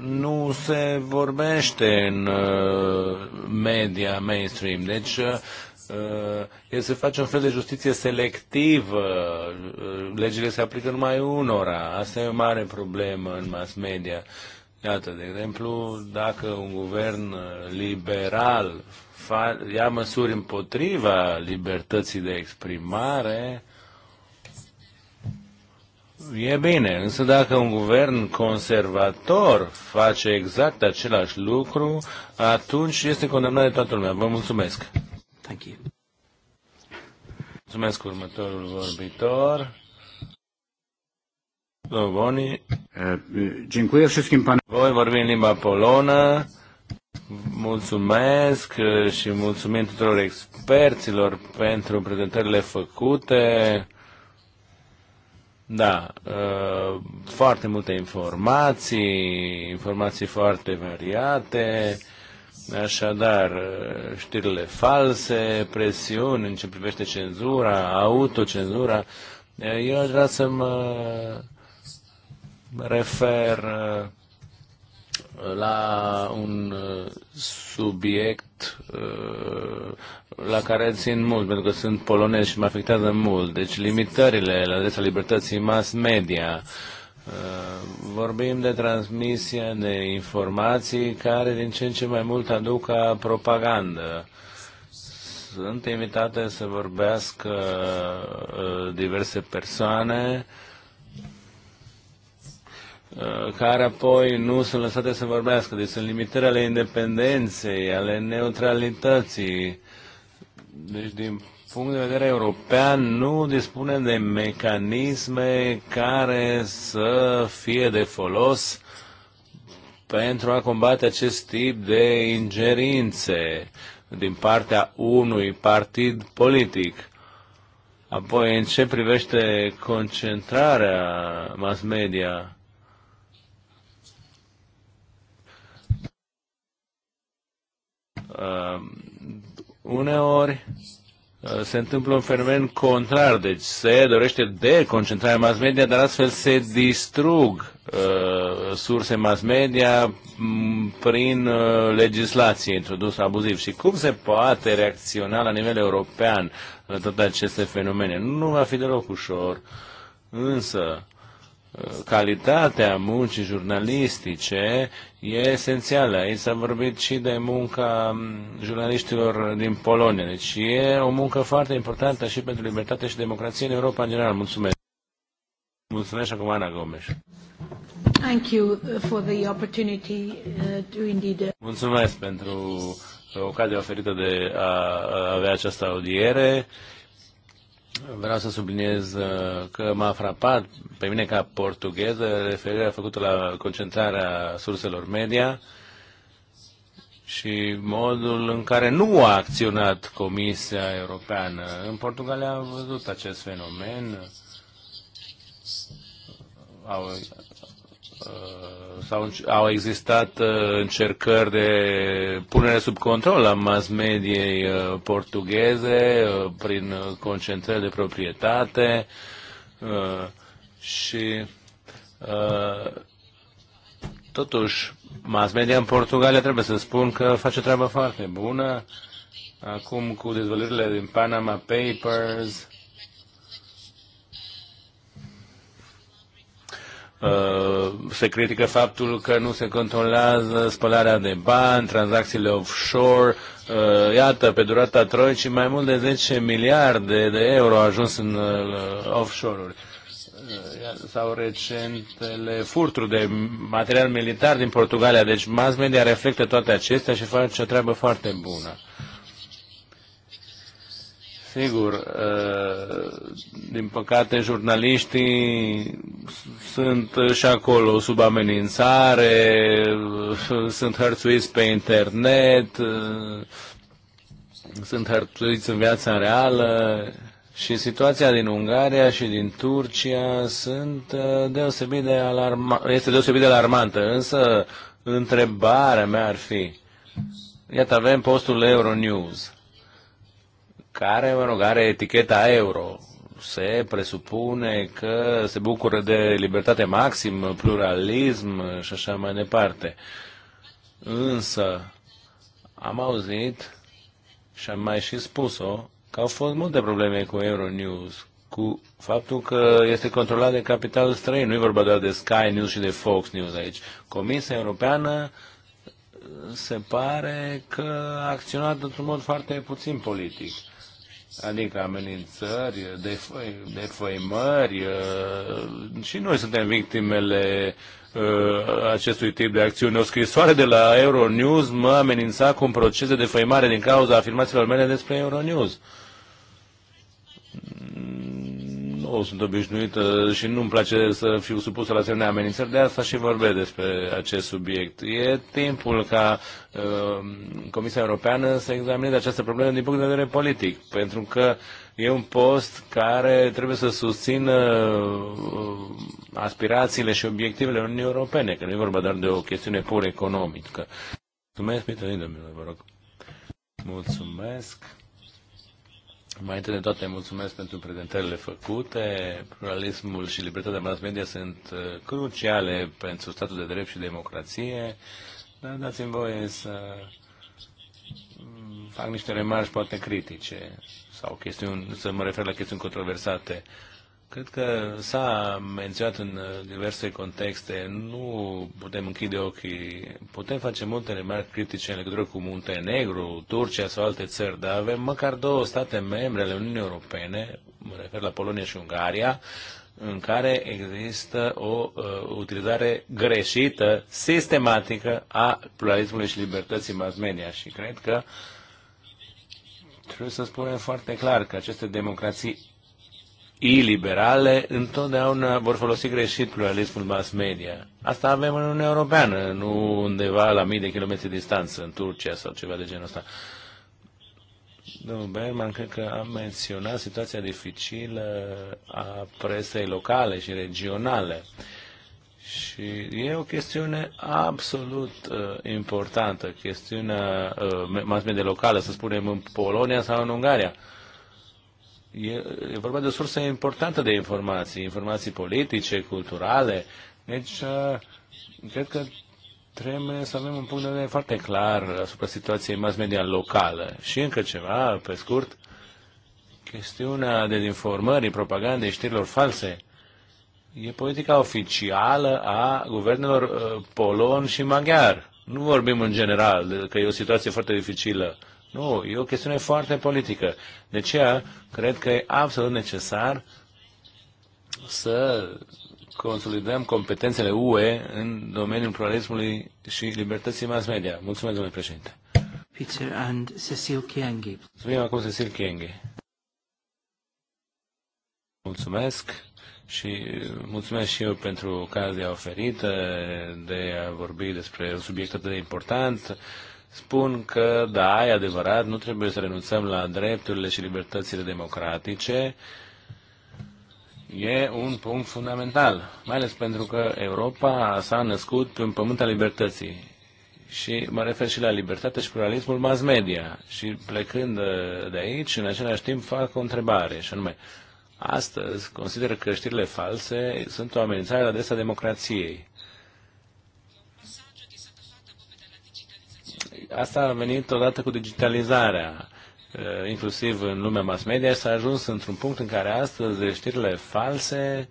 nu se vorbește în uh, media mainstream. Deci uh, uh e se face un fel de justiție selectivă. Uh, legile se aplică numai unora. Asta e o mare problemă în mass media. Iată, de exemplu, dacă un guvern liberal ia măsuri împotriva libertății de exprimare, E bine, însă dacă un guvern conservator face exact același lucru, atunci este condamnat de toată lumea. Vă mulțumesc. Thank you. Mulțumesc următorul vorbitor. Domnul Boni. Eh, dziękuję wszystkim pan... Voi vorbi în limba polonă mulțumesc uh, și mulțumim tuturor experților pentru prezentările făcute. Da, uh, foarte multe informații, informații foarte variate, așadar uh, știrile false, presiuni în ce privește cenzura, autocenzura. Eu aș vrea să mă refer la un uh, subiect uh, la care țin mult, pentru că sunt polonez și mă afectează mult. Deci limitările la adresa libertății mass media. Uh, vorbim de transmisia de informații care din ce în ce mai mult aduc ca propagandă sunt invitate să vorbească diverse persoane Uh, care apoi nu sunt lăsate să vorbească. Deci sunt limitări ale independenței, ale neutralității. Deci, din punct de vedere european, nu dispune de mecanisme care să fie de folos pentru a combate acest tip de ingerințe din partea unui partid politic. Apoi, în ce privește concentrarea mass media, Uh, uneori uh, se întâmplă un fenomen contrar, deci se dorește deconcentrarea mass media, dar astfel se distrug uh, surse mass media prin uh, legislație introdusă abuziv. Și cum se poate reacționa la nivel european la toate aceste fenomene? Nu va fi deloc ușor, însă uh, calitatea muncii jurnalistice e esențială. Aici s-a vorbit și de munca jurnaliștilor din Polonia. Deci e o muncă foarte importantă și pentru libertate și democrație în Europa în general. Mulțumesc. Mulțumesc acum Ana Gomes. Thank you uh, for the opportunity uh, to indeed... Uh, Mulțumesc pentru ocazia oferită de a avea această audiere. Vreau să subliniez uh, că m-a frapat pe mine ca portughez referirea făcută la concentrarea surselor media și modul în care nu a acționat Comisia Europeană. În Portugalia am văzut acest fenomen. Au uh, sau au existat uh, încercări de punere sub control a mass mediei uh, portugheze uh, prin concentrări de proprietate și totuși mass media în Portugalia trebuie să spun că face treaba foarte bună acum cu dezvăluirile din Panama Papers Uh, se critică faptul că nu se controlează spălarea de bani, tranzacțiile offshore. Uh, iată, pe durata troicii, mai mult de 10 miliarde de euro au ajuns în uh, offshore-uri sau recentele furturi de material militar din Portugalia. Deci mass media reflectă toate acestea și face o treabă foarte bună. Sigur, uh, din păcate jurnaliștii sunt și acolo sub amenințare, sunt hărțuiți pe internet, uh, sunt hărțuiți în viața reală și situația din Ungaria și din Turcia sunt uh, deosebit de alarma, este deosebit de alarmantă, însă întrebarea mea ar fi, iată avem postul Euronews, care, mă rog, are eticheta euro. Se presupune că se bucură de libertate maxim, pluralism și așa mai departe. Însă, am auzit și am mai și spus-o că au fost multe probleme cu Euronews, cu faptul că este controlat de capital străin. Nu e vorba doar de Sky News și de Fox News aici. Comisia Europeană se pare că a acționat într-un mod foarte puțin politic adică amenințări, defăimări uh, și noi suntem victimele uh, acestui tip de acțiuni. O scrisoare de la Euronews mă amenința cu un proces de defăimare din cauza afirmațiilor mele despre Euronews. Uh, O sunt obișnuit și nu-mi place să fiu supus la asemenea amenințări, de asta și vorbesc despre acest subiect. E timpul ca uh, Comisia Europeană să examineze această problemă din punct de vedere politic, pentru că e un post care trebuie să susțină uh, aspirațiile și obiectivele Uniunii Europene, că nu e vorba doar de o chestiune pur economică. Mulțumesc, Peter Lindemann, vă rog. Mulțumesc. Mai întâi de toate, mulțumesc pentru prezentările făcute. Pluralismul și libertatea mass media sunt uh, cruciale pentru statul de drept și democrație. Dar dați-mi voie să mm, fac niște remarci poate critice sau chestiuni, să mă refer la chestiuni controversate. Cred că s-a menționat în diverse contexte, nu putem închide ochii, putem face multe remarci critice în legătură cu Muntenegru, Turcia sau alte țări, dar avem măcar două state membre ale Uniunii Europene, mă refer la Polonia și Ungaria, în care există o uh, utilizare greșită, sistematică a pluralismului și libertății mass media și cred că trebuie să spunem foarte clar că aceste democrații iliberale întotdeauna vor folosi greșit pluralismul mass media. Asta avem în Uniunea Europeană, nu undeva la mii de kilometri distanță, în Turcia sau ceva de genul ăsta. Domnul Berman, cred că am menționat situația dificilă a presei locale și regionale. Și e o chestiune absolut uh, importantă, chestiunea uh, mass media locală, să spunem, în Polonia sau în Ungaria. Uh, E, e vorba de o sursă importantă de informații, informații politice, culturale. Deci, uh, cred că trebuie să avem un punct de vedere foarte clar asupra situației mass media locală. Și încă ceva, pe scurt, chestiunea de informării, propagandei, știrilor false. E politica oficială a guvernelor uh, polon și maghiar. Nu vorbim în general, că e o situație foarte dificilă nu, e o chestiune foarte politică. De aceea, cred că e absolut necesar să consolidăm competențele UE în domeniul pluralismului și libertății mass media. Mulțumesc, domnule președinte. Peter and Cecil Kienge. Mulțumim acum Cecil Kienge. Mulțumesc și mulțumesc și eu pentru ocazia oferită de a vorbi despre un subiect atât de important spun că, da, e adevărat, nu trebuie să renunțăm la drepturile și libertățile democratice. E un punct fundamental, mai ales pentru că Europa s-a născut pe un pământ al libertății. Și mă refer și la libertate și pluralismul mass media. Și plecând uh, de aici, în același timp, fac o întrebare, și anume, astăzi consider că știrile false sunt o amenințare la adresa democrației. asta a venit odată cu digitalizarea eh, inclusiv în lumea mass media, s-a ajuns într-un punct în care astăzi știrile false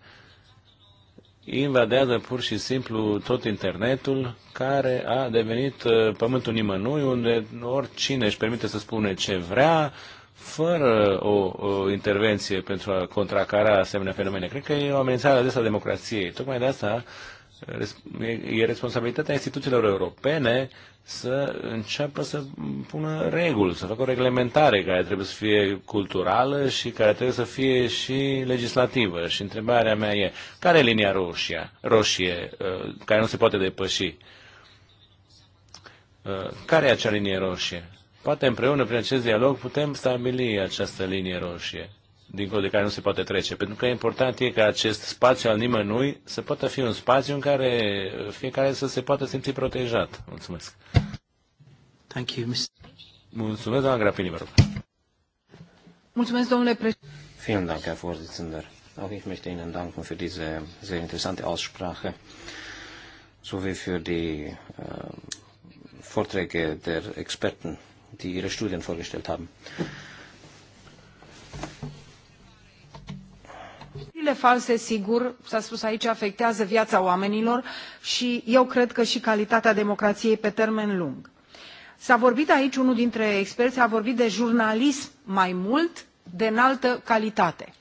invadează pur și simplu tot internetul, care a devenit eh, pământul nimănui, unde oricine își permite să spune ce vrea, fără o, o intervenție pentru a contracara asemenea fenomene. Cred că e o amenințare adesea democrației. Tocmai de asta e responsabilitatea instituțiilor europene să înceapă să pună reguli, să facă o reglementare care trebuie să fie culturală și care trebuie să fie și legislativă. Și întrebarea mea e, care e linia roșie, roșie uh, care nu se poate depăși? Uh, care e acea linie roșie? Poate împreună, prin acest dialog, putem stabili această linie roșie dincolo de care nu se poate trece. Pentru că important e ca acest spațiu al nimănui să poată fi un spațiu în care fiecare să se poată simți protejat. Mulțumesc. Thank you, Mr. Mulțumesc, doamna Grapini, vă rog. Mulțumesc, domnule președinte. Vielen Dank, Herr Vorsitzender. Auch ich möchte Ihnen danken für diese sehr interessante Aussprache sowie für die äh, Vorträge der Experten, die ihre Studien vorgestellt haben. Știrile false, sigur, s-a spus aici, afectează viața oamenilor și eu cred că și calitatea democrației pe termen lung. S-a vorbit aici, unul dintre experți a vorbit de jurnalism mai mult de înaltă calitate.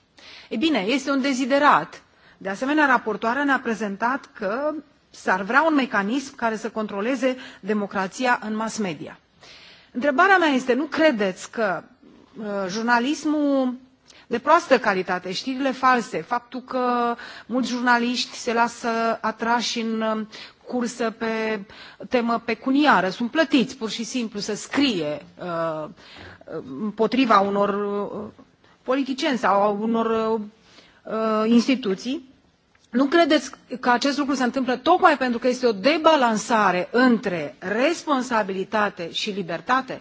Ei bine, este un deziderat. De asemenea, raportoarea ne-a prezentat că s-ar vrea un mecanism care să controleze democrația în mass media. Întrebarea mea este, nu credeți că uh, jurnalismul de proastă calitate, știrile false, faptul că mulți jurnaliști se lasă atrași în um, cursă pe temă pecuniară, sunt plătiți pur și simplu să scrie uh, împotriva unor uh, politicieni sau a unor uh, instituții. Nu credeți că acest lucru se întâmplă tocmai pentru că este o debalansare între responsabilitate și libertate?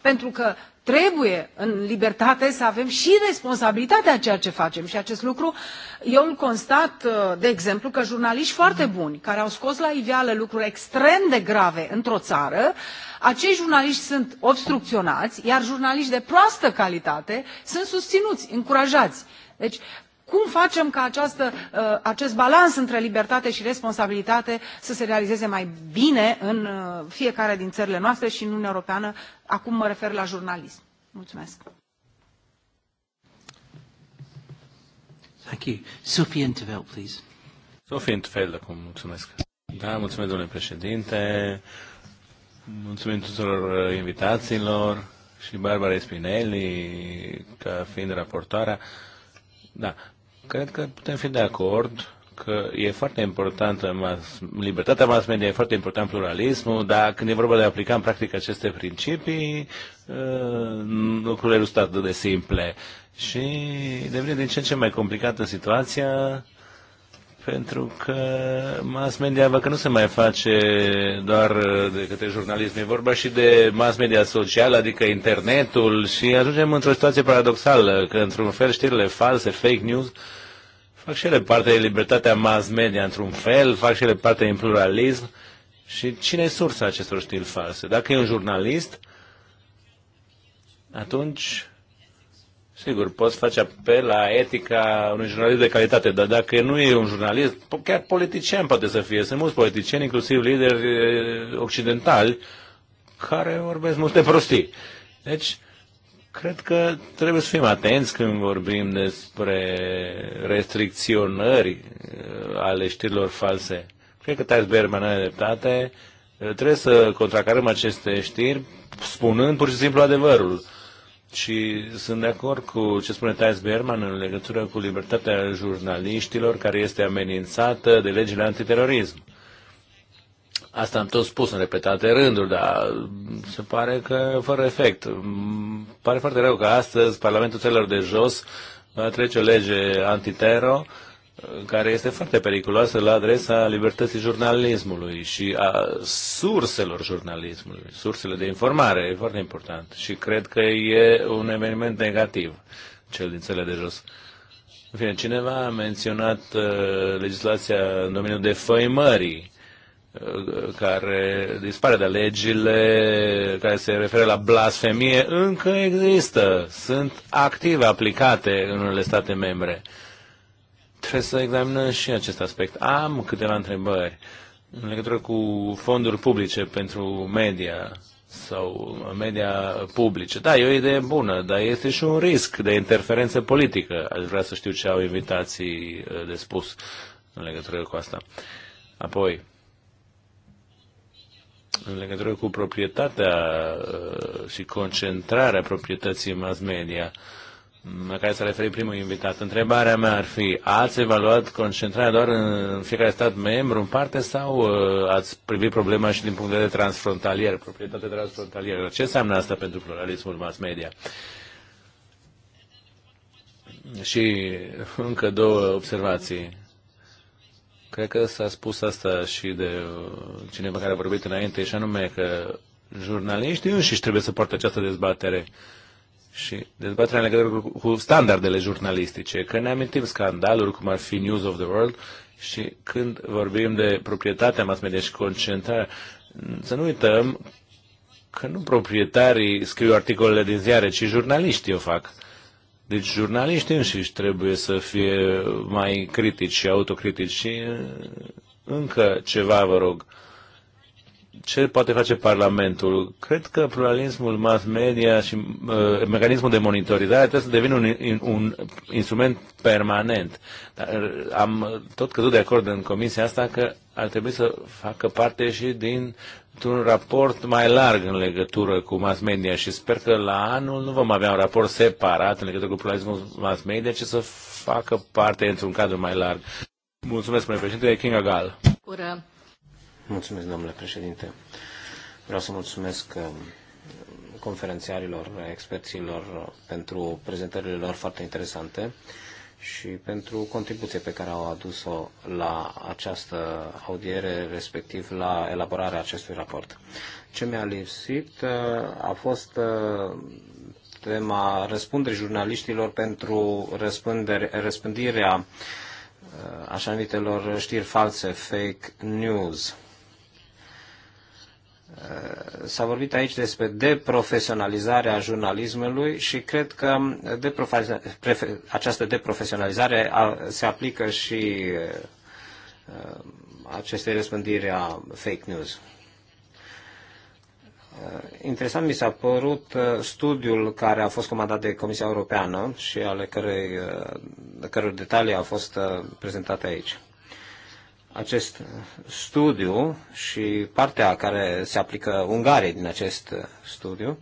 Pentru că trebuie în libertate să avem și responsabilitatea a ceea ce facem și acest lucru eu îl constat uh, de exemplu că jurnaliști foarte mm-hmm. buni care au scos la iveală lucruri extrem de grave într o țară acei jurnaliști sunt obstrucționați iar jurnaliști de proastă calitate sunt susținuți încurajați. deci cum facem ca această, uh, acest balans între libertate și responsabilitate să se realizeze mai bine în uh, fiecare din țările noastre și în uniunea europeană acum mă refer la jurnalism. mulțumesc. Thank you. Sophie Interveld, please. Sophie Interveld, acum, mulțumesc. Da, mulțumesc, domnule președinte. Mulțumim tuturor uh, invitațiilor și Barbara Spinelli, ca fiind raportoarea. Da, cred că putem fi de acord că e foarte importantă mas, libertatea mass media, e foarte important pluralismul, dar când e vorba de a aplica în practică aceste principii, uh, lucrurile nu sunt atât de simple. Și devine din ce în ce mai complicată situația pentru că mass media văd că nu se mai face doar de către jurnalism, e vorba și de mass media socială, adică internetul și ajungem într-o situație paradoxală, că într-un fel știrile false, fake news, uh, fac și ele parte din libertatea mass media într-un fel, fac și ele parte din pluralism. Și cine e sursa acestor știri false? Dacă e un jurnalist, atunci, sigur, poți face apel la etica unui jurnalist de calitate, dar dacă nu e un jurnalist, chiar politician poate să fie. Sunt mulți politicieni, inclusiv lideri eh, occidentali, care vorbesc multe prostii. Deci, Cred că trebuie să fim atenți când vorbim despre restricționări uh, ale știrilor false. Cred că Tais Berman are dreptate. Uh, trebuie să contracarăm aceste știri spunând pur și simplu adevărul. Și sunt de acord cu ce spune Thais Berman în legătură cu libertatea jurnaliștilor care este amenințată de legile antiterorism. Asta am tot spus în repetate rânduri, dar se pare că fără efect. Pare foarte rău că astăzi Parlamentul Țărilor de Jos va trece o lege antitero care este foarte periculoasă la adresa libertății jurnalismului și a surselor jurnalismului, sursele de informare, e foarte important. Și cred că e un eveniment negativ, cel din țările de jos. În fine, cineva a menționat uh, legislația în domeniul defăimării care dispare de legile care se referă la blasfemie încă există, sunt active aplicate în unele state membre. Trebuie să examinăm și acest aspect. Am câteva întrebări în legătură cu fonduri publice pentru media sau media publice. Da, e o idee bună, dar este și un risc de interferență politică. Aș vrea să știu ce au invitații uh, de spus în legătură cu asta. Apoi, în legătură cu proprietatea uh, și concentrarea proprietății mass media la care s-a referit primul invitat. Întrebarea mea ar fi, ați evaluat concentrarea doar în fiecare stat membru în parte sau uh, ați privit problema și din punct de vedere transfrontalier, proprietatea transfrontalieră? Ce înseamnă asta pentru pluralismul mass media? Și încă două observații. Cred că s-a spus asta și de uh, cineva care a vorbit înainte, și anume că jurnaliștii înșiși trebuie să poartă această dezbatere și dezbaterea în legătură cu, cu standardele jurnalistice, că ne amintim scandaluri cum ar fi News of the World și când vorbim de proprietatea mass media și concentrarea, să nu uităm că nu proprietarii scriu articolele din ziare, ci jurnaliștii o fac. Deci jurnaliștii înșiși trebuie să fie mai critici și autocritici și uh, încă ceva, vă rog, ce poate face Parlamentul? Cred că pluralismul mass media și uh, mecanismul de monitorizare trebuie să devină un, un instrument permanent. Dar uh, am tot căzut de acord în comisia asta că ar trebui să facă parte și din un raport mai larg în legătură cu mass media și sper că la anul nu vom avea un raport separat în legătură cu pluralismul mass media, ci să facă parte într-un cadru mai larg. Mulțumesc, domnule președinte, Kinga Gal. Ură. Mulțumesc, domnule președinte. Vreau să mulțumesc um, conferențiarilor, experților uh, pentru prezentările lor foarte interesante și pentru contribuție pe care au adus-o la această audiere, respectiv la elaborarea acestui raport. Ce mi-a lipsit uh, a fost uh, tema răspunderii jurnaliștilor pentru răspândirea uh, așa numitelor știri false, fake news. S-a vorbit aici despre deprofesionalizarea jurnalismului și cred că această deprofesionalizare se aplică și uh, acestei răspândiri a fake news. Uh, interesant mi s-a părut uh, studiul care a fost comandat de Comisia Europeană și ale cărui căror detalii au fost prezentate aici acest studiu și partea care se aplică Ungariei din acest studiu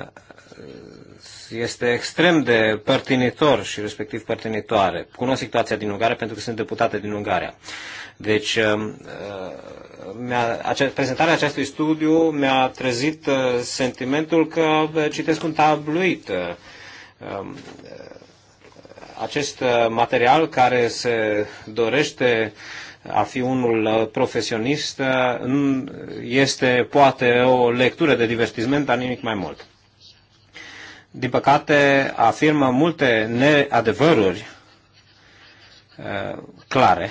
uh, este extrem de pertinitor și respectiv pertinitoare. Cunosc situația din Ungaria pentru că sunt deputate din Ungaria. Deci, uh, uh, prezentarea acestui studiu mi-a trezit sentimentul că citesc un tabloid um, acest uh, material care se dorește a fi unul uh, profesionist uh, este poate o lectură de divertisment, dar nimic mai mult. Din păcate, afirmă multe neadevăruri clare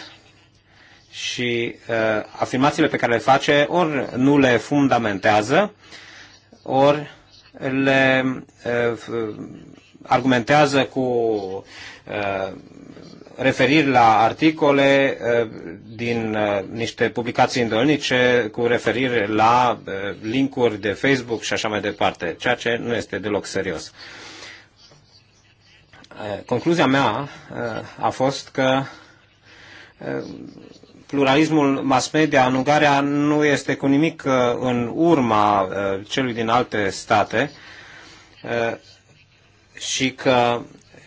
și afirmațiile pe care le face ori nu le fundamentează, ori le argumentează uh, uh, uh, cu referiri la articole din niște publicații îndolnice, cu referiri la linkuri de Facebook și așa mai departe, ceea ce nu este deloc serios. Concluzia mea a fost că pluralismul mass media în Ungaria nu este cu nimic în urma celui din alte state și că,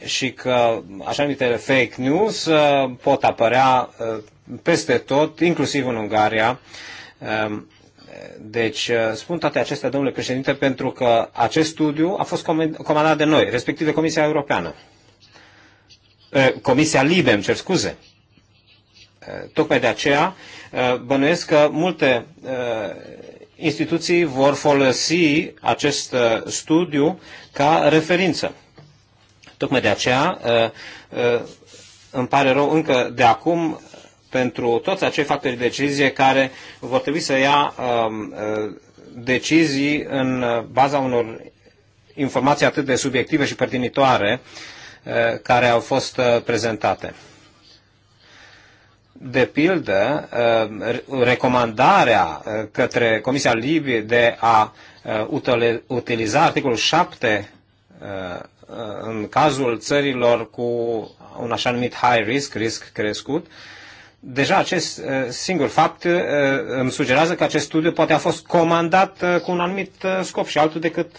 și că așa numitele fake news uh, pot apărea uh, peste tot, inclusiv în Ungaria. Um, deci uh, spun toate acestea, domnule președinte, pentru că acest studiu a fost comandat de noi, respectiv de Comisia Europeană. Comisia Libe, îmi cer scuze. Tocmai de aceea bănuiesc că multe instituții vor folosi acest uh, studiu ca referință. Tocmai de aceea uh, uh, îmi pare rău încă de acum pentru toți acei factori de decizie care vor trebui să ia um, decizii în baza unor informații atât de subiective și pertinitoare care au fost prezentate de pildă, uh, recomandarea uh, către Comisia Libie de a uh, utiliza articolul 7 în cazul țărilor cu un așa numit high risk, risc crescut, deja acest singur fapt îmi sugerează că acest studiu poate a fost comandat cu un anumit scop și altul decât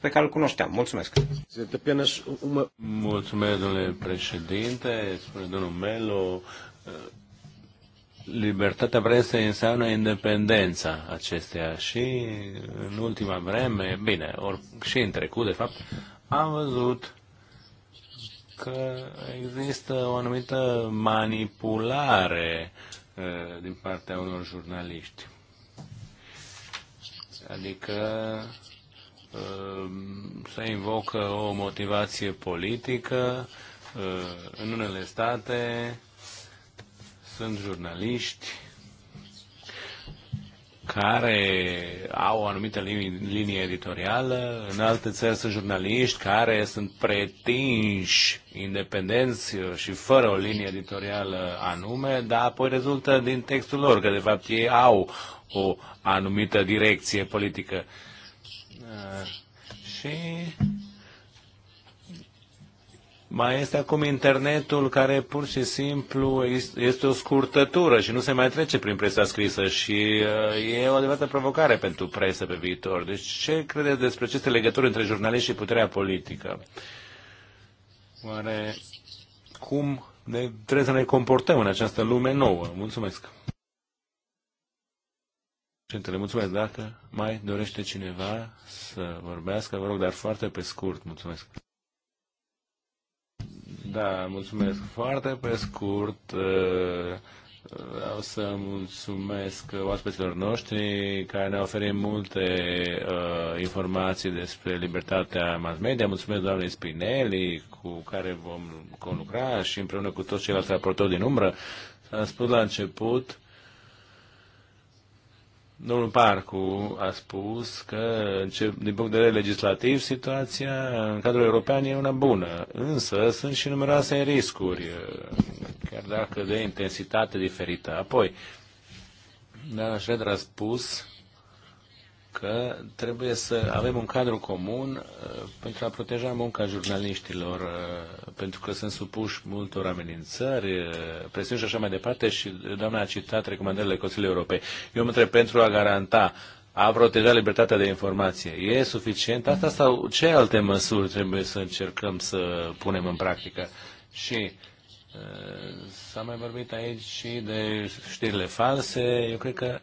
pe care îl cunoșteam. Mulțumesc. Mulțumesc, domnule președinte, spune domnul Melo libertatea presei înseamnă independența acesteia și în ultima vreme, bine, or, și în trecut, de fapt, am văzut că există o anumită manipulare uh, din partea unor jurnaliști. Adică uh, se invocă o motivație politică uh, în unele state sunt jurnaliști care au o anumită linie editorială, în alte țări sunt jurnaliști care sunt pretinși independenți și fără o linie editorială anume, dar apoi rezultă din textul lor, că de fapt ei au o anumită direcție politică. Uh, și mai este acum internetul care pur și simplu este o scurtătură și nu se mai trece prin presa scrisă și uh, e o adevărată provocare pentru presă pe viitor. Deci ce credeți despre aceste legături între jurnaliști și puterea politică? Oare cum ne, trebuie să ne comportăm în această lume nouă? Mulțumesc! Președintele, mulțumesc. Dacă mai dorește cineva să vorbească, vă rog, dar foarte pe scurt. Mulțumesc. Da, mulțumesc foarte pe scurt. Uh, vreau să mulțumesc oaspeților noștri care ne oferim multe uh, informații despre libertatea mass media. Mulțumesc doamnei Spinelli cu care vom conlucra și împreună cu toți ceilalți raportori din umbră. S-a spus la început Domnul Parcu a spus că, din punct de vedere legislativ, situația în cadrul european e una bună, însă sunt și numeroase riscuri, chiar dacă de intensitate diferită. Apoi, da, Șredr a spus că trebuie să avem un cadru comun uh, pentru a proteja munca jurnaliștilor, uh, pentru că sunt supuși multor amenințări, uh, presiuni și așa mai departe și doamna a citat recomandările Consiliului Europei. Eu mă întreb pentru a garanta a proteja libertatea de informație. E suficient asta sau ce alte măsuri trebuie să încercăm să punem în practică? Și s-a mai vorbit aici și de știrile false. Eu cred că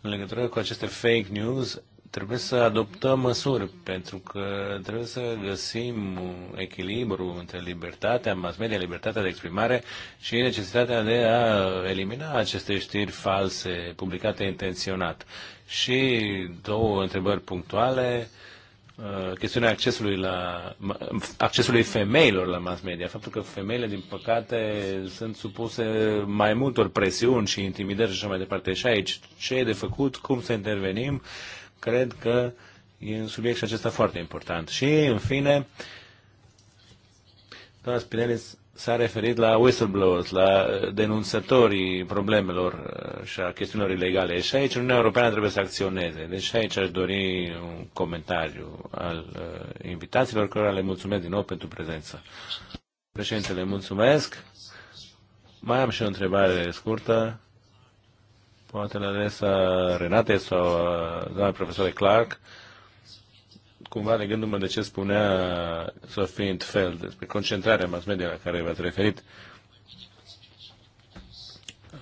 în legătură cu aceste fake news trebuie să adoptăm măsuri, pentru că trebuie să găsim un echilibru între libertatea mass media, libertatea de exprimare și necesitatea de a elimina aceste știri false publicate intenționat. Și două întrebări punctuale uh, chestiunea accesului, la, accesului femeilor la mass media, faptul că femeile, din păcate, sunt supuse mai multor presiuni și intimidări și așa mai departe. Și aici, ce e de făcut, cum să intervenim cred că e un subiect și acesta foarte important. Și, în fine, doamna Spinelli s-a referit la whistleblowers, la uh, denunțătorii problemelor uh, și a chestiunilor ilegale. Și aici Uniunea Europeană trebuie să acționeze. Deci aici aș dori un comentariu al uh, invitațiilor, cărora le mulțumesc din nou pentru prezență. Președintele, mulțumesc. Mai am și o întrebare scurtă poate la adresa Renate sau uh, doamna profesor Clark, cumva legându-mă de ce spunea Sophie Intfeld despre concentrarea mass media la care v-ați referit,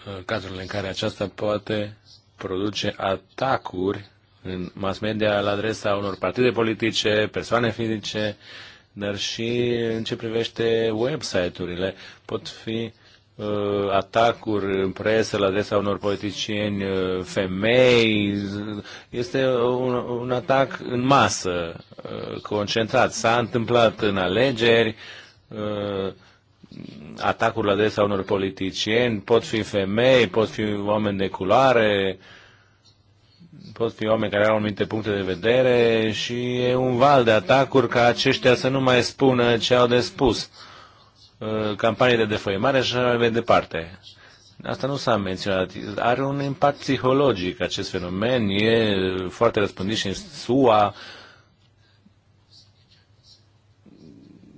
uh, cazurile în care aceasta poate produce atacuri în mass media la adresa unor partide politice, persoane fizice, dar și în ce privește website-urile pot fi Uh, atacuri în presă la adresa unor politicieni uh, femei. Este un, un atac în masă, uh, concentrat. S-a întâmplat în alegeri atacuri la adresa unor politicieni, pot fi femei, pot fi oameni de culoare, pot fi oameni care au anumite puncte de vedere și e un val de atacuri ca aceștia să nu mai spună ce au de spus. Uh, campanie de defăimare și așa mai departe. Asta nu s-a menționat. Are un impact psihologic acest fenomen. E foarte răspândit și în SUA.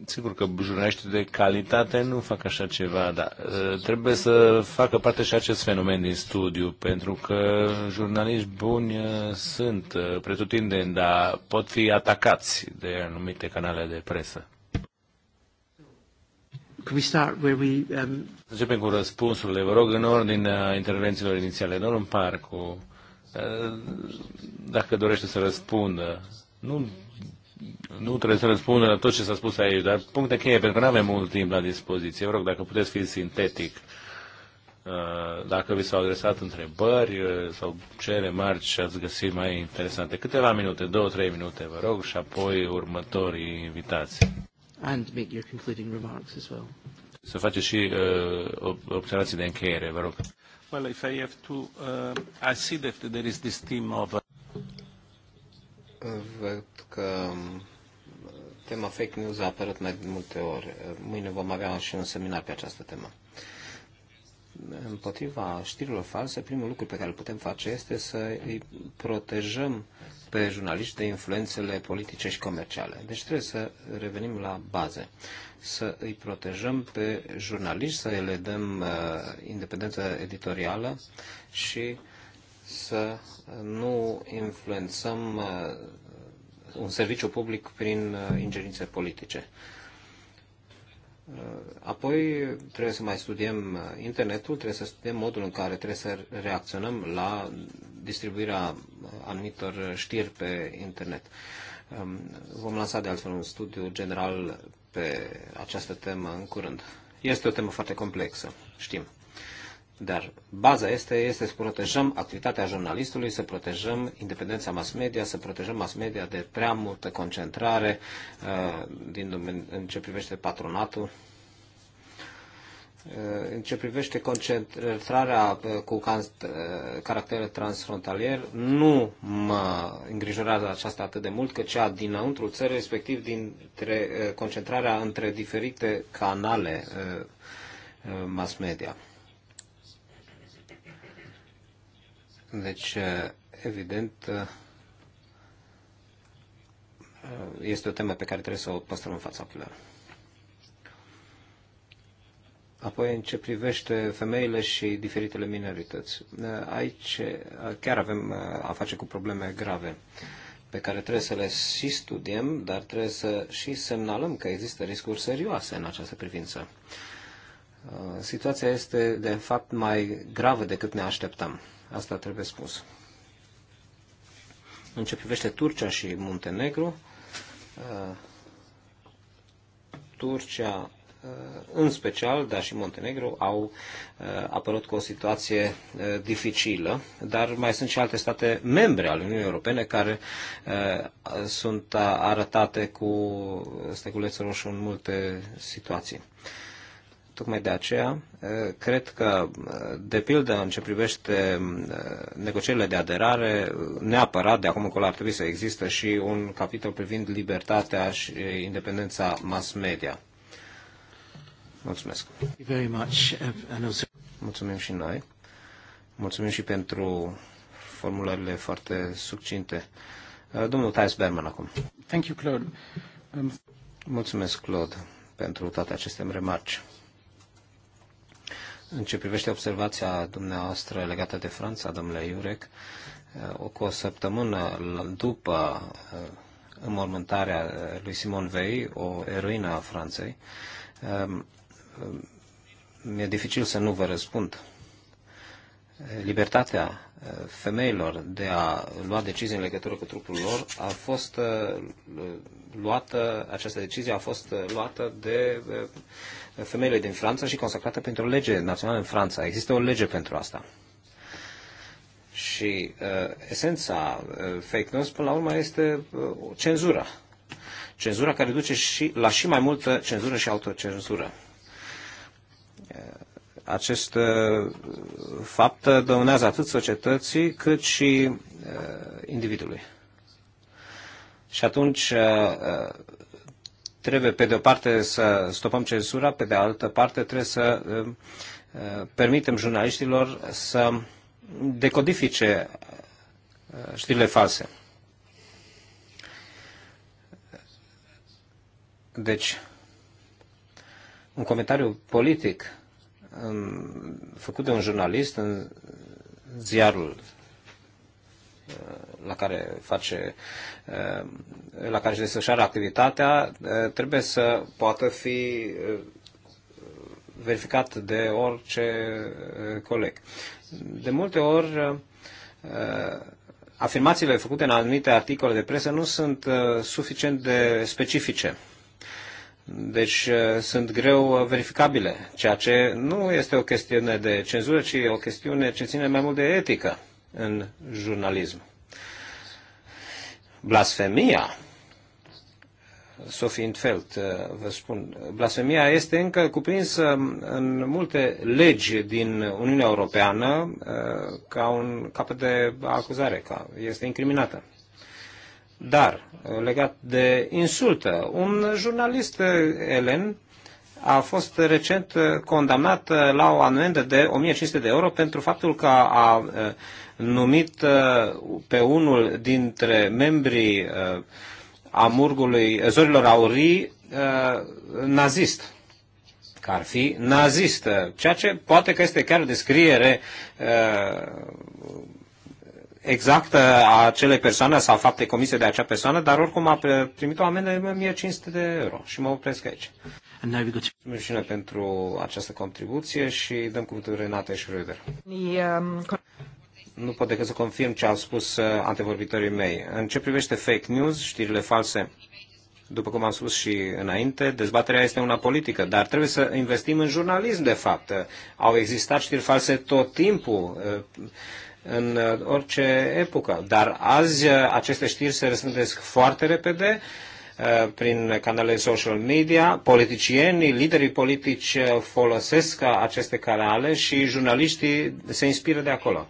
Sigur că jurnaliștii de calitate nu fac așa ceva, dar uh, trebuie să facă parte și acest fenomen din studiu, pentru că jurnaliști buni uh, sunt pretutindeni, dar pot fi atacați de anumite canale de presă. Can we start where we, um... Începem cu răspunsurile. Vă rog în ordinea intervențiilor inițiale, nu în parcul. Uh, dacă dorește să răspundă. Nu, nu trebuie să răspundă la tot ce s-a spus aici, dar puncte cheie, pentru că nu avem mult timp la dispoziție. Vă rog, dacă puteți fi sintetic, uh, dacă vi s-au adresat întrebări uh, sau ce remarci ați găsit mai interesante. Câteva minute, două, trei minute, vă rog, și apoi următorii invitații and make your concluding remarks as well. Să faceți și uh, observații de încheiere, vă rog. Well, if I have to, uh, I see that there is this theme of... Uh, Văd că um, tema fake news a apărut mai multe ori. Mâine vom avea și un seminar pe această temă. Împotriva știrilor false, primul lucru pe care îl putem face este să îi protejăm pe jurnaliști de influențele politice și comerciale. Deci trebuie să revenim la baze, să îi protejăm pe jurnaliști, să le dăm uh, independență editorială și să nu influențăm uh, un serviciu public prin uh, ingerințe politice. Uh, Uh, apoi trebuie să mai studiem uh, internetul, trebuie să studiem modul în care trebuie să reacționăm la distribuirea uh, anumitor știri pe internet. Um, vom lansa de altfel un studiu general pe această temă în curând. Este o temă foarte complexă, știm. Dar baza este, este să protejăm activitatea jurnalistului, să protejăm independența mass media, să protejăm mass media de prea multă concentrare uh, din, în ce privește patronatul. Uh, în ce privește concentrarea uh, cu uh, caracter transfrontalier, nu mă îngrijorează aceasta atât de mult, că cea dinăuntru, țării, respectiv dintre concentrarea între diferite canale mass media. Deci, evident, este o temă pe care trebuie să o păstrăm în fața ochilor. Apoi, în ce privește femeile și diferitele minorități. Aici chiar avem a face cu probleme grave pe care trebuie să le și studiem, dar trebuie să și semnalăm că există riscuri serioase în această privință. Situația este, de fapt, mai gravă decât ne așteptam. Asta trebuie spus. În ce privește Turcia și Muntenegru, uh, Turcia uh, în special, dar și Montenegro, au uh, apărut cu o situație dificilă, dar mai sunt și alte state membre ale Uniunii Europene care sunt arătate cu steculeț roșu în multe situații. Tocmai de aceea, uh, cred că, uh, de pildă, în ce privește uh, negocierile de aderare, neapărat de acum încolo ar trebui să există și un capitol privind libertatea și independența mass media. Mulțumesc. Mulțumim și noi. Mulțumim și pentru formulările foarte succinte. Domnul Thais Berman acum. Thank you, Claude. Um... Mulțumesc, Claude, pentru toate aceste remarci. În ce privește observația dumneavoastră legată de Franța, domnule Iurec, eh, cu o săptămână după eh, înmormântarea lui Simon Vei, o eroină a Franței, ehm, ehm, mi-e dificil să nu vă răspund. Eh, libertatea femeilor de a lua decizii în legătură cu trupul lor a fost uh, luată, această decizie a fost uh, luată de uh, femeile din Franța și consacrată pentru o lege națională în Franța. Există o lege pentru asta. Și uh, esența uh, fake news, până la urmă, este uh, cenzura. Cenzura care duce și la și mai multă cenzură și autocenzură. Acest uh, fapt dăunează atât societății cât și uh, individului. Și atunci uh, trebuie pe de o parte să stopăm cenzura, pe de altă parte trebuie să permitem jurnaliștilor să decodifice știrile false. Deci, un comentariu politic în, făcut de un jurnalist în ziarul uh, la care face, uh, la care își desfășoară activitatea, uh, trebuie să poată fi verificat de orice coleg. De multe ori, afirmațiile făcute în anumite articole de presă nu sunt suficient de specifice. Deci uh, sunt greu uh, verificabile, ceea ce nu este o chestiune de cenzură, ci o chestiune ce ține mai mult de etică în jurnalism. Blasfemia, Sophie Infeld, uh, vă spun, blasfemia este încă cuprinsă în multe legi din Uniunea Europeană ca un cap de acuzare, ca este incriminată. Dar, legat de insultă, un jurnalist eh, elen a fost recent eh, condamnat eh, la o anuendă de 1500 de euro pentru faptul că a numit pe unul dintre membrii amurgului Zorilor Aurii nazist că ar fi nazistă, ceea ce poate că este chiar o descriere uh, exactă a uh, acelei persoane sau fapte comise de acea persoană, dar oricum a primit o amendă de 1500 de euro și mă opresc aici. Mulțumim pentru această contribuție și dăm cuvântul Renate Schröder. Um, nu pot decât să confirm ce au spus uh, antevorbitorii mei. În ce privește fake news, știrile false, după cum am spus și înainte, dezbaterea este una politică, dar trebuie să investim în jurnalism, de fapt. Au existat știri false tot timpul uh, în uh, orice epocă. Dar azi uh, aceste știri se răspândesc foarte repede uh, prin canalele social media. Politicienii, liderii politici folosesc aceste canale și jurnaliștii se inspiră de acolo.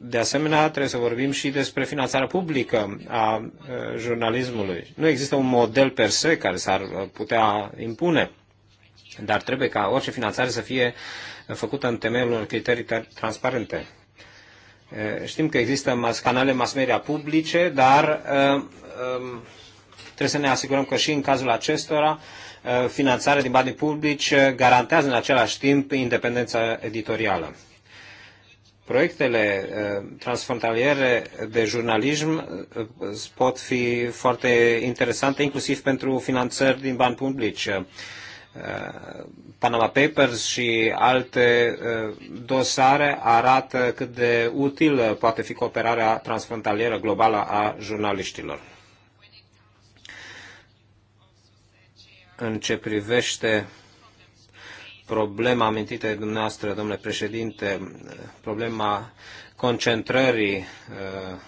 De asemenea, trebuie să vorbim și despre finanțarea publică a jurnalismului. Nu există un model per se care s-ar putea impune, dar trebuie ca orice finanțare să fie uh, făcută în temeiul unor criterii transparente. Știm că există canale mass media publice, dar trebuie să ne asigurăm că și în cazul acestora finanțarea din banii publici garantează în același timp independența editorială. Proiectele transfrontaliere de jurnalism pot fi foarte interesante, inclusiv pentru finanțări din bani publici. Uh, Panama Papers și alte uh, dosare arată cât de util poate fi cooperarea transfrontalieră globală a jurnaliștilor. În ce privește problema amintită de dumneavoastră, domnule președinte, problema concentrării uh,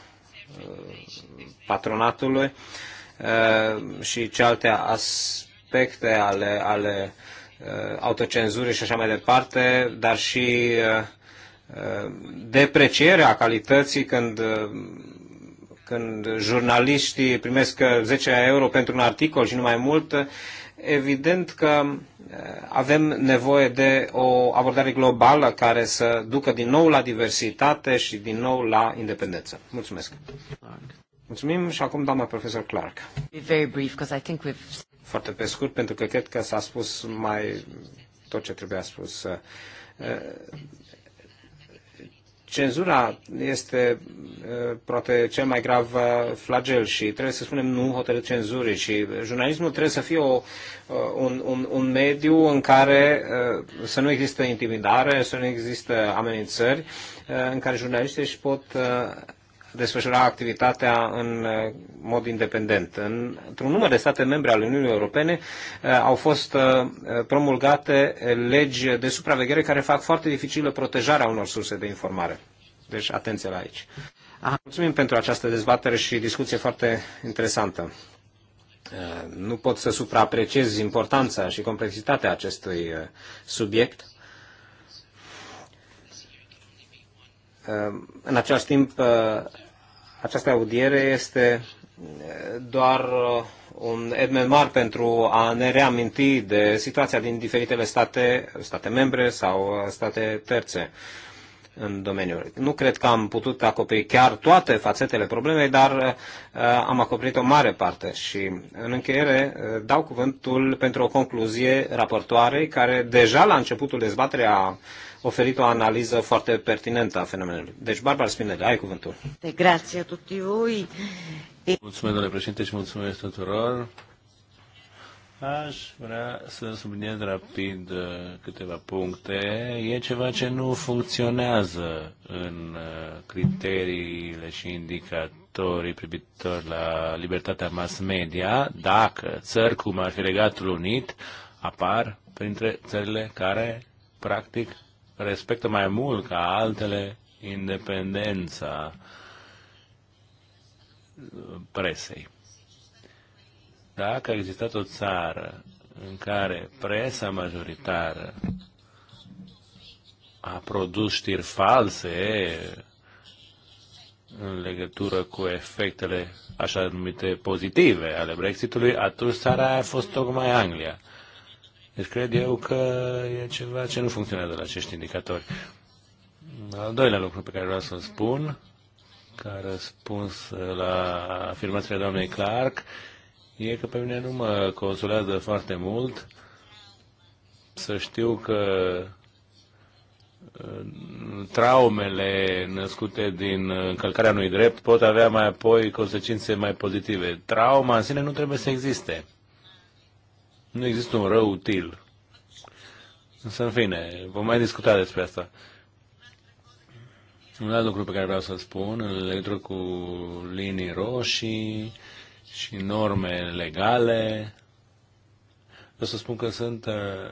patronatului și ce alte aspecte aspecte ale, ale uh, autocenzurii și așa mai departe, dar și uh, uh, deprecierea calității când, când jurnaliștii primesc 10 euro pentru un articol și nu mai mult, evident că avem nevoie de o abordare globală care să ducă din nou la diversitate și din nou la independență. Mulțumesc! Mulțumim și acum doamna profesor Clark. Be very brief, I think we've foarte pe scurt, pentru că cred că s-a spus mai tot ce trebuia spus. Uh, cenzura este uh, poate cel mai grav uh, flagel și trebuie să spunem nu hotărât cenzurii și jurnalismul trebuie să fie o, un, un, un mediu în care să nu există intimidare, să nu există amenințări, în care jurnaliștii își pot desfășura activitatea în uh, mod independent. Într-un număr de state membre ale Uniunii Europene uh, au fost uh, promulgate legi de supraveghere care fac foarte dificilă protejarea unor surse de informare. Deci atenție la aici. Ah. Mulțumim pentru această dezbatere și discuție foarte interesantă. Nu pot să supraapreciez importanța și complexitatea acestui subiect. În același timp, această audiere este doar un mar pentru a ne reaminti de situația din diferitele state, state membre sau state terțe în domeniul. Nu cred că am putut acoperi chiar toate fațetele problemei, dar uh, am acoperit o mare parte și în încheiere uh, dau cuvântul pentru o concluzie raportoarei care deja la începutul dezbaterea oferit o analiză foarte pertinentă a fenomenului. Deci, Barbara Spinelli, ai cuvântul. De grație tutti voi. Mulțumesc, domnule președinte, și mulțumesc tuturor. Aș vrea să subliniez rapid uh, câteva puncte. E ceva ce nu funcționează în uh, criteriile și indicatorii privitor la libertatea mass media, dacă țări cum ar fi Regatul Unit apar printre țările care practic respectă mai mult ca altele independența presei. Dacă a existat o țară în care presa majoritară a produs știri false în legătură cu efectele așa numite pozitive ale Brexitului, atunci țara a fost tocmai Anglia. Deci cred eu că e ceva ce nu funcționează la acești indicatori. Al doilea lucru pe care vreau să-l spun, ca răspuns la afirmația doamnei Clark, e că pe mine nu mă consolează foarte mult să știu că traumele născute din încălcarea unui drept pot avea mai apoi consecințe mai pozitive. Trauma în sine nu trebuie să existe. Nu există un rău util. Însă, în fine, vom mai discuta despre asta. Un alt lucru pe care vreau să-l spun, în legătură cu linii roșii și norme legale, vreau să spun că sunt uh,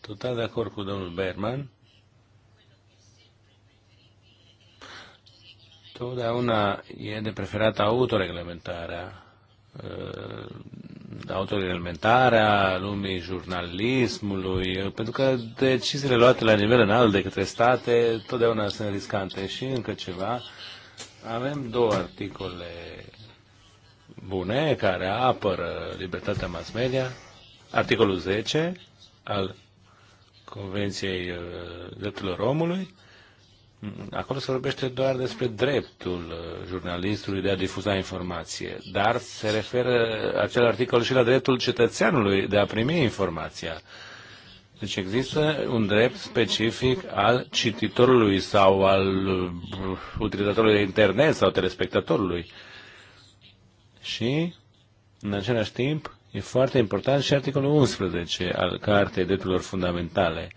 total de acord cu domnul Berman. Totdeauna e de preferat autoreglementarea Uh, autoreglementarea lumii jurnalismului, uh, pentru că deciziile luate la nivel înalt de către state totdeauna sunt riscante. Și încă ceva, avem două articole bune care apără libertatea mass media. Articolul 10 al Convenției uh, Drepturilor Omului Acolo se vorbește doar despre dreptul uh, jurnalistului de a difuza informație, dar se referă acel articol și la dreptul cetățeanului de a primi informația. Deci există un drept specific al cititorului sau al uh, utilizatorului de internet sau telespectatorului. Și, în același timp, e foarte important și articolul 11 al Cartei Drepturilor Fundamentale.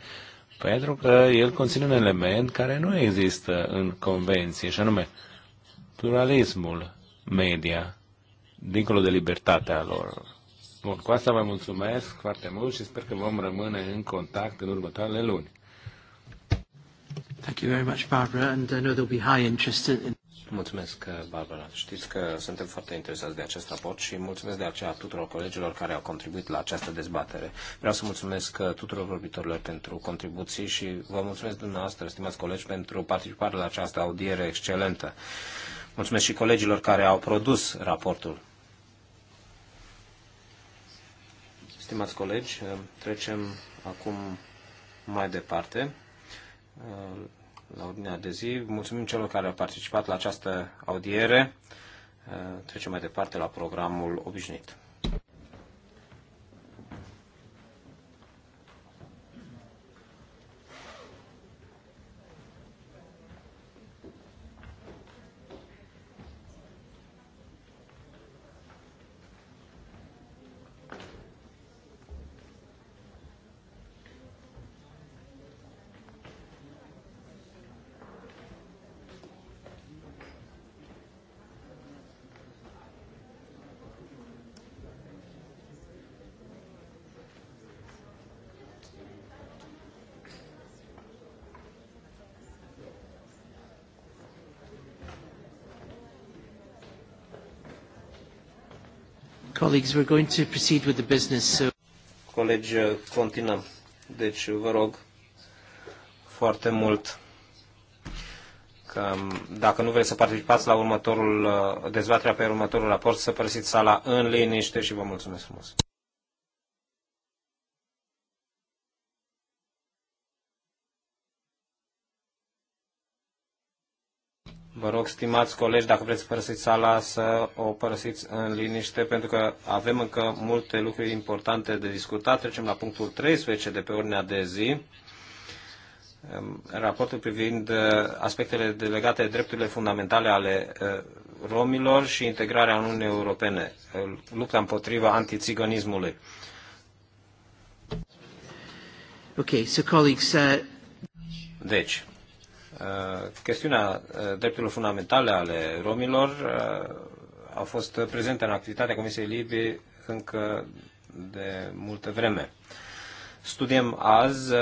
Pentru că el conține un element care nu există în convenție, și anume pluralismul media, dincolo de libertatea lor. Bun, cu asta vă mulțumesc foarte mult și sper că vom rămâne în contact în următoarele luni. Thank you very much, Barbara, and I know there'll be high interest in... Mulțumesc, Barbara. Știți că suntem foarte interesați de acest raport și mulțumesc de aceea tuturor colegilor care au contribuit la această dezbatere. Vreau să mulțumesc uh, tuturor vorbitorilor pentru contribuții și vă mulțumesc dumneavoastră, stimați colegi, pentru participarea la această audiere excelentă. Mulțumesc și colegilor care au produs raportul. Stimați colegi, uh, trecem acum mai departe uh, la ordinea de zi. Mulțumim celor care au participat la această audiere. Trecem mai departe la programul obișnuit. Colleagues, we're going to proceed with the business, so... Colegi, continuăm. Deci, vă rog foarte mult că dacă nu vreți să participați la următorul dezbaterea pe următorul raport, să părăsiți sala în liniște și vă mulțumesc frumos. Vă rog, stimați colegi, dacă vreți să părăsiți sala, să o părăsiți în liniște, pentru că avem încă multe lucruri importante de discutat. Trecem la punctul 13 de pe ordinea de zi. Raportul privind eh, aspectele legate de drepturile fundamentale ale eh, romilor și integrarea în Uniunea Europene, eh, lupta împotriva antiziganismului. Okay, so colleagues, uh... Deci, Uh, chestiunea uh, drepturilor fundamentale ale romilor uh, a fost prezentă în activitatea Comisiei Libii încă de multă vreme. Studiem azi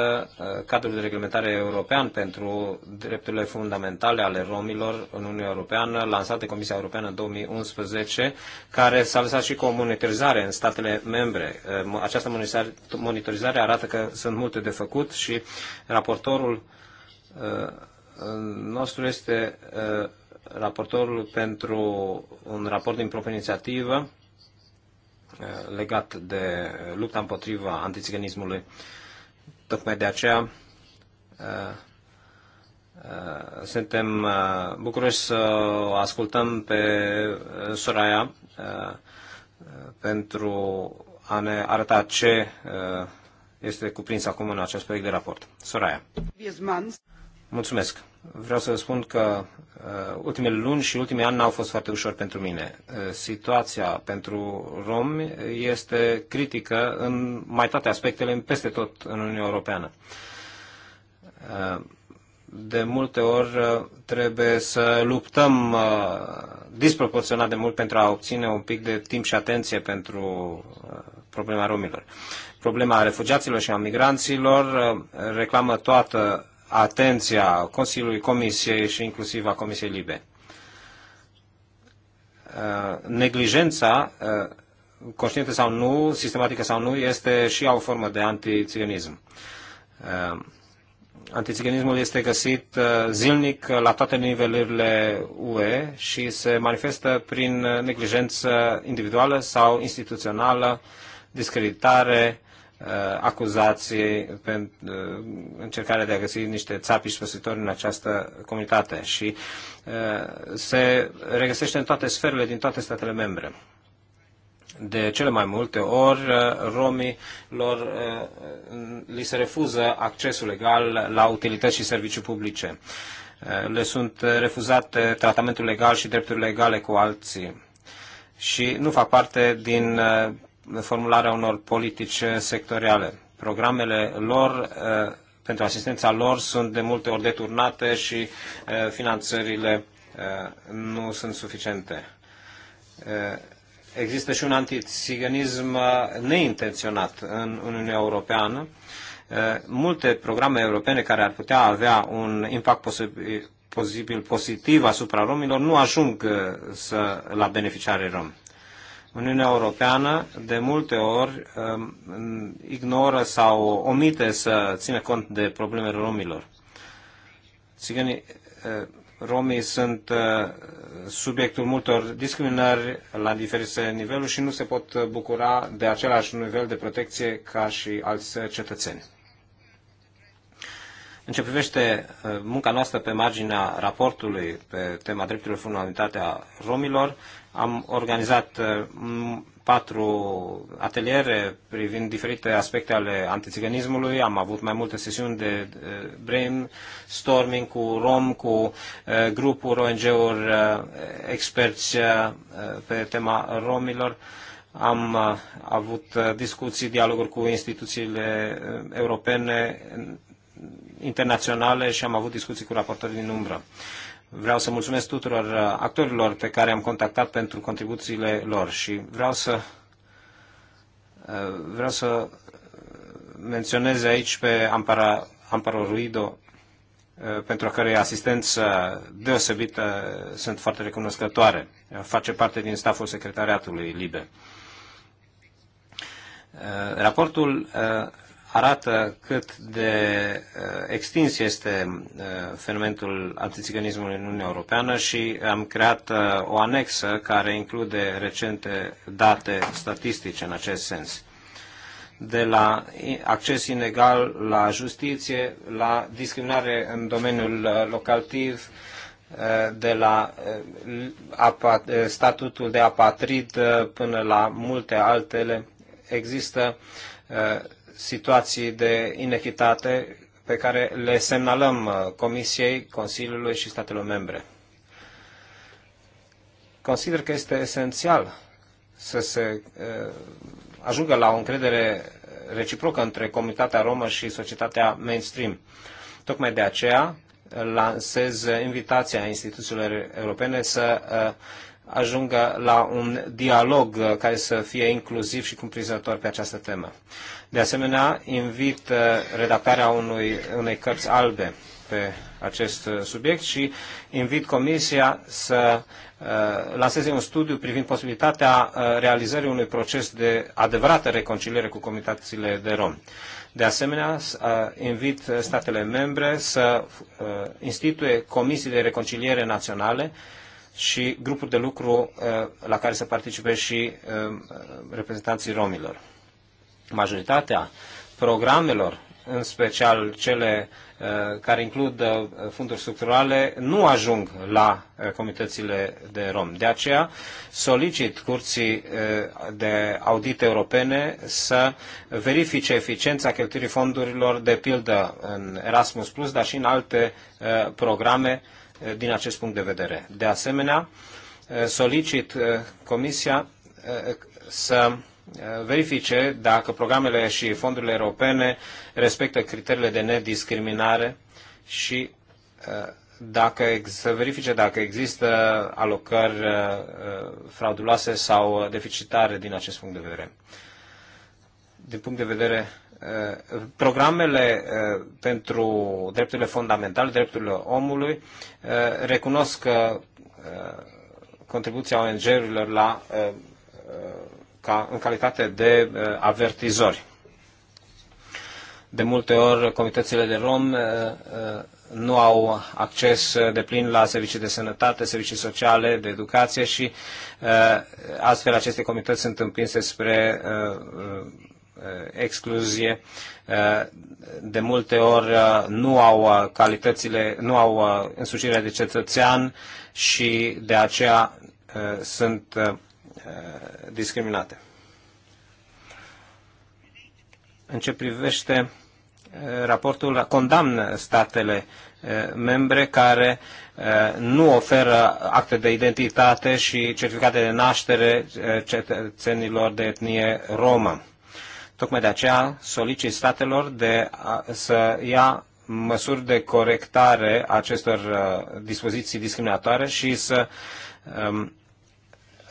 cadrul de reglementare european pentru drepturile fundamentale ale romilor în Uniunea Europeană, lansat de Comisia Europeană în 2011, care s-a lăsat și cu o monitorizare în statele membre. Această monitorizare arată că sunt multe de făcut și raportorul nostru este raportorul pentru un raport din proprie inițiativă legat de lupta împotriva antiziganismului. Tocmai de aceea suntem bucuroși să o ascultăm pe Soraya pentru a ne arăta ce este cuprins acum în acest proiect de raport. Soraya. Mulțumesc vreau să vă spun că uh, ultimele luni și ultimii ani n-au fost foarte ușor pentru mine. Uh, situația pentru romi este critică în mai toate aspectele, peste tot în Uniunea Europeană. Uh, de multe ori trebuie să luptăm disproporționat de mult pentru a obține un pic de timp și atenție pentru problema romilor. Problema refugiaților și a migranților reclamă toată atenția Consiliului Comisiei și inclusiv a Comisiei Libe. Uh, neglijența, uh, conștientă sau nu, sistematică sau nu, este și o formă de antiziganism. Uh, antiziganismul este găsit zilnic la toate nivelurile UE și se manifestă prin neglijență individuală sau instituțională, discreditare, Uh, acuzații pentru uh, încercarea de a găsi niște țapi spăsitori în această comunitate și uh, se regăsește în toate sferele din toate statele membre. De cele mai multe ori, romii lor li se refuză accesul legal la utilități și servicii publice. Le sunt refuzate tratamentul legal și drepturile legale cu alții și nu fac parte din formularea unor politici sectoriale. Programele lor eh, pentru asistența lor sunt de multe ori deturnate și eh, finanțările eh, nu sunt suficiente. Există și un antiziganism neintenționat în Uniunea Europeană. Multe programe europene care ar putea avea un impact posibil, pozitiv asupra romilor nu ajung să, la beneficiarii rom. Uniunea Europeană de multe ori um, ignoră sau omite să țină cont de problemele romilor. Țiganii uh, romii sunt uh, subiectul multor discriminări la diferite niveluri și nu se pot bucura de același nivel de protecție ca și alți cetățeni. În ce privește uh, munca noastră pe marginea raportului pe tema drepturilor fundamentale a romilor, am organizat uh, patru ateliere privind diferite aspecte ale antiziganismului. am avut mai multe sesiuni de brainstorming cu rom, cu uh, grupuri, ONG-uri, uh, experți pe tema romilor. Am avut discuții, dialoguri cu instituțiile europene, internaționale și am avut discuții cu raportori din umbră. Vreau să mulțumesc tuturor uh, actorilor pe care am contactat pentru contribuțiile lor și vreau să uh, vreau să menționez aici pe Ampara, Amparo Ruido, uh, pentru a cărei asistență deosebită sunt foarte recunoscătoare. Face parte din staful secretariatului LIBE. Raportul arată cât de uh, extins este uh, fenomenul antiziganismului în Uniunea Europeană și am creat uh, o anexă care include recente date statistice în acest sens. De la acces inegal la justiție, la discriminare în domeniul localtiv, de la statutul de apatrid până la multe altele, există situații de inechitate pe care le semnalăm uh, Comisiei, Consiliului și statelor membre. Consider că este esențial să se uh, ajungă la o încredere reciprocă între comunitatea romă și societatea mainstream. Tocmai de aceea uh, lansez invitația instituțiilor europene să ajungă la un dialog uh, care să fie inclusiv și cuprinzător pe această temă. De asemenea, invit uh, redactarea unui, unei cărți albe pe acest uh, subiect și invit Comisia să lanseze un studiu privind posibilitatea realizării unui proces de adevărată reconciliere cu comunitățile de rom. De asemenea, invit statele membre să instituie comisii de reconciliere naționale și grupuri de lucru uh, la care să participe și uh, reprezentanții romilor. Majoritatea programelor, în special cele uh, care includ funduri structurale, nu ajung la comunitățile de rom. De aceea solicit curții de audit europene să verifice eficiența cheltuirii fondurilor, de pildă în Erasmus+, dar și în alte programe din acest punct de vedere. De asemenea, solicit eh, Comisia eh, să eh, verifice dacă programele și fondurile europene respectă criteriile de nediscriminare și dacă, să verifice dacă există alocări frauduloase sau deficitare din acest punct de vedere. Din punct de vedere Eh, programele eh, pentru drepturile fundamentale, drepturile omului, eh, recunosc contribuția ONG-urilor la, ca, în calitate de avertizori. De multe ori, comitățile de rom nu au acces de plin la servicii de sănătate, servicii sociale, de educație și astfel aceste comități sunt împinse spre Uh, excluzie, uh, de multe ori uh, nu au calitățile, nu au însușirea de cetățean și de aceea sunt discriminate. În ce privește raportul, condamnă statele membre care nu oferă acte de identitate și certificate de naștere cetățenilor de etnie romă. Tocmai de aceea solicit statelor de a, să ia măsuri de corectare a acestor uh, dispoziții discriminatoare și să um,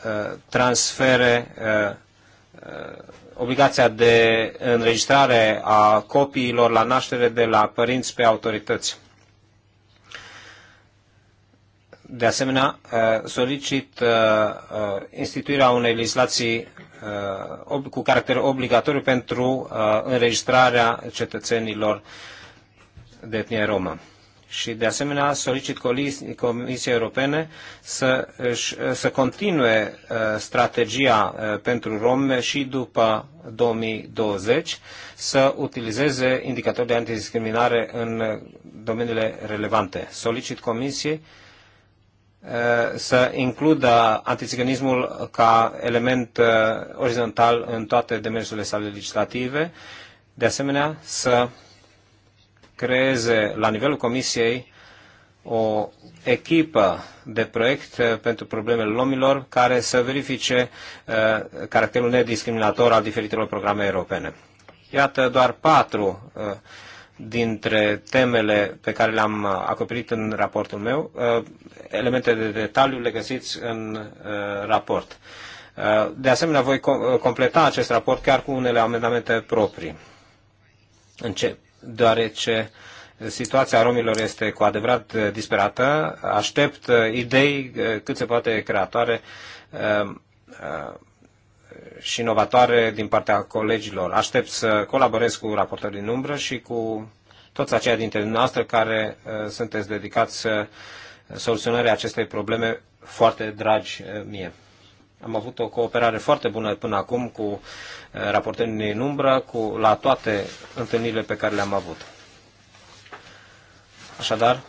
uh, transfere uh, uh obligația de înregistrare a copiilor la naștere de la părinți pe autorități. De asemenea, uh, solicit uh, instituirea unei legislații Uh, cu caracter obligatoriu pentru uh, înregistrarea cetățenilor de etnie romă. Și de asemenea solicit Comisiei Europene să, să continue uh, strategia pentru rome și după 2020 să utilizeze indicatori de antidiscriminare în domeniile relevante. Solicit Comisiei Eh, să includă antiziganismul ca element eh, orizontal în toate demersurile sale legislative, de asemenea să creeze la nivelul Comisiei o echipă de proiect eh, pentru problemele lomilor care să verifice caracterul nediscriminator al diferitelor programe europene. Iată doar patru dintre temele pe care le-am uh, acoperit în raportul meu. Uh, elemente de detaliu le găsiți în uh, raport. De asemenea, voi completa acest raport chiar cu unele amendamente proprii, deoarece situația romilor este cu adevărat disperată. Aștept idei cât se poate creatoare și inovatoare din partea colegilor. Aștept să colaborez cu raportorii din umbră și cu toți aceia dintre dumneavoastră care uh, sunteți dedicați uh, soluționării acestei probleme foarte dragi uh, mie. Am avut o cooperare foarte bună până acum cu raportorii din umbră, cu, la toate întâlnirile pe care le-am avut. Așadar,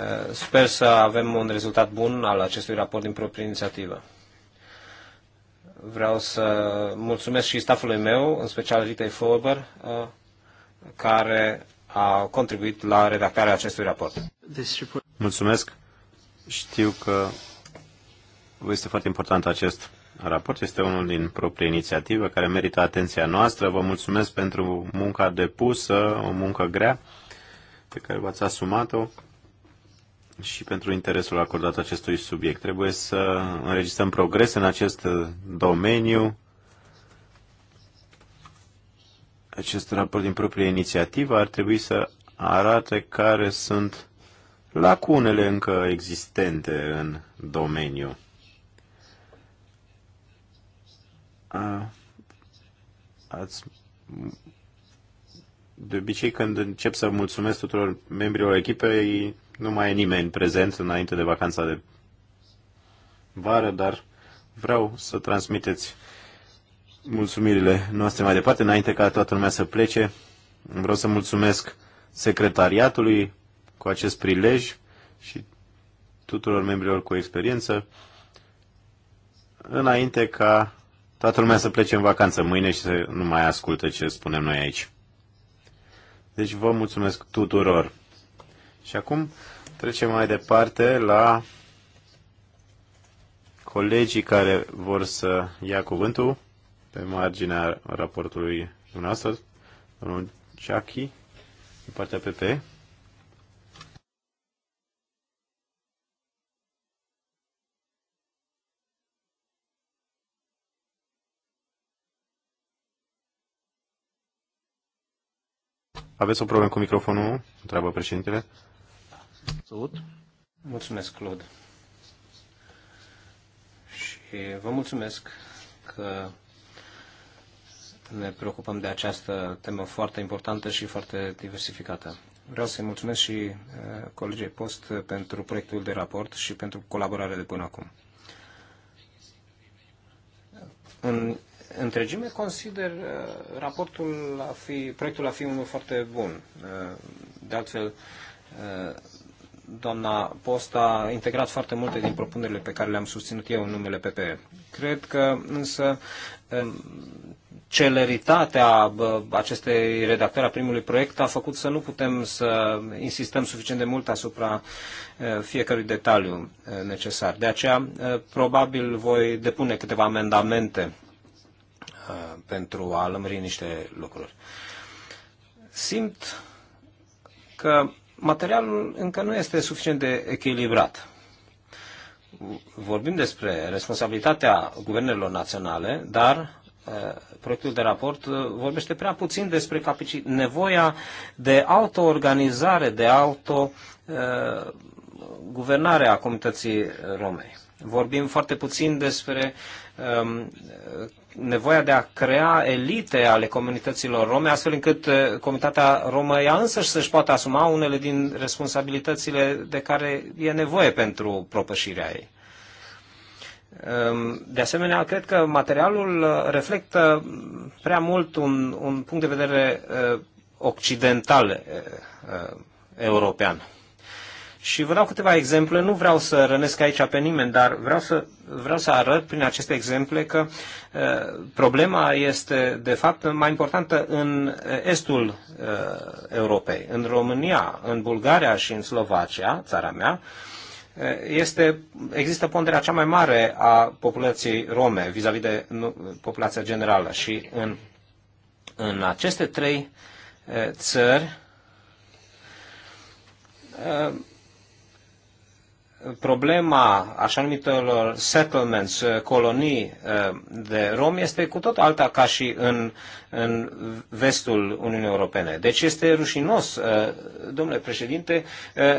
Eh, sper să avem un rezultat bun al acestui raport din proprie inițiativă. Vreau să mulțumesc și stafului meu, în special Ritei Forber, eh, care a contribuit la redactarea acestui raport. Mulțumesc. Știu că este foarte important acest raport. Este unul din proprie inițiativă care merită atenția noastră. Vă mulțumesc pentru munca depusă, o muncă grea pe care v-ați asumat-o și pentru interesul acordat acestui subiect. Trebuie să înregistrăm progrese în acest uh, domeniu. Acest raport din proprie inițiativă ar trebui să arate care sunt lacunele încă existente în domeniu. A, ați de obicei când încep să mulțumesc tuturor membrilor echipei, nu mai e nimeni prezent înainte de vacanța de vară, dar vreau să transmiteți mulțumirile noastre mai departe, înainte ca toată lumea să plece. Vreau să mulțumesc secretariatului cu acest prilej și tuturor membrilor cu experiență, înainte ca toată lumea să plece în vacanță mâine și să nu mai asculte ce spunem noi aici. Deci vă mulțumesc tuturor! Și acum trecem mai departe la colegii care vor să ia cuvântul pe marginea raportului dumneavoastră, domnul Ciachi, din partea PP. Aveți o problemă cu microfonul? Întreabă președintele. Salut! Mulțumesc, Claude! Și vă mulțumesc că ne preocupăm de această temă foarte importantă și foarte diversificată. Vreau să-i mulțumesc și uh, colegii Post pentru proiectul de raport și pentru colaborare de până acum. În întregime consider uh, raportul a fi, proiectul a fi unul foarte bun. Uh, de altfel, doamna Post a integrat foarte multe din propunerile pe care le-am susținut eu în numele PPE. Cred că însă celeritatea acestei redactări a primului proiect a făcut să nu putem să insistăm suficient de mult asupra fiecărui detaliu necesar. De aceea, probabil voi depune câteva amendamente pentru a lămuri niște lucruri. Simt că materialul încă nu este suficient de echilibrat. Vorbim despre responsabilitatea guvernelor naționale, dar uh, proiectul de raport uh, vorbește prea puțin despre nevoia de autoorganizare, de uh, guvernare a comunității romei. Vorbim foarte puțin despre um, nevoia de a crea elite ale comunităților rome, astfel încât eh, comunitatea romă ea însăși să-și poată asuma unele din responsabilitățile de care e nevoie pentru propășirea ei. Ehm, de asemenea, cred că materialul eh, reflectă prea mult un, un punct de vedere eh, occidental european. Și vă dau câteva exemple, nu vreau să rănesc aici pe nimeni, dar vreau să, vreau să arăt prin aceste exemple că uh, problema este, de fapt, mai importantă în uh, estul uh, Europei. În România, în Bulgaria și în Slovacia, țara mea, uh, este, există ponderea cea mai mare a populației rome vis-a-vis -vis de nu, populația generală și în, în aceste trei uh, țări problema așa numitelor settlements, uh, colonii uh, de romi, este cu tot alta ca și în, în vestul Uniunii Europene. Deci este rușinos, uh, domnule președinte,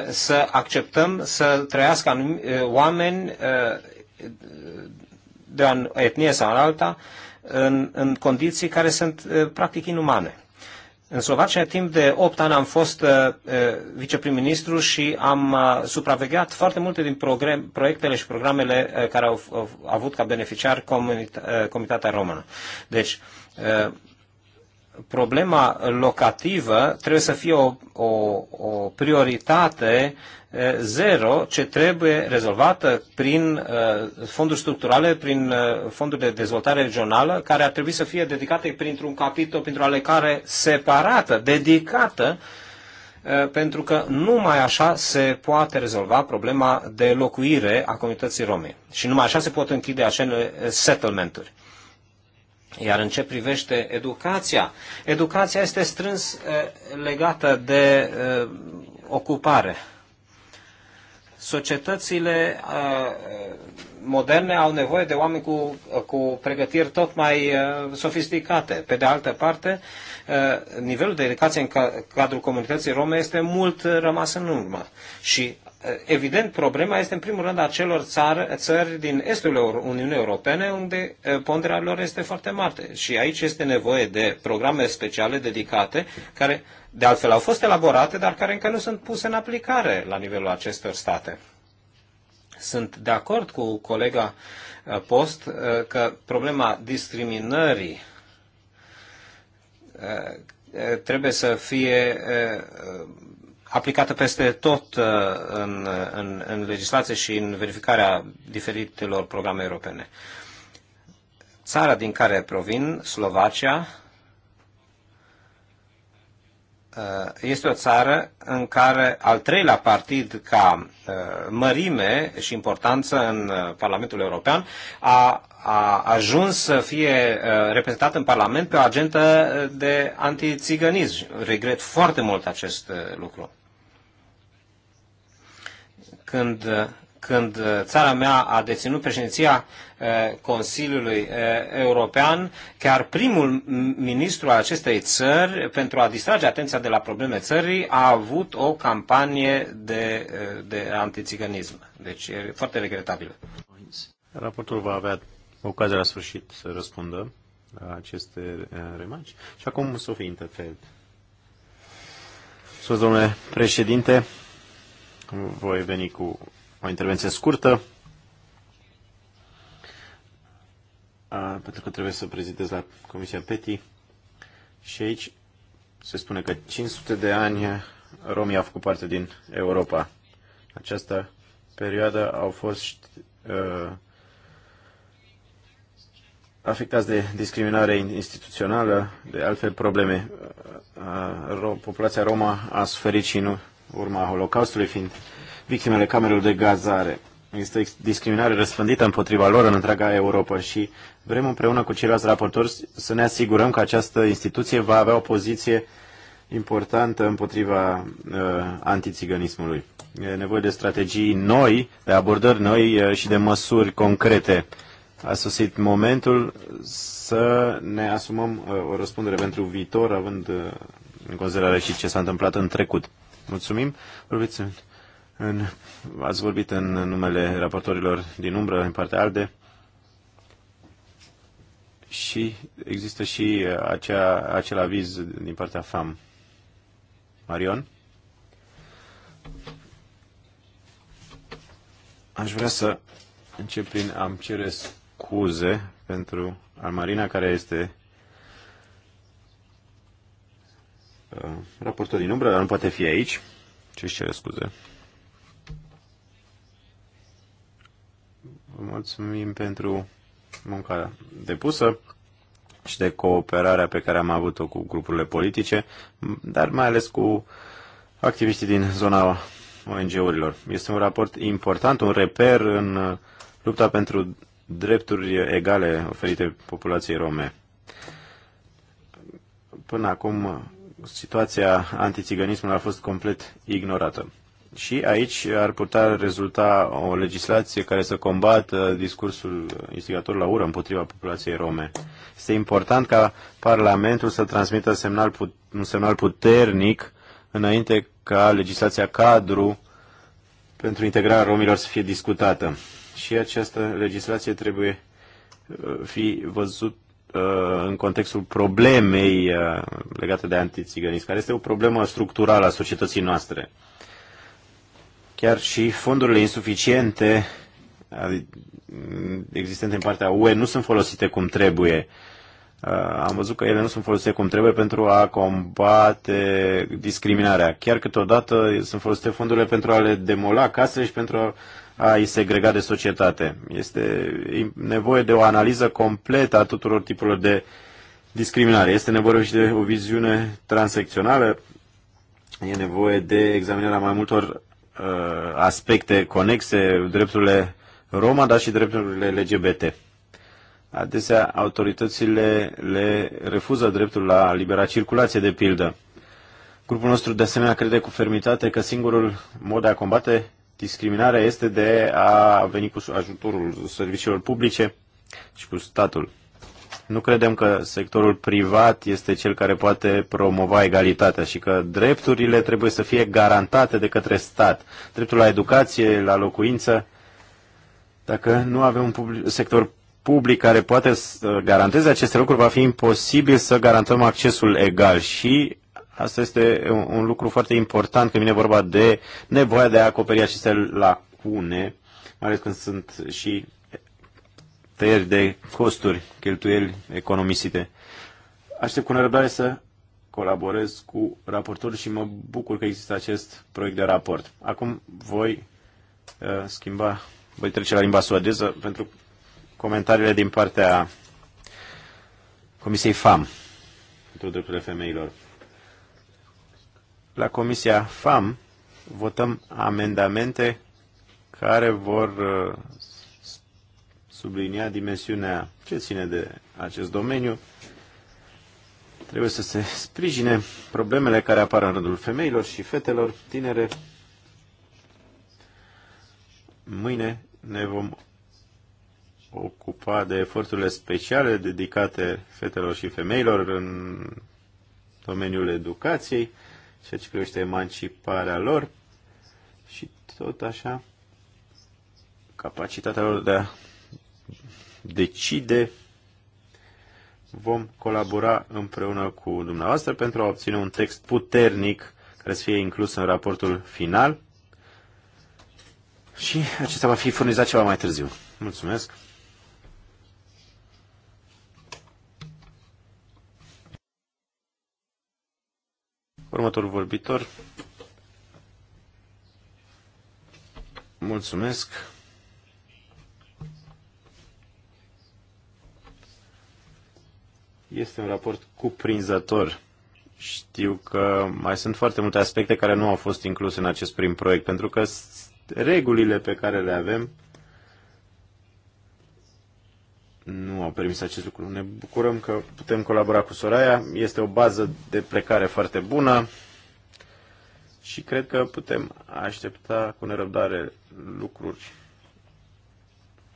să acceptăm să trăiască oameni de o etnie sau alta în, în condiții care sunt practic inumane. În Slovacia, timp de 8 ani am fost uh, uh, viceprim-ministru și am uh, supravegheat foarte multe din proiectele și programele care au avut ca beneficiar Comitatea română. Deci, problema locativă trebuie să fie o, o, o prioritate zero ce trebuie rezolvată prin fonduri structurale, prin fonduri de dezvoltare regională, care ar trebui să fie dedicate printr-un capitol, printr-o alecare separată, dedicată, pentru că numai așa se poate rezolva problema de locuire a comunității rome și numai așa se pot închide acele settlementuri. Iar în ce privește educația, educația este strâns legată de ocupare. Societățile moderne au nevoie de oameni cu, cu pregătiri tot mai sofisticate. Pe de altă parte, nivelul de educație în cadrul comunității rome este mult rămas în urmă. Și evident, problema este în primul rând a celor țar, țări din estul Uniunii Europene, unde ponderea lor este foarte mare. Și aici este nevoie de programe speciale dedicate, care de altfel au fost elaborate, dar care încă nu sunt puse în aplicare la nivelul acestor state. Sunt de acord cu colega Post că problema discriminării trebuie să fie aplicată peste tot uh, în, în, în legislație și în verificarea diferitelor programe europene. Țara din care provin, Slovacia, uh, este o țară în care al treilea partid ca uh, mărime și importanță în Parlamentul European a, a ajuns să fie reprezentat în Parlament pe o agentă de antițiganism. Regret foarte mult acest lucru când, când țara mea a deținut președinția eh, Consiliului eh, European, chiar primul ministru al acestei țări, pentru a distrage atenția de la probleme țării, a avut o campanie de, eh, de antițiganism. Deci e foarte regretabil. Raportul va avea ocazia la sfârșit să răspundă la aceste remarci. Și acum Sofie Interfeld. Sus, domnule președinte, voi veni cu o intervenție scurtă, pentru că trebuie să prezidez la Comisia PETI. Și aici se spune că 500 de ani Romii au făcut parte din Europa. Această perioadă au fost uh, afectați de discriminare instituțională, de altfel probleme. Uh, uh, populația Roma a suferit și nu urma Holocaustului, fiind victimele camerelor de gazare. Este discriminare răspândită împotriva lor în întreaga Europa și vrem împreună cu ceilalți raportori să ne asigurăm că această instituție va avea o poziție importantă împotriva uh, antițiganismului. E nevoie de strategii noi, de abordări noi uh, și de măsuri concrete. A sosit momentul să ne asumăm uh, o răspundere pentru viitor, având uh, în considerare și ce s-a întâmplat în trecut. Mulțumim. Vorbiți în, în, ați vorbit în numele raportorilor din umbră, în partea ALDE. Și există și uh, acea, acel aviz din partea FAM. Marion? Aș vrea să încep prin am cere scuze pentru Almarina, care este Uh, Raportul din umbră, dar nu poate fi aici. Ce își cere scuze. Vă mulțumim pentru munca depusă și de cooperarea pe care am avut-o cu grupurile politice, dar mai ales cu activiștii din zona ONG-urilor. Este un raport important, un reper în lupta pentru drepturi egale oferite populației rome. Până acum situația antițiganismului a fost complet ignorată. Și aici ar putea rezulta o legislație care să combată discursul instigator la ură împotriva populației rome. Este important ca Parlamentul să transmită semnal put- un semnal puternic înainte ca legislația cadru pentru integrarea romilor să fie discutată. Și această legislație trebuie uh, fi văzut Uh, în contextul problemei uh, legate de antițiganism, care este o problemă structurală a societății noastre. Chiar și fondurile insuficiente existente în partea UE nu sunt folosite cum trebuie Uh, am văzut că ele nu sunt folosite cum trebuie pentru a combate discriminarea. Chiar câteodată sunt folosite fondurile pentru a le demola casele și pentru a-i segrega de societate. Este nevoie de o analiză completă a tuturor tipurilor de discriminare. Este nevoie și de o viziune transecțională, e nevoie de examinarea mai multor uh, aspecte conexe, drepturile Roma, dar și drepturile LGBT adesea autoritățile le refuză dreptul la libera circulație, de pildă. Grupul nostru de asemenea crede cu fermitate că singurul mod de a combate discriminarea este de a veni cu ajutorul serviciilor publice și cu statul. Nu credem că sectorul privat este cel care poate promova egalitatea și că drepturile trebuie să fie garantate de către stat. Dreptul la educație, la locuință. Dacă nu avem un public, sector public care poate să garanteze aceste lucruri, va fi imposibil să garantăm accesul egal și asta este un, lucru foarte important când vine vorba de nevoia de a acoperi aceste lacune, mai ales când sunt și tăieri de costuri, cheltuieli economisite. Aștept cu nerăbdare să colaborez cu raportorul și mă bucur că există acest proiect de raport. Acum voi uh, schimba, voi trece la limba suedeză pentru comentariile din partea Comisiei FAM pentru drepturile femeilor. La Comisia FAM votăm amendamente care vor uh, sublinia dimensiunea ce ține de acest domeniu. Trebuie să se sprijine problemele care apar în rândul femeilor și fetelor tinere. Mâine ne vom ocupa de eforturile speciale dedicate fetelor și femeilor în domeniul educației, ceea ce privește emanciparea lor și tot așa capacitatea lor de a decide. Vom colabora împreună cu dumneavoastră pentru a obține un text puternic care să fie inclus în raportul final și acesta va fi furnizat ceva mai târziu. Mulțumesc! Următorul vorbitor. Mulțumesc. Este un raport cuprinzător. Știu că mai sunt foarte multe aspecte care nu au fost incluse în acest prim proiect, pentru că regulile pe care le avem nu au permis acest lucru. Ne bucurăm că putem colabora cu Soraya. Este o bază de plecare foarte bună și cred că putem aștepta cu nerăbdare lucruri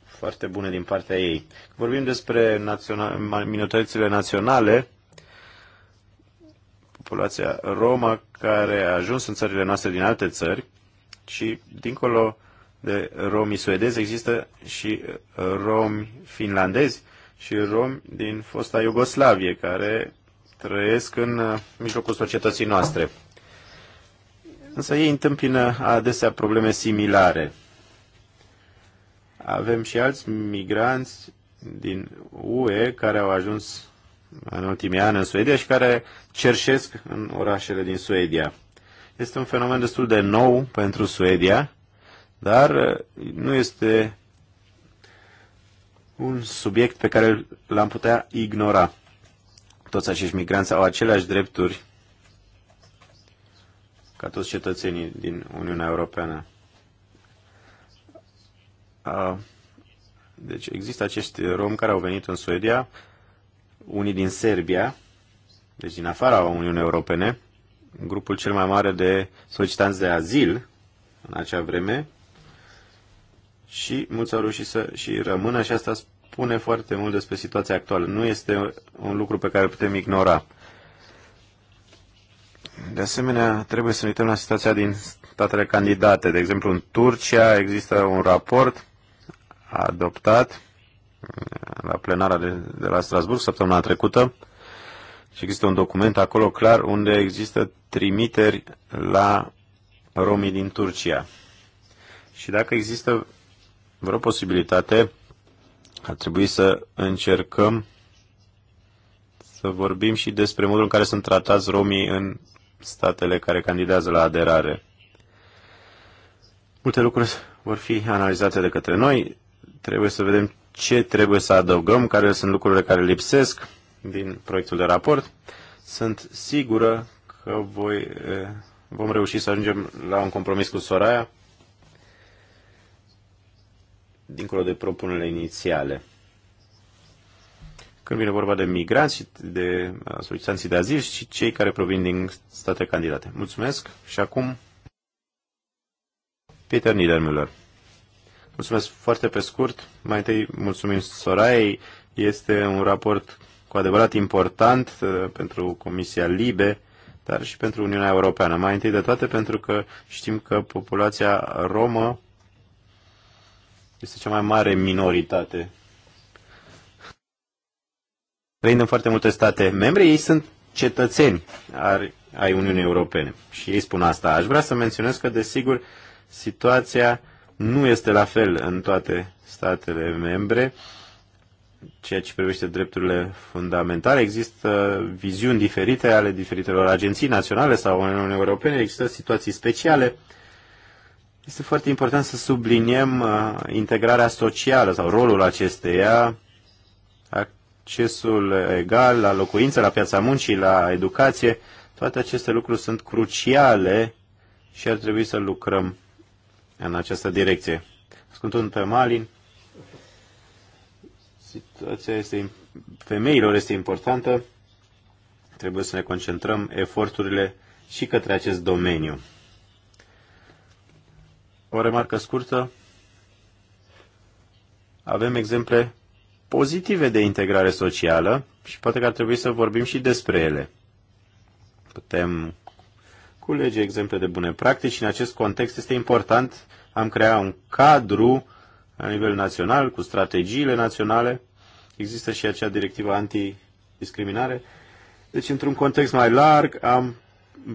foarte bune din partea ei. Vorbim despre național, minoritățile naționale, populația Roma care a ajuns în țările noastre din alte țări și dincolo de romi suedezi, există și uh, romi finlandezi și romi din fosta Iugoslavie, care trăiesc în uh, mijlocul societății noastre. Însă ei întâmpină adesea probleme similare. Avem și alți migranți din UE care au ajuns în ultimii ani în Suedia și care cerșesc în orașele din Suedia. Este un fenomen destul de nou pentru Suedia dar uh, nu este un subiect pe care l-am putea ignora. Toți acești migranți au aceleași drepturi ca toți cetățenii din Uniunea Europeană. Uh, deci există acești romi care au venit în Suedia, unii din Serbia, deci din afara Uniunii Europene, grupul cel mai mare de solicitanți de azil în acea vreme, și mulți au reușit să și rămână și asta spune foarte mult despre situația actuală. Nu este un lucru pe care putem ignora. De asemenea, trebuie să ne uităm la situația din statele candidate. De exemplu, în Turcia există un raport adoptat la plenara de, de la Strasburg săptămâna trecută și există un document acolo clar unde există trimiteri la romii din Turcia. Și dacă există vreo posibilitate, ar trebui să încercăm să vorbim și despre modul în care sunt tratați romii în statele care candidează la aderare. Multe lucruri vor fi analizate de către noi, trebuie să vedem ce trebuie să adăugăm, care sunt lucrurile care lipsesc din proiectul de raport. Sunt sigură că voi, eh, vom reuși să ajungem la un compromis cu Soraya dincolo de propunerile inițiale. Când vine vorba de migranți și de uh, solicitanții de azil și cei care provin din state candidate. Mulțumesc și acum Peter Niedermüller. Mulțumesc foarte pe scurt. Mai întâi mulțumim Soraiei. Este un raport cu adevărat important uh, pentru Comisia Libe, dar și pentru Uniunea Europeană. Mai întâi de toate pentru că știm că populația romă este cea mai mare minoritate. Trăind în foarte multe state membre, ei sunt cetățeni ai Uniunii Europene. Și ei spun asta. Aș vrea să menționez că, desigur, situația nu este la fel în toate statele membre. Ceea ce privește drepturile fundamentale, există viziuni diferite ale diferitelor agenții naționale sau Uniunii Europene, există situații speciale este foarte important să subliniem uh, integrarea socială sau rolul acesteia, accesul egal la locuință, la piața muncii, la educație. Toate aceste lucruri sunt cruciale și ar trebui să lucrăm în această direcție. Ascultând pe Malin, situația este, femeilor este importantă. Trebuie să ne concentrăm eforturile și către acest domeniu. O remarcă scurtă. Avem exemple pozitive de integrare socială și poate că ar trebui să vorbim și despre ele. Putem culege exemple de bune practici și în acest context este important am crea un cadru la nivel național, cu strategiile naționale. Există și acea directivă antidiscriminare. Deci, într-un context mai larg, am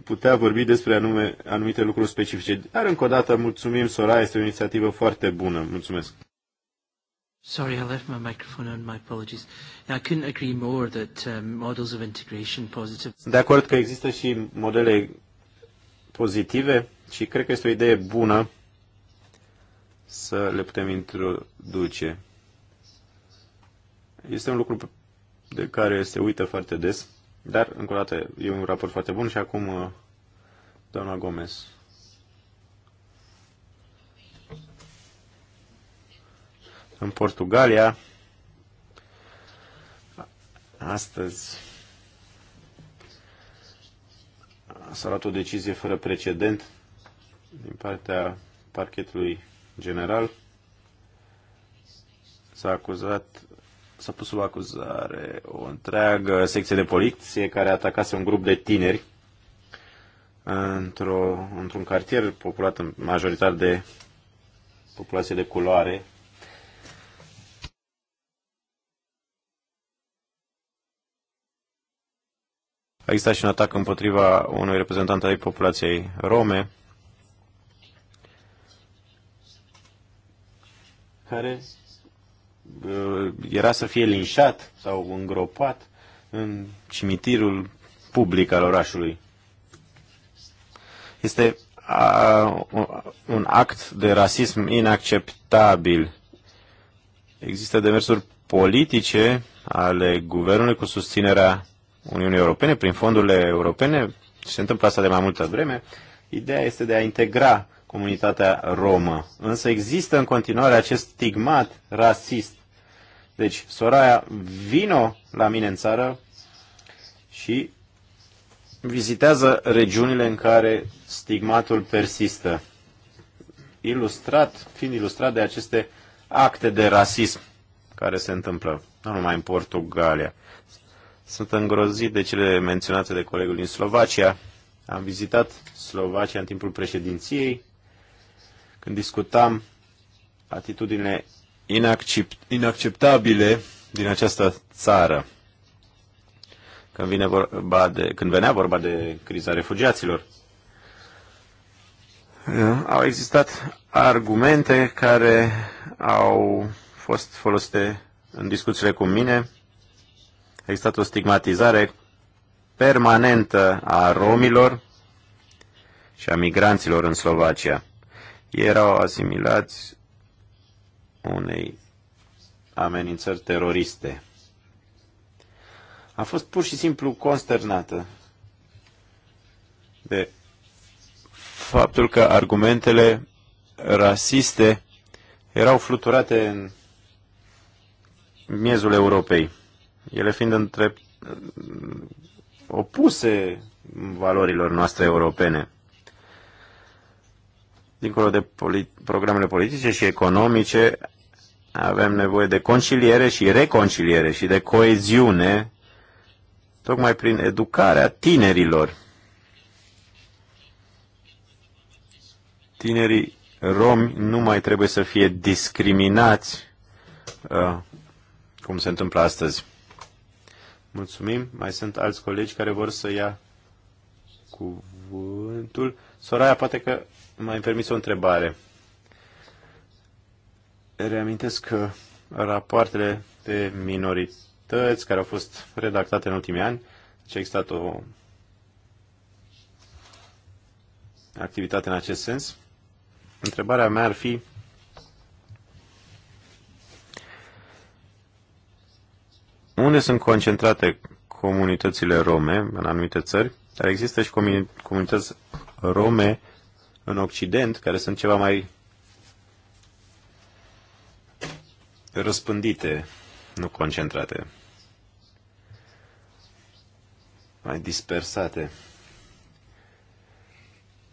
putea vorbi despre anume, anumite lucruri specifice. Dar încă o dată mulțumim, Sora, este o inițiativă foarte bună. Mulțumesc. Sorry, I left my microphone on. My apologies. I couldn't agree more that um, models of integration positive. De acord că există și modele pozitive și cred că este o idee bună să le putem introduce. Este un lucru de care se uită foarte des. Dar, încă o dată, e un raport foarte bun și acum uh, doamna Gomez. În Portugalia, astăzi s-a luat o decizie fără precedent din partea parchetului general. S-a acuzat s-a pus sub acuzare o întreagă secție de poliție care atacase un grup de tineri într-o, într-un cartier populat majoritar de populație de culoare. A existat și un atac împotriva unui reprezentant al populației rome, care Uh, era să fie linșat sau îngropat în cimitirul public al orașului. Este a, un act de rasism inacceptabil. Există demersuri politice ale guvernului cu susținerea Uniunii Europene prin fondurile europene. Se întâmplă asta de mai multă vreme. Ideea este de a integra comunitatea romă. Însă există în continuare acest stigmat rasist deci, Soraya, vino la mine în țară și vizitează regiunile în care stigmatul persistă. Ilustrat, fiind ilustrat de aceste acte de rasism care se întâmplă, nu numai în Portugalia. Sunt îngrozit de cele menționate de colegul din Slovacia. Am vizitat Slovacia în timpul președinției, când discutam atitudinile inacceptabile din această țară. Când, vine vorba de, când venea vorba de criza refugiaților, au existat argumente care au fost folosite în discuțiile cu mine. A existat o stigmatizare permanentă a romilor și a migranților în Slovacia. Ei erau asimilați unei amenințări teroriste. A fost pur și simplu consternată de faptul că argumentele rasiste erau fluturate în miezul Europei, ele fiind între opuse valorilor noastre europene dincolo de polit- programele politice și economice, avem nevoie de conciliere și reconciliere și de coeziune, tocmai prin educarea tinerilor. Tinerii romi nu mai trebuie să fie discriminați, uh, cum se întâmplă astăzi. Mulțumim. Mai sunt alți colegi care vor să ia cuvântul. Soraya, poate că mai permis o întrebare. Reamintesc că rapoartele de minorități care au fost redactate în ultimii ani, ce deci a existat o activitate în acest sens. Întrebarea mea ar fi unde sunt concentrate comunitățile rome în anumite țări, dar există și comunități rome în Occident, care sunt ceva mai răspândite, nu concentrate, mai dispersate.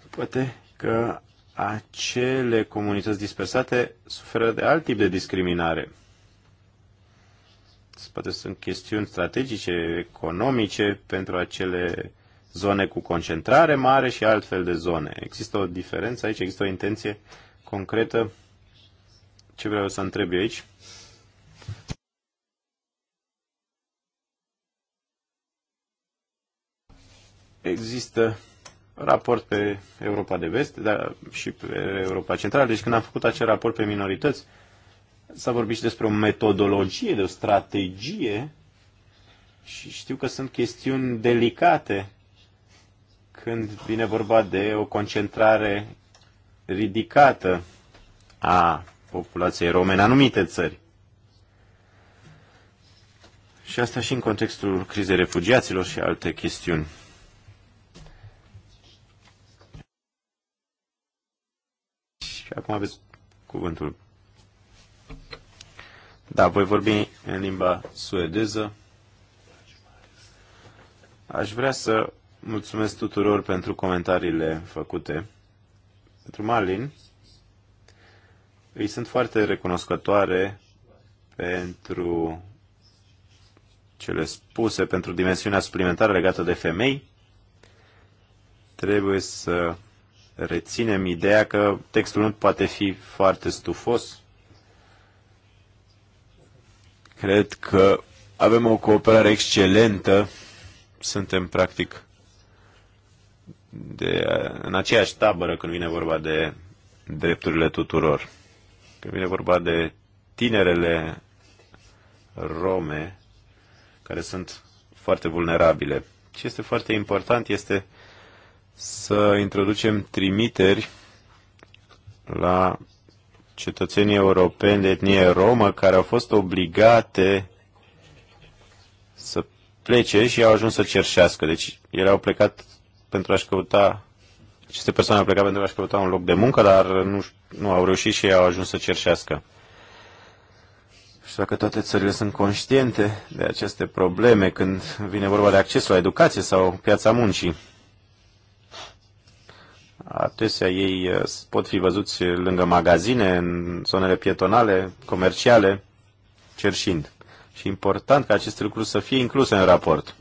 Poate că acele comunități dispersate suferă de alt tip de discriminare. Poate sunt chestiuni strategice, economice pentru acele zone cu concentrare mare și altfel de zone. Există o diferență aici, există o intenție concretă. Ce vreau să întreb eu aici? Există raport pe Europa de Vest dar și pe Europa Centrală. Deci când am făcut acel raport pe minorități, s-a vorbit și despre o metodologie, de o strategie și știu că sunt chestiuni delicate când vine vorba de o concentrare ridicată a populației rome în anumite țări. Și asta și în contextul crizei refugiaților și alte chestiuni. Și acum aveți cuvântul. Da, voi vorbi în limba suedeză. Aș vrea să Mulțumesc tuturor pentru comentariile făcute. Pentru Malin, îi sunt foarte recunoscătoare pentru cele spuse, pentru dimensiunea suplimentară legată de femei. Trebuie să reținem ideea că textul nu poate fi foarte stufos. Cred că avem o cooperare excelentă. Suntem practic de, în aceeași tabără când vine vorba de drepturile tuturor. Când vine vorba de tinerele rome care sunt foarte vulnerabile. Ce este foarte important este să introducem trimiteri la cetățenii europeni de etnie romă care au fost obligate să plece și au ajuns să cerșească. Deci ele au plecat pentru a-și căuta, aceste persoane au plecat pentru a-și căuta un loc de muncă, dar nu, nu au reușit și ei au ajuns să cerșească. Și dacă toate țările sunt conștiente de aceste probleme când vine vorba de accesul la educație sau piața muncii, adesea ei uh, pot fi văzuți lângă magazine, în zonele pietonale, comerciale, cerșind. Și important ca aceste lucruri să fie incluse în raport.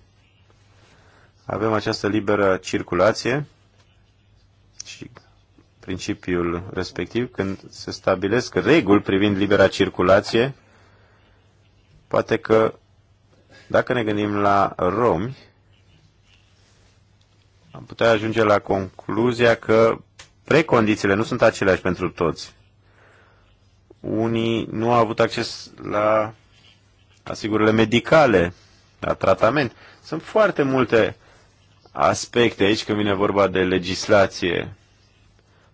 Avem această liberă circulație și principiul respectiv, când se stabilesc reguli privind libera circulație, poate că dacă ne gândim la romi, am putea ajunge la concluzia că precondițiile nu sunt aceleași pentru toți. Unii nu au avut acces la asigurările medicale, la tratament. Sunt foarte multe aspecte aici când vine vorba de legislație.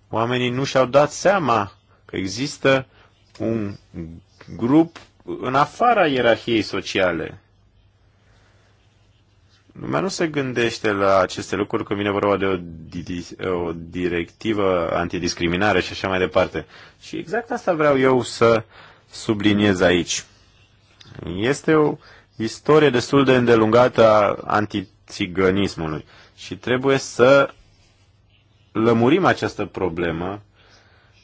Oamenii nu și-au dat seama că există un grup în afara ierarhiei sociale. Lumea nu se gândește la aceste lucruri când vine vorba de o, o directivă antidiscriminare și așa mai departe. Și exact asta vreau eu să subliniez aici. Este o istorie destul de îndelungată a anti țigănismului. Și trebuie să lămurim această problemă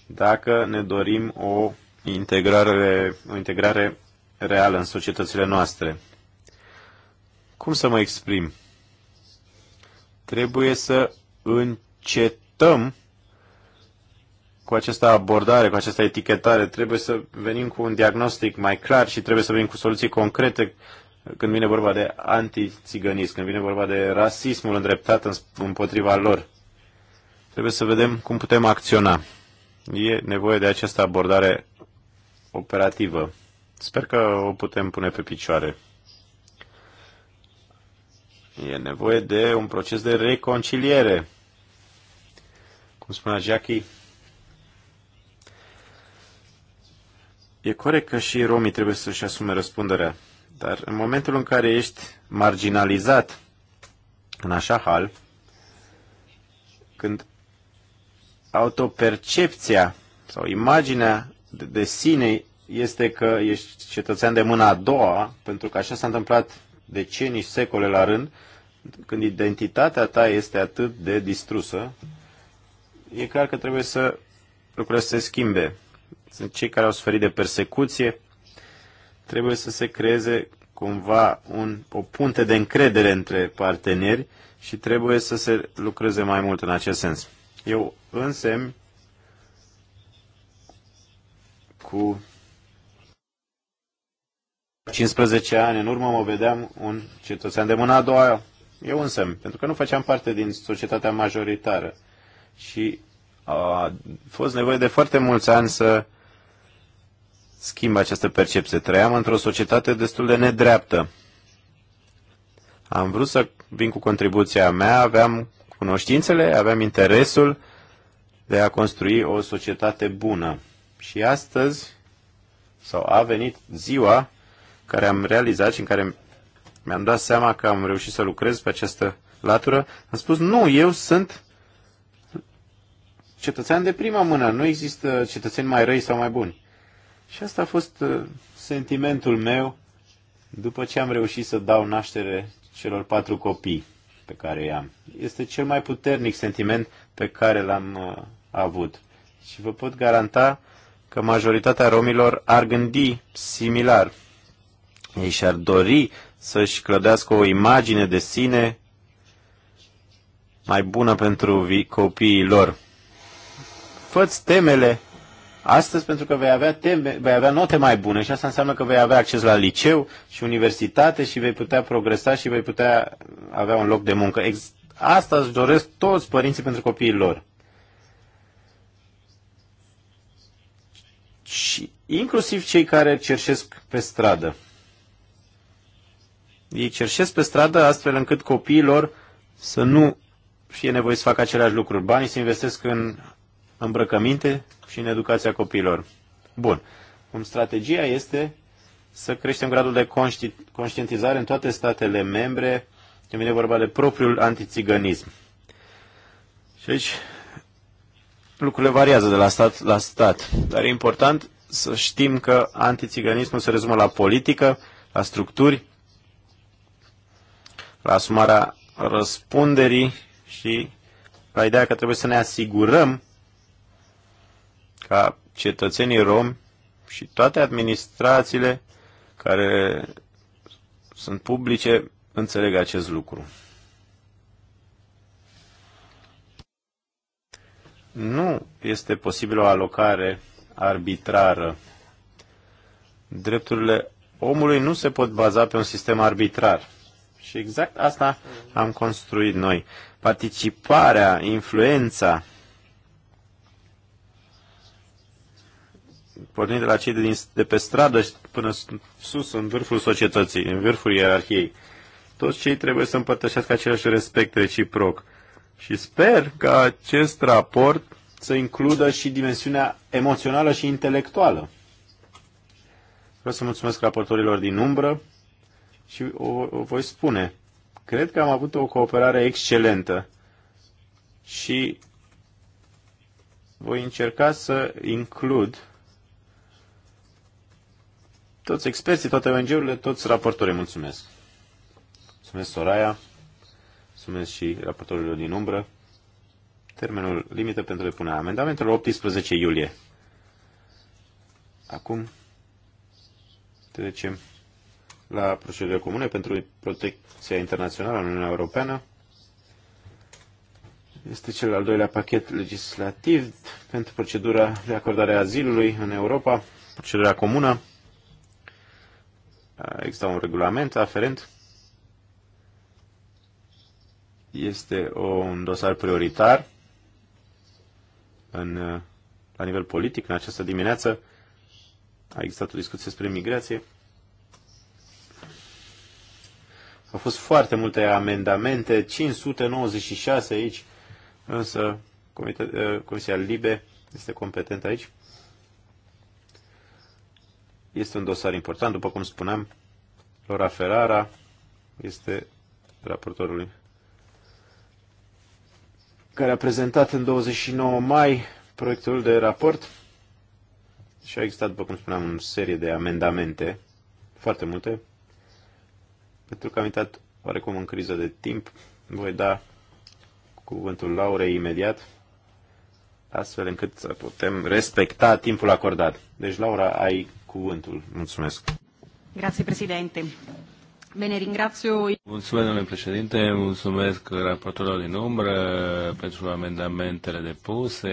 dacă ne dorim o integrare, o integrare reală în societățile noastre. Cum să mă exprim? Trebuie să încetăm cu această abordare, cu această etichetare, trebuie să venim cu un diagnostic mai clar și trebuie să venim cu soluții concrete când vine vorba de antițiganism, când vine vorba de rasismul îndreptat împotriva lor. Trebuie să vedem cum putem acționa. E nevoie de această abordare operativă. Sper că o putem pune pe picioare. E nevoie de un proces de reconciliere. Cum spunea Jackie, e corect că și romii trebuie să-și asume răspunderea dar în momentul în care ești marginalizat în așa hal, când autopercepția sau imaginea de, de sine este că ești cetățean de mâna a doua, pentru că așa s-a întâmplat decenii, secole la rând, când identitatea ta este atât de distrusă, e clar că trebuie să lucrurile să se schimbe. Sunt cei care au suferit de persecuție, trebuie să se creeze cumva un, o punte de încredere între parteneri și trebuie să se lucreze mai mult în acest sens. Eu însem cu 15 ani în urmă mă vedeam un cetățean de mâna a doua, eu însem, pentru că nu făceam parte din societatea majoritară. Și a fost nevoie de foarte mulți ani să Schimbă această percepție. Trăiam într-o societate destul de nedreaptă. Am vrut să vin cu contribuția mea, aveam cunoștințele, aveam interesul de a construi o societate bună. Și astăzi, sau a venit ziua care am realizat și în care mi-am dat seama că am reușit să lucrez pe această latură, am spus, nu, eu sunt cetățean de prima mână, nu există cetățeni mai răi sau mai buni. Și asta a fost uh, sentimentul meu după ce am reușit să dau naștere celor patru copii pe care i-am. Este cel mai puternic sentiment pe care l-am uh, avut. Și vă pot garanta că majoritatea romilor ar gândi similar. Ei și-ar dori să-și clădească o imagine de sine mai bună pentru copiii lor. Făți temele astăzi pentru că vei avea, teme, vei avea note mai bune și asta înseamnă că vei avea acces la liceu și universitate și vei putea progresa și vei putea avea un loc de muncă. Ex- asta își doresc toți părinții pentru copiii lor. Și inclusiv cei care cerșesc pe stradă. Ei cerșesc pe stradă astfel încât copiilor să nu fie nevoie să facă aceleași lucruri. Banii se investesc în îmbrăcăminte și în educația copiilor. Bun. Cum strategia este să creștem gradul de conști- conștientizare în toate statele membre când vine vorba de propriul antițiganism. Și aici lucrurile variază de la stat la stat, dar e important să știm că antițiganismul se rezumă la politică, la structuri, la asumarea răspunderii și la ideea că trebuie să ne asigurăm ca cetățenii romi și toate administrațiile care sunt publice înțeleg acest lucru. Nu este posibil o alocare arbitrară. Drepturile omului nu se pot baza pe un sistem arbitrar. Și exact asta am construit noi. Participarea, influența pornind de la cei de, din, de pe stradă până sus, în vârful societății, în vârful ierarhiei. Toți cei trebuie să împărtășească același respect reciproc. Și sper că acest raport să includă și dimensiunea emoțională și intelectuală. Vreau să mulțumesc raportorilor din umbră și o, o voi spune. Cred că am avut o cooperare excelentă și voi încerca să includ toți experții, toate ONG-urile, toți raportorii. Mulțumesc! Mulțumesc, Soraya! Mulțumesc și raportorilor din umbră. Termenul limită pentru depunerea amendamentelor 18 iulie. Acum trecem la procedurile comune pentru protecția internațională a Uniunii Europeană. Este cel al doilea pachet legislativ pentru procedura de acordare a azilului în Europa, procedura comună. Există un regulament aferent. Este un dosar prioritar în, la nivel politic. În această dimineață a existat o discuție despre migrație. Au fost foarte multe amendamente, 596 aici, însă eh, Comisia Libe este competentă aici. Este un dosar important, după cum spuneam, Laura Ferrara este raportorului care a prezentat în 29 mai proiectul de raport și a existat, după cum spuneam, o serie de amendamente, foarte multe, pentru că am intrat oarecum în criză de timp. Voi da cuvântul Laurei imediat, astfel încât să putem respecta timpul acordat. Deci, Laura, ai cuvântul. Mulțumesc. Grazie, președinte. Bine, ringrazio... Mulțumesc, domnule președinte, mulțumesc raportorilor din umbră pentru amendamentele depuse.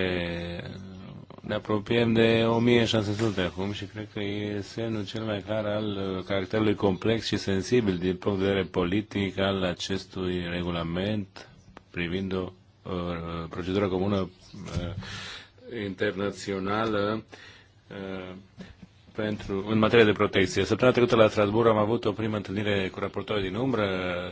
Ne apropiem de 1600 acum și cred că e semnul cel mai clar al caracterului complex și sensibil din punct de vedere politic al acestui regulament privind o procedură comună uh, internațională uh, pentru, în materie de protecție. Săptămâna trecută la Strasbourg am avut o primă întâlnire cu raportorii din umbră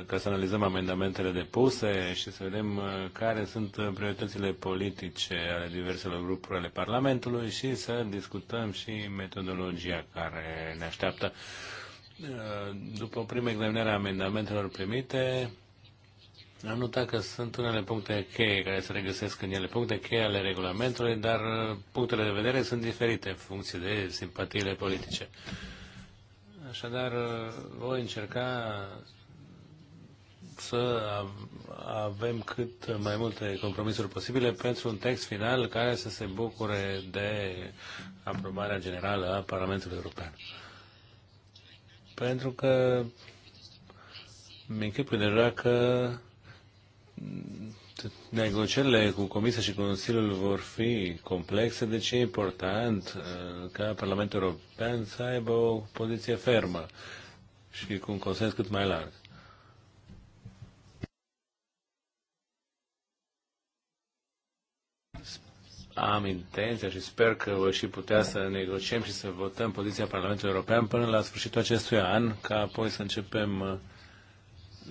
ca să analizăm amendamentele depuse și să vedem uh, care sunt uh, prioritățile politice ale diverselor grupuri ale Parlamentului și să discutăm și metodologia care ne așteaptă. Uh, după o primă examinare a amendamentelor primite, am notat că sunt unele puncte cheie care se regăsesc în ele, puncte cheie ale regulamentului, dar uh, punctele de vedere sunt diferite în funcție de simpatiile politice. Așadar, uh, voi încerca să avem cât mai multe compromisuri posibile pentru un text final care să se bucure de aprobarea generală a Parlamentului European. Pentru că mi închipui deja că negocierile cu Comisia și Consiliul vor fi complexe, deci e important uh, ca Parlamentul European să aibă o poziție fermă și cu un consens cât mai larg. Am intenția și sper că voi și putea să negociem și să votăm poziția Parlamentului European până la sfârșitul acestui an, ca apoi să începem uh,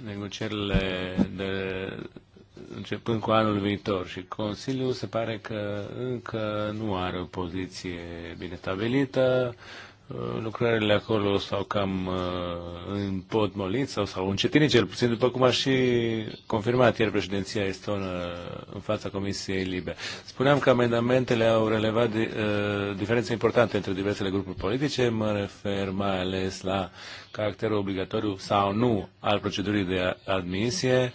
negocierile de începând cu anul viitor și Consiliul se pare că încă nu are o poziție bine stabilită, Uh, lucrările acolo s-au cam uh, molit sau s-au încetinit cel puțin, după cum a și confirmat ieri președinția estonă în fața Comisiei Libe. Spuneam că amendamentele au relevat uh, diferențe importante între diversele grupuri politice, mă refer mai ales la caracterul obligatoriu sau nu al procedurii de admisie,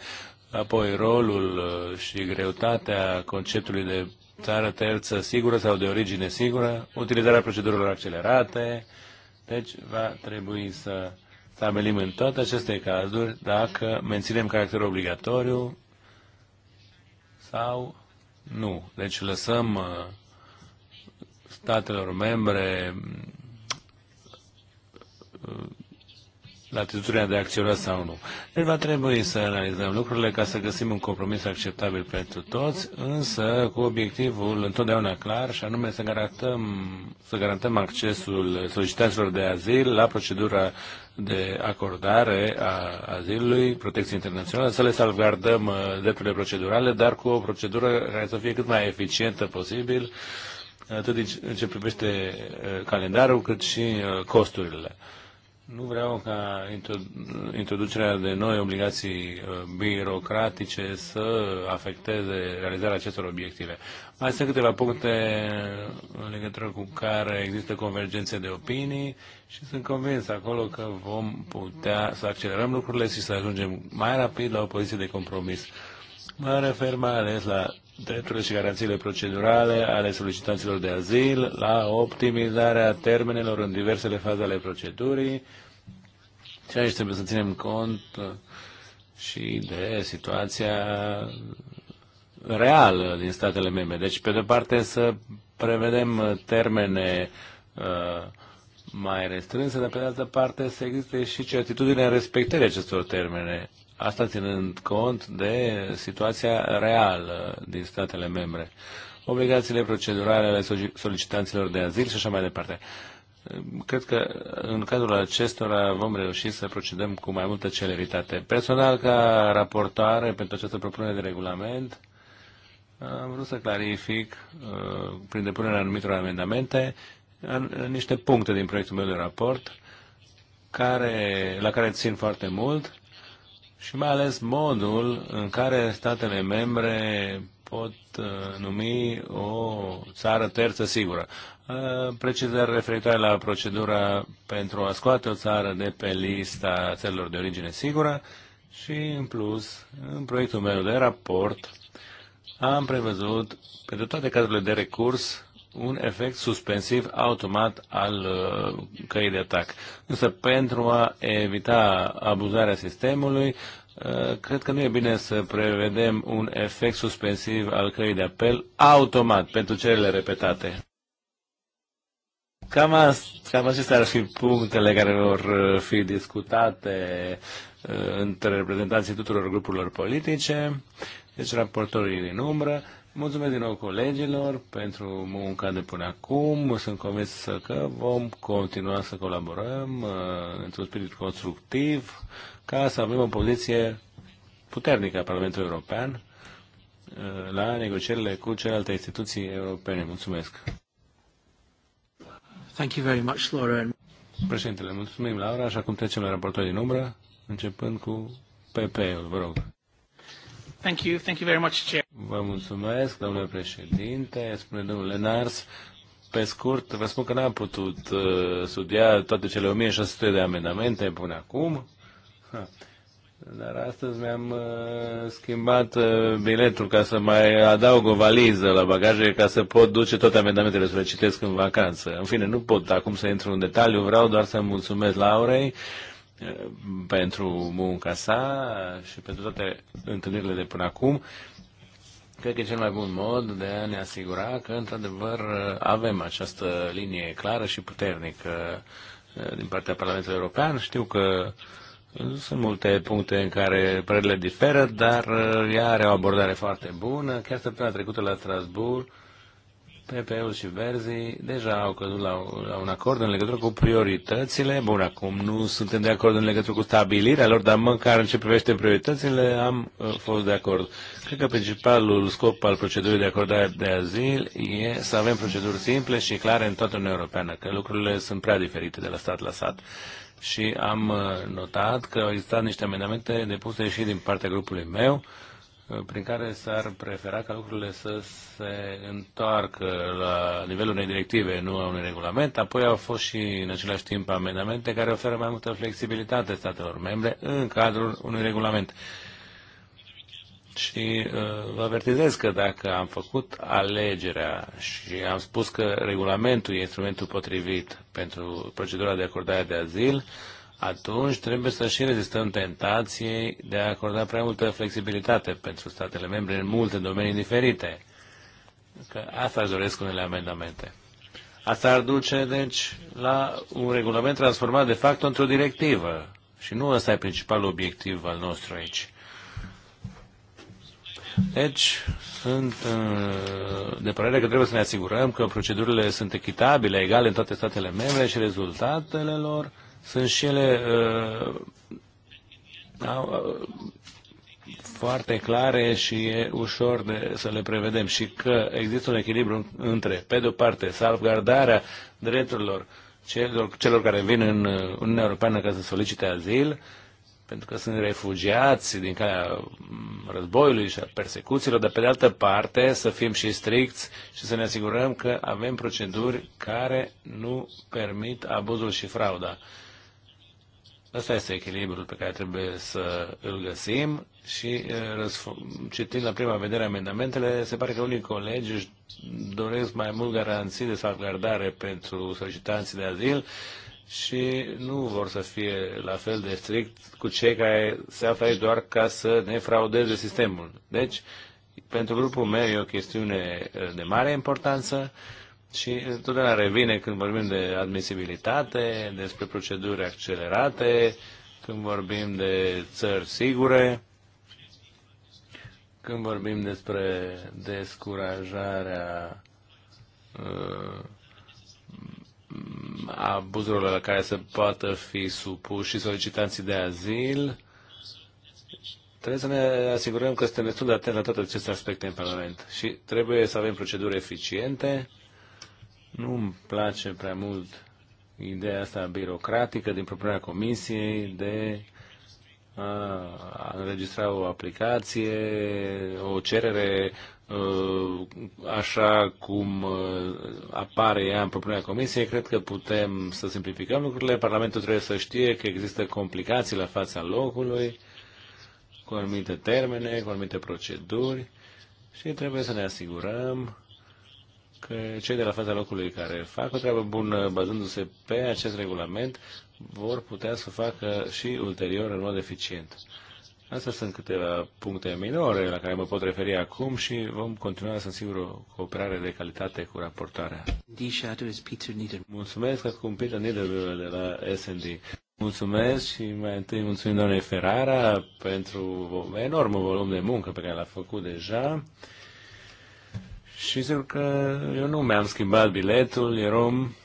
apoi rolul uh, și greutatea conceptului de țară terță sigură sau de origine sigură, utilizarea procedurilor accelerate. Deci va trebui să stabilim în toate aceste cazuri dacă menținem caracterul obligatoriu sau nu. Deci lăsăm uh, statelor membre uh, latitudinea de a acționa sau nu. Deci va trebui să analizăm lucrurile ca să găsim un compromis acceptabil pentru toți, însă cu obiectivul întotdeauna clar și anume să garantăm, să garantăm accesul solicitanților de azil la procedura de acordare a azilului, protecție internațională, să le salvgardăm uh, drepturile procedurale, dar cu o procedură care să fie cât mai eficientă posibil, atât în ce privește uh, calendarul, cât și uh, costurile. Nu vreau ca introducerea de noi obligații uh, birocratice să afecteze realizarea acestor obiective. Mai sunt câteva puncte în legătură cu care există convergențe de opinii și sunt convins acolo că vom putea să accelerăm lucrurile și să ajungem mai rapid la o poziție de compromis. Mă refer mai ales la drepturile și garanțiile procedurale ale solicitanților de azil, la optimizarea termenelor în diversele faze ale procedurii. Și aici trebuie să ținem cont uh, și de situația reală din statele membre. Deci, pe de-o parte, să prevedem termene uh, mai restrânse, dar pe de altă parte să existe și certitudinea respectării acestor termene Asta ținând cont de situația reală din statele membre, obligațiile procedurale ale solicitanților de azil și așa mai departe. Cred că în cadrul acestora vom reuși să procedăm cu mai multă celeritate. Personal, ca raportoare pentru această propunere de regulament, am vrut să clarific, uh, prin depunerea anumitor amendamente, niște puncte din proiectul meu de raport, care, la care țin foarte mult și mai ales modul în care statele membre pot uh, numi o țară terță sigură. Uh, precizări referitoare la procedura pentru a scoate o țară de pe lista țărilor de origine sigură și, în plus, în proiectul meu de raport am prevăzut pentru toate cazurile de recurs un efect suspensiv automat al uh, căii de atac. Însă pentru a evita abuzarea sistemului, uh, cred că nu e bine să prevedem un efect suspensiv al căii de apel automat pentru cele repetate. Cam, asta, cam acestea ar fi punctele care vor uh, fi discutate între reprezentanții tuturor grupurilor politice, deci raportorii din umbră. Mulțumesc din nou colegilor pentru munca de până acum. Sunt convins că vom continua să colaborăm uh, într-un spirit constructiv ca să avem o poziție puternică a Parlamentului European uh, la negocierile cu celelalte instituții europene. Mulțumesc! Thank you very much, Laura. Președintele, mulțumim, Laura, așa cum trecem la raportul din umbră, începând cu PP-ul, vă rog. Thank you. Thank you very much, Chair. Vă mulțumesc, domnule președinte, spune domnul Lenars. Pe scurt, vă spun că n-am putut uh, studia toate cele 1600 de amendamente până acum. Ha. Dar astăzi mi-am uh, schimbat uh, biletul ca să mai adaug o valiză la bagaje ca să pot duce toate amendamentele să le citesc în vacanță. În fine, nu pot acum să intru în detaliu, vreau doar să mulțumesc Laurei pentru munca sa și pentru toate întâlnirile de până acum. Cred că e cel mai bun mod de a ne asigura că, într-adevăr, avem această linie clară și puternică din partea Parlamentului European. Știu că sunt multe puncte în care părerile diferă, dar ea are o abordare foarte bună. Chiar săptămâna trecută la Strasbourg pp și Verzii deja au căzut la, la un acord în legătură cu prioritățile. Bun, acum nu suntem de acord în legătură cu stabilirea lor, dar măcar în ce privește prioritățile am uh, fost de acord. Cred că principalul scop al procedurii de acordare de azil e să avem proceduri simple și clare în toată Uniunea Europeană, că lucrurile sunt prea diferite de la stat la stat. Și am uh, notat că au existat niște amendamente depuse și din partea grupului meu, uh, prin care s-ar prefera ca lucrurile să se întoarcă la nivelul unei directive, nu a unui regulament. Apoi au fost și, în același timp, amendamente care oferă mai multă flexibilitate statelor membre în cadrul unui regulament. Și uh, vă avertizez că dacă am făcut alegerea și am spus că regulamentul e instrumentul potrivit pentru procedura de acordare de azil, uh, atunci trebuie să și rezistăm tentației de a acorda prea multă flexibilitate pentru statele membre în multe domenii diferite. Că asta își doresc unele amendamente. Asta ar duce, deci, la un regulament transformat de fapt într-o directivă. Și nu ăsta e principalul obiectiv al nostru aici. Deci, sunt uh, de părere că trebuie să ne asigurăm că procedurile sunt echitabile, egale în toate statele membre și rezultatele lor sunt și ele uh, uh, foarte clare și e ușor de, să le prevedem și că există un echilibru între, pe de-o parte, salvgardarea drepturilor celor, celor care vin în Uniunea Europeană ca să solicite azil, pentru că sunt refugiați din calea mm, războiului și a persecuțiilor, dar pe de altă parte să fim și stricți și să ne asigurăm că avem proceduri care nu permit abuzul și frauda. Asta este echilibrul pe care trebuie să îl găsim și citind la prima vedere amendamentele, se pare că unii colegi își doresc mai mult garanții de salvgardare pentru solicitanții de azil și nu vor să fie la fel de strict cu cei care se află aici doar ca să ne fraudeze sistemul. Deci, pentru grupul meu e o chestiune de mare importanță și întotdeauna revine când vorbim de admisibilitate, despre proceduri accelerate, când vorbim de țări sigure, când vorbim despre descurajarea uh, abuzurilor la care se poată fi supuși și solicitanții de azil, trebuie să ne asigurăm că suntem destul de atenți la toate aceste aspecte în Parlament și trebuie să avem proceduri eficiente nu îmi place prea mult ideea asta birocratică din propria comisiei de a înregistra o aplicație, o cerere uh, așa cum uh, apare ea în propria comisie. cred că putem să simplificăm lucrurile. Parlamentul trebuie să știe că există complicații la fața locului, cu anumite termene, cu anumite proceduri și trebuie să ne asigurăm că cei de la fața locului care fac o treabă bună bazându-se pe acest regulament vor putea să facă și ulterior în mod eficient. Astea sunt câteva puncte minore la care mă pot referi acum și vom continua, sunt sigur, o cooperare de calitate cu raportarea. Mulțumesc acum Peter Niedermüller de la S&D. Mulțumesc și mai întâi mulțumim doamnei Ferrara pentru enormul volum de muncă pe care l-a făcut deja. Și zic că eu nu mi-am schimbat biletul, eram...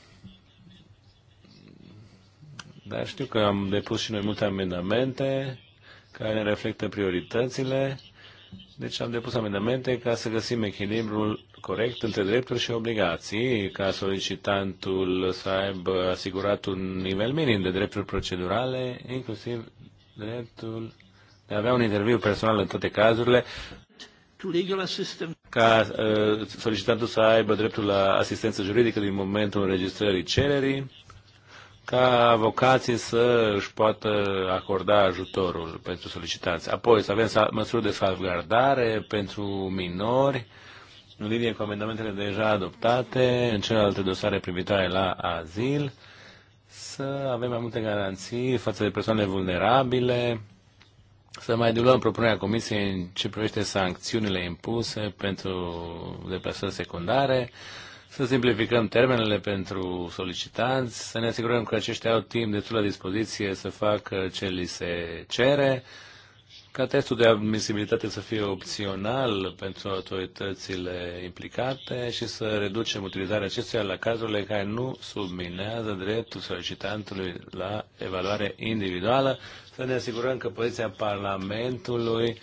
Dar știu că am depus și noi multe amendamente care reflectă prioritățile. Deci am depus amendamente ca să găsim echilibrul corect între drepturi și obligații, ca solicitantul să aibă asigurat un nivel minim de drepturi procedurale, inclusiv dreptul de a avea un interviu personal în toate cazurile, ca uh, solicitantul să aibă dreptul la asistență juridică din momentul înregistrării cererii, ca avocații să își poată acorda ajutorul pentru solicitanți. Apoi să avem măsuri de salvgardare pentru minori, în linie cu amendamentele deja adoptate, în celelalte dosare privitoare la azil, să avem mai multe garanții față de persoane vulnerabile, să mai diluăm propunerea Comisiei în ce privește sancțiunile impuse pentru deplasări secundare, să simplificăm termenele pentru solicitanți, să ne asigurăm că aceștia au timp de la dispoziție să facă ce li se cere, ca testul de admisibilitate să fie opțional pentru autoritățile implicate și să reducem utilizarea acestuia la cazurile care nu subminează dreptul solicitantului la evaluare individuală să ne asigurăm că poziția Parlamentului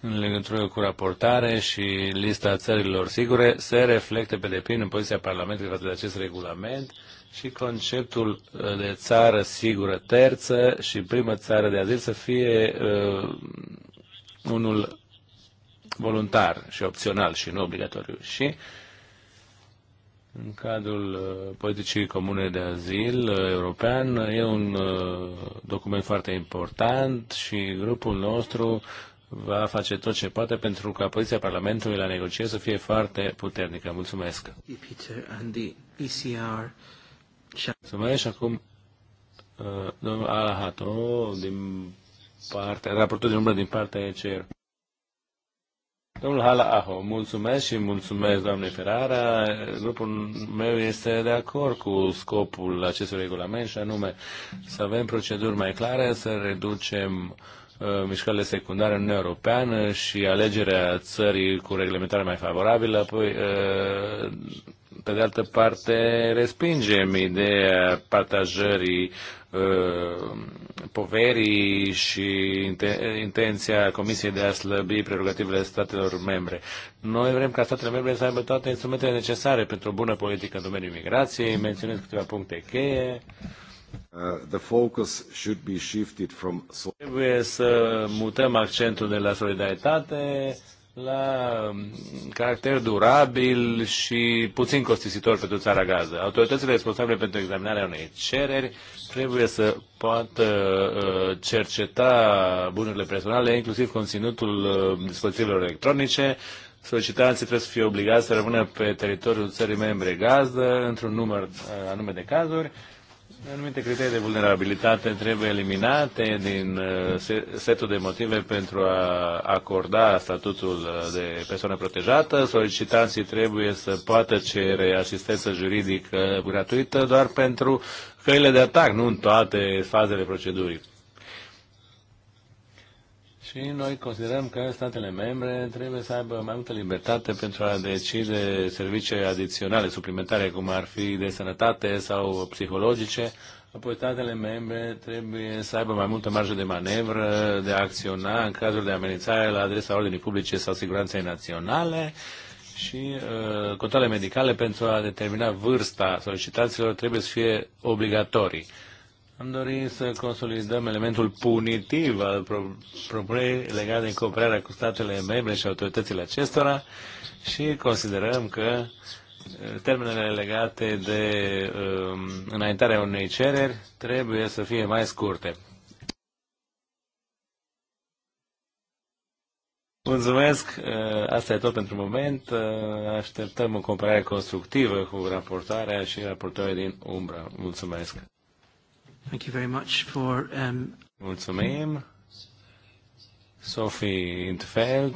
în legătură cu raportare și lista țărilor sigure se reflectă pe deplin în poziția Parlamentului față de acest regulament și conceptul uh, de țară sigură terță și primă țară de azil să fie uh, unul voluntar și opțional și nu obligatoriu. Și uh, în cadrul uh, politicii comune de azil uh, european uh, e un document foarte important și grupul nostru va face tot ce poate pentru ca poziția Parlamentului la negocieri să fie foarte puternică. Mulțumesc! Peter and the Mulțumesc și acum domnul Alahato din partea, raportul din umbră din partea ECR. Domnul Hala Aho, mulțumesc și mulțumesc, doamne Ferrara. Grupul meu este de acord cu scopul acestui regulament și anume să avem proceduri mai clare, să reducem uh, mișcările secundare în Uniunea Europeană și alegerea țării cu reglementare mai favorabilă, apoi uh, pe de altă parte, respingem ideea partajării uh, poverii și intenția Comisiei de a slăbi prerogativele statelor membre. Noi vrem ca statele membre să aibă toate instrumentele necesare pentru o bună politică în domeniul migrației. Menționez câteva puncte cheie. Uh, the focus should be shifted from... Trebuie să mutăm accentul de la solidaritate la um, caracter durabil și puțin costisitor pentru țara gază. Autoritățile responsabile pentru examinarea unei cereri trebuie să poată uh, cerceta bunurile personale, inclusiv conținutul uh, dispozitivelor electronice. Solicitanții trebuie să fie obligați să rămână pe teritoriul țării membre gază într-un număr uh, anume de cazuri Anumite criterii de vulnerabilitate trebuie eliminate din uh, setul de motive pentru a acorda statutul uh, de persoană protejată. Solicitanții trebuie să poată cere asistență juridică gratuită doar pentru căile de atac, nu în toate fazele procedurii. Și noi considerăm că statele membre trebuie să aibă mai multă libertate pentru a decide servicii adiționale, suplimentare, cum ar fi de sănătate sau psihologice. Apoi statele membre trebuie să aibă mai multă marjă de manevră, de a acționa în cazul de amenințare la adresa ordinii publice sau siguranței naționale și uh, controle medicale pentru a determina vârsta solicitațiilor trebuie să fie obligatorii. Am dorit să consolidăm elementul punitiv al propunerii legate de cooperarea cu statele membre și autoritățile acestora și considerăm că uh, termenele legate de um, înaintarea unei cereri trebuie să fie mai scurte. Mulțumesc, uh, asta e tot pentru moment. Uh, așteptăm o comparare constructivă cu raportarea și raportoarea din Umbra. Mulțumesc! Thank you very much for, um... Mulțumim. Sophie Intfeld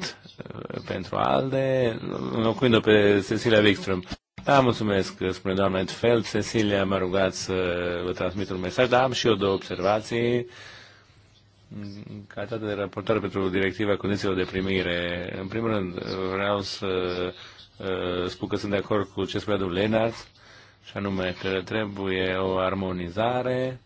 uh, pentru ALDE, înlocuind-o pe Cecilia Wikström. Da, mulțumesc, spune doamna Intfeld. Cecilia m-a rugat să vă transmit un mesaj, dar am și eu două observații. În calitate de raportare pentru directiva condițiilor de primire, în primul rând vreau să uh, spun că sunt de acord cu ce spunea domnul Lenart, și anume că trebuie o armonizare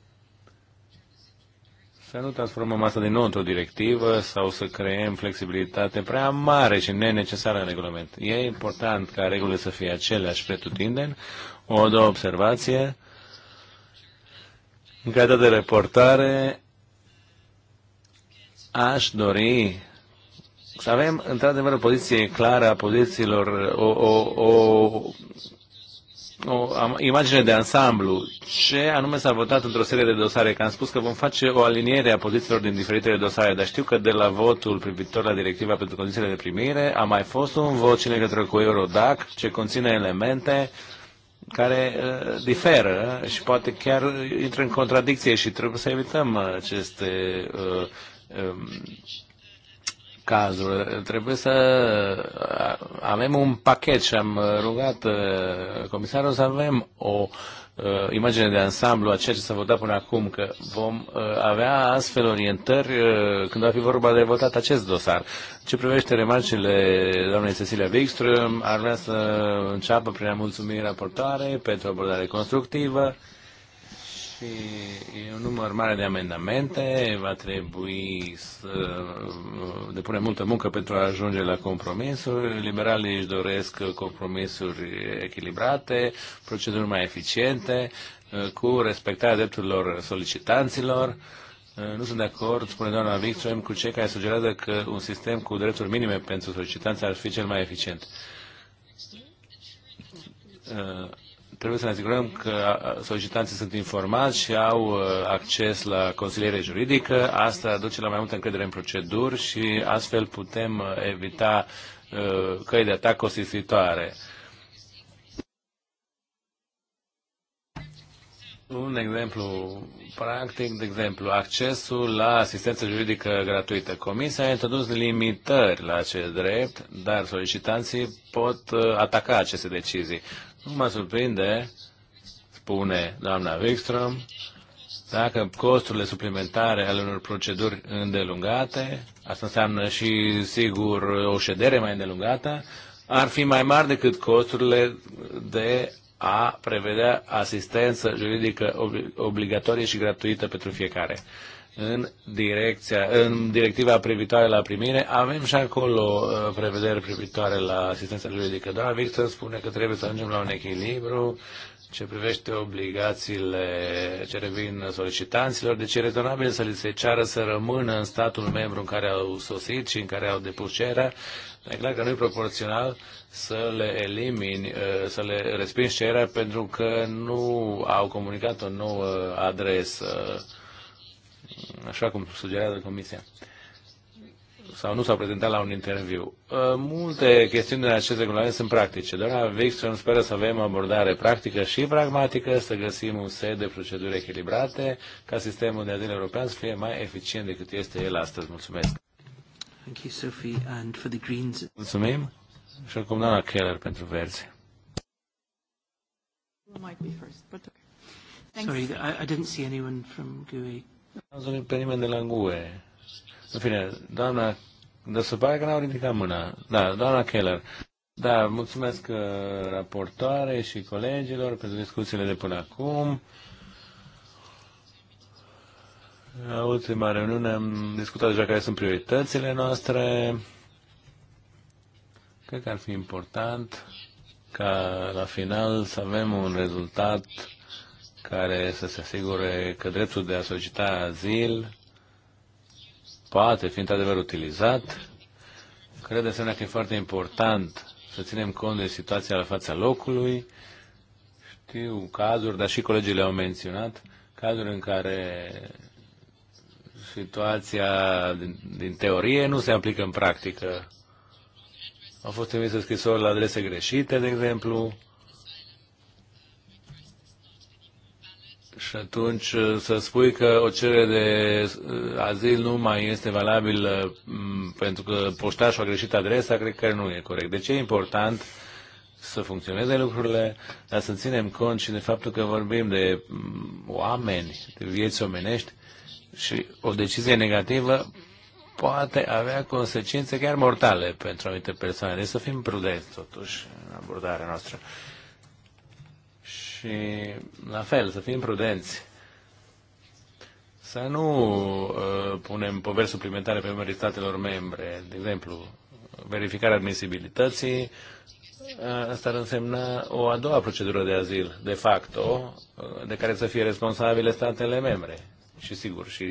să nu transformăm asta din nou într-o directivă sau să creăm flexibilitate prea mare și nenecesară în regulament. E important ca regulile să fie aceleași pretutindeni. O, două observație. În calitate de reportare, aș dori să avem într-adevăr o poziție clară a pozițiilor, o, o, o o imagine de ansamblu. Ce anume s-a votat într-o serie de dosare? Că am spus că vom face o aliniere a pozițiilor din diferitele dosare, dar știu că de la votul privitor la directiva pentru condițiile de primire a mai fost un vot în legătură cu Eurodac, ce conține elemente care uh, diferă și poate chiar intră în contradicție și trebuie să evităm aceste uh, um, cazul. Trebuie să avem un pachet și am rugat uh, comisarul să avem o uh, imagine de ansamblu a ceea ce s-a votat până acum, că vom uh, avea astfel orientări când va fi vorba de votat acest dosar. Ce privește remarcile doamnei Cecilia Wikström, ar vrea să înceapă prin a mulțumi raportare pentru abordare constructivă și e un număr mare de amendamente, va trebui să uh, depunem multă muncă pentru a ajunge la compromisuri. Liberalii își doresc compromisuri echilibrate, proceduri mai eficiente, uh, cu respectarea drepturilor solicitanților. Uh, nu sunt de acord, spune doamna Victorem, cu cei care sugerează că un sistem cu drepturi minime pentru solicitanți ar fi cel mai eficient trebuie să ne asigurăm că solicitanții sunt informați și au uh, acces la consiliere juridică. Asta duce la mai multă încredere în proceduri și astfel putem uh, evita uh, căi de atac costisitoare. Un exemplu practic, de exemplu, accesul la asistență juridică gratuită. Comisia a introdus limitări la acest drept, dar solicitanții pot ataca aceste decizii. Nu mă surprinde, spune doamna Wikström, dacă costurile suplimentare ale unor proceduri îndelungate, asta înseamnă și, sigur, o ședere mai îndelungată, ar fi mai mari decât costurile de a prevedea asistență juridică obligatorie și gratuită pentru fiecare în, direcția, în directiva privitoare la primire, avem și acolo uh, prevederi privitoare la asistența juridică. Doamna Victor spune că trebuie să ajungem la un echilibru ce privește obligațiile ce revin solicitanților, deci e rezonabil să li se ceară să rămână în statul membru în care au sosit și în care au depus cererea. E clar că nu e proporțional să le elimini, uh, să le respingi cererea pentru că nu au comunicat o nouă adresă așa cum sugerează Comisia sau nu s-au prezentat la un interviu. Ă, multe chestiuni din acest regulament sunt practice. Doamna Wikström speră să avem o abordare practică și pragmatică, să găsim un set de proceduri echilibrate ca sistemul de azil european să fie mai eficient decât este el astăzi. Mulțumesc! Thank you, Sophie, and for the Greens. Mulțumim și acum doamna Keller pentru verzi. Sorry, I, I didn't see anyone from GUI. N-am pe nimeni de la GUE. În fine, doamna, dar se pare că n-au ridicat mâna. Da, doamna Keller. Da, mulțumesc uh, raportoare și colegilor pentru discuțiile de până acum. La ultima reuniune am discutat deja care sunt prioritățile noastre. Cred că ar fi important ca la final să avem un rezultat care să se asigure că dreptul de a solicita azil poate fi într-adevăr utilizat. Cred de asemenea că e foarte important să ținem cont de situația la fața locului. Știu cazuri, dar și colegii le-au menționat, cazuri în care situația din, din teorie nu se aplică în practică. Au fost trimise scrisori la adrese greșite, de exemplu, Și atunci uh, să spui că o cerere de uh, azil nu mai este valabilă uh, pentru că poștașul a greșit adresa, cred că nu e corect. Deci e important să funcționeze lucrurile, dar să ținem cont și de faptul că vorbim de oameni, de vieți omenești și o decizie negativă poate avea consecințe chiar mortale pentru anumite persoane. Deci să fim prudenți totuși în abordarea noastră. Și, la fel, să fim prudenți. Să nu uh, punem poveri suplimentare pe merii statelor membre. De exemplu, verificarea admisibilității, uh, Asta ar însemna o a doua procedură de azil, de facto, uh, de care să fie responsabile statele membre și sigur, și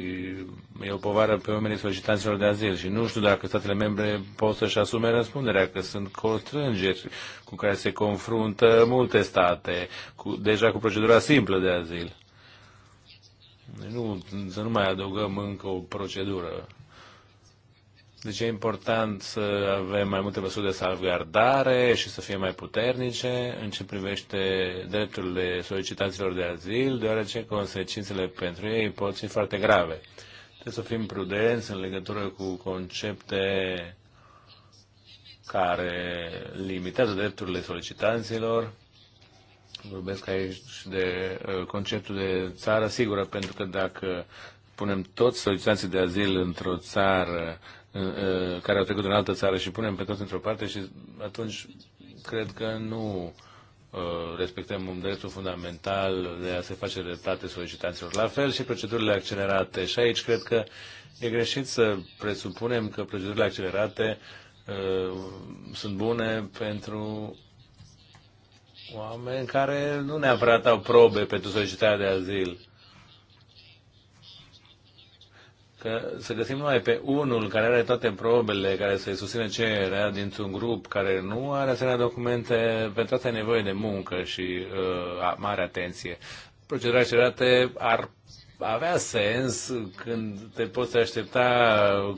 e o povară pe oamenii solicitanților de azil și nu știu dacă statele membre pot să-și asume răspunderea, că sunt constrângeri cu care se confruntă multe state, cu, deja cu procedura simplă de azil. Deci nu, să nu mai adăugăm încă o procedură deci e important să avem mai multe măsuri de salvgardare și să fie mai puternice în ce privește drepturile solicitanților de azil, deoarece consecințele pentru ei pot fi foarte grave. Trebuie să fim prudenți în legătură cu concepte care limitează drepturile solicitanților. Vorbesc aici de uh, conceptul de țară sigură, pentru că dacă punem toți solicitanții de azil într-o țară Uh, uh, care au trecut în altă țară și punem pe toți într-o parte și atunci cred că nu uh, respectăm un dreptul fundamental de a se face dreptate solicitanților. La fel și procedurile accelerate. Și aici cred că e greșit să presupunem că procedurile accelerate sunt bune pentru oameni care nu neapărat au probe pentru solicitarea de azil. că să găsim numai pe unul care are toate probele, care să-i susține era dintr-un grup care nu are asemenea documente, pentru toate nevoie de muncă și uh, mare atenție. Procedura cerate ar avea sens când te poți aștepta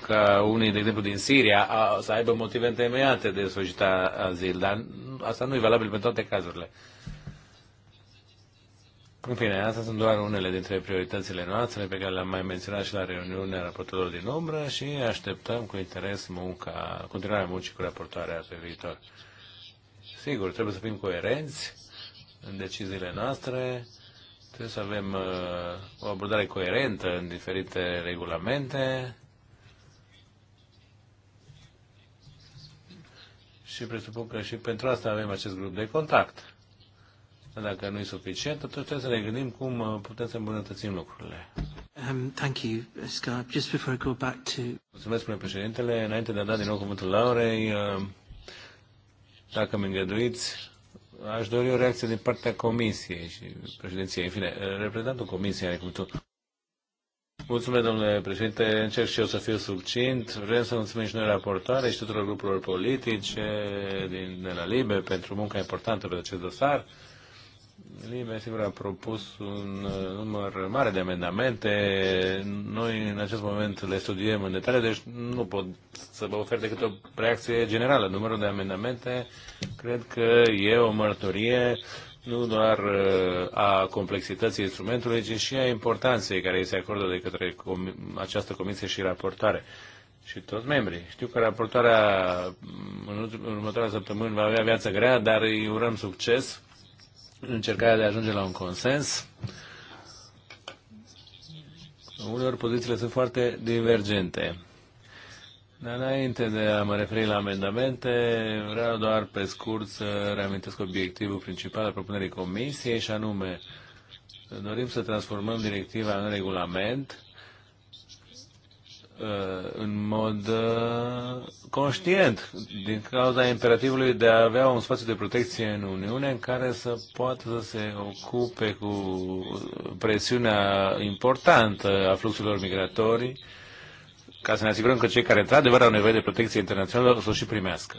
ca unii, de exemplu, din Siria a, să aibă motive întemeiate de solicita azil, dar asta nu e valabil pentru toate cazurile. Uh, în fine, astea sunt doar unele dintre prioritățile noastre pe care le-am mai menționat și la reuniunea raportorilor din umbră și așteptăm cu interes munca, continuarea muncii cu raportarea pe viitor. Sigur, trebuie să fim coerenți în deciziile noastre, trebuie să avem uh, o abordare coerentă în diferite regulamente și presupun că și pentru asta avem acest grup de contact dacă nu e suficient, atunci trebuie să ne gândim cum uh, putem să îmbunătățim lucrurile. Um, thank you, Scar. Just before I go back to... Mulțumesc, domnule președintele. Înainte de a da din nou cuvântul Laurei, uh, dacă mi îngăduiți, aș dori o reacție din partea Comisiei și președinției. În fine, uh, reprezentantul Comisiei are cuvântul. Mulțumesc, domnule președinte. Încerc și eu să fiu succint. Vrem să mulțumim și noi raportoare și tuturor grupurilor politice din, de la LIBE pentru munca importantă pe acest dosar. Libe, sigur, a propus un uh, număr mare de amendamente. Noi, în acest moment, le studiem în detaliu, deci nu pot să vă ofer decât o reacție generală. Numărul de amendamente, cred că e o mărturie nu doar uh, a complexității instrumentului, ci și a importanței care îi se acordă de către această comisie și raportare și toți membrii. Știu că raportarea mm, în următoarea săptămână va avea viață grea, dar îi urăm succes încercarea de a ajunge la un consens. Uneori pozițiile sunt foarte divergente. Dar înainte de a mă referi la amendamente, vreau doar pe scurt să reamintesc obiectivul principal al propunerii Comisiei și anume dorim să transformăm directiva în regulament Uh, în mod uh, conștient din cauza imperativului de a avea un spațiu de protecție în Uniune în care să poată să se ocupe cu presiunea importantă a fluxurilor migratorii ca să ne asigurăm că cei care într-adevăr au nevoie de protecție internațională o să o și primească.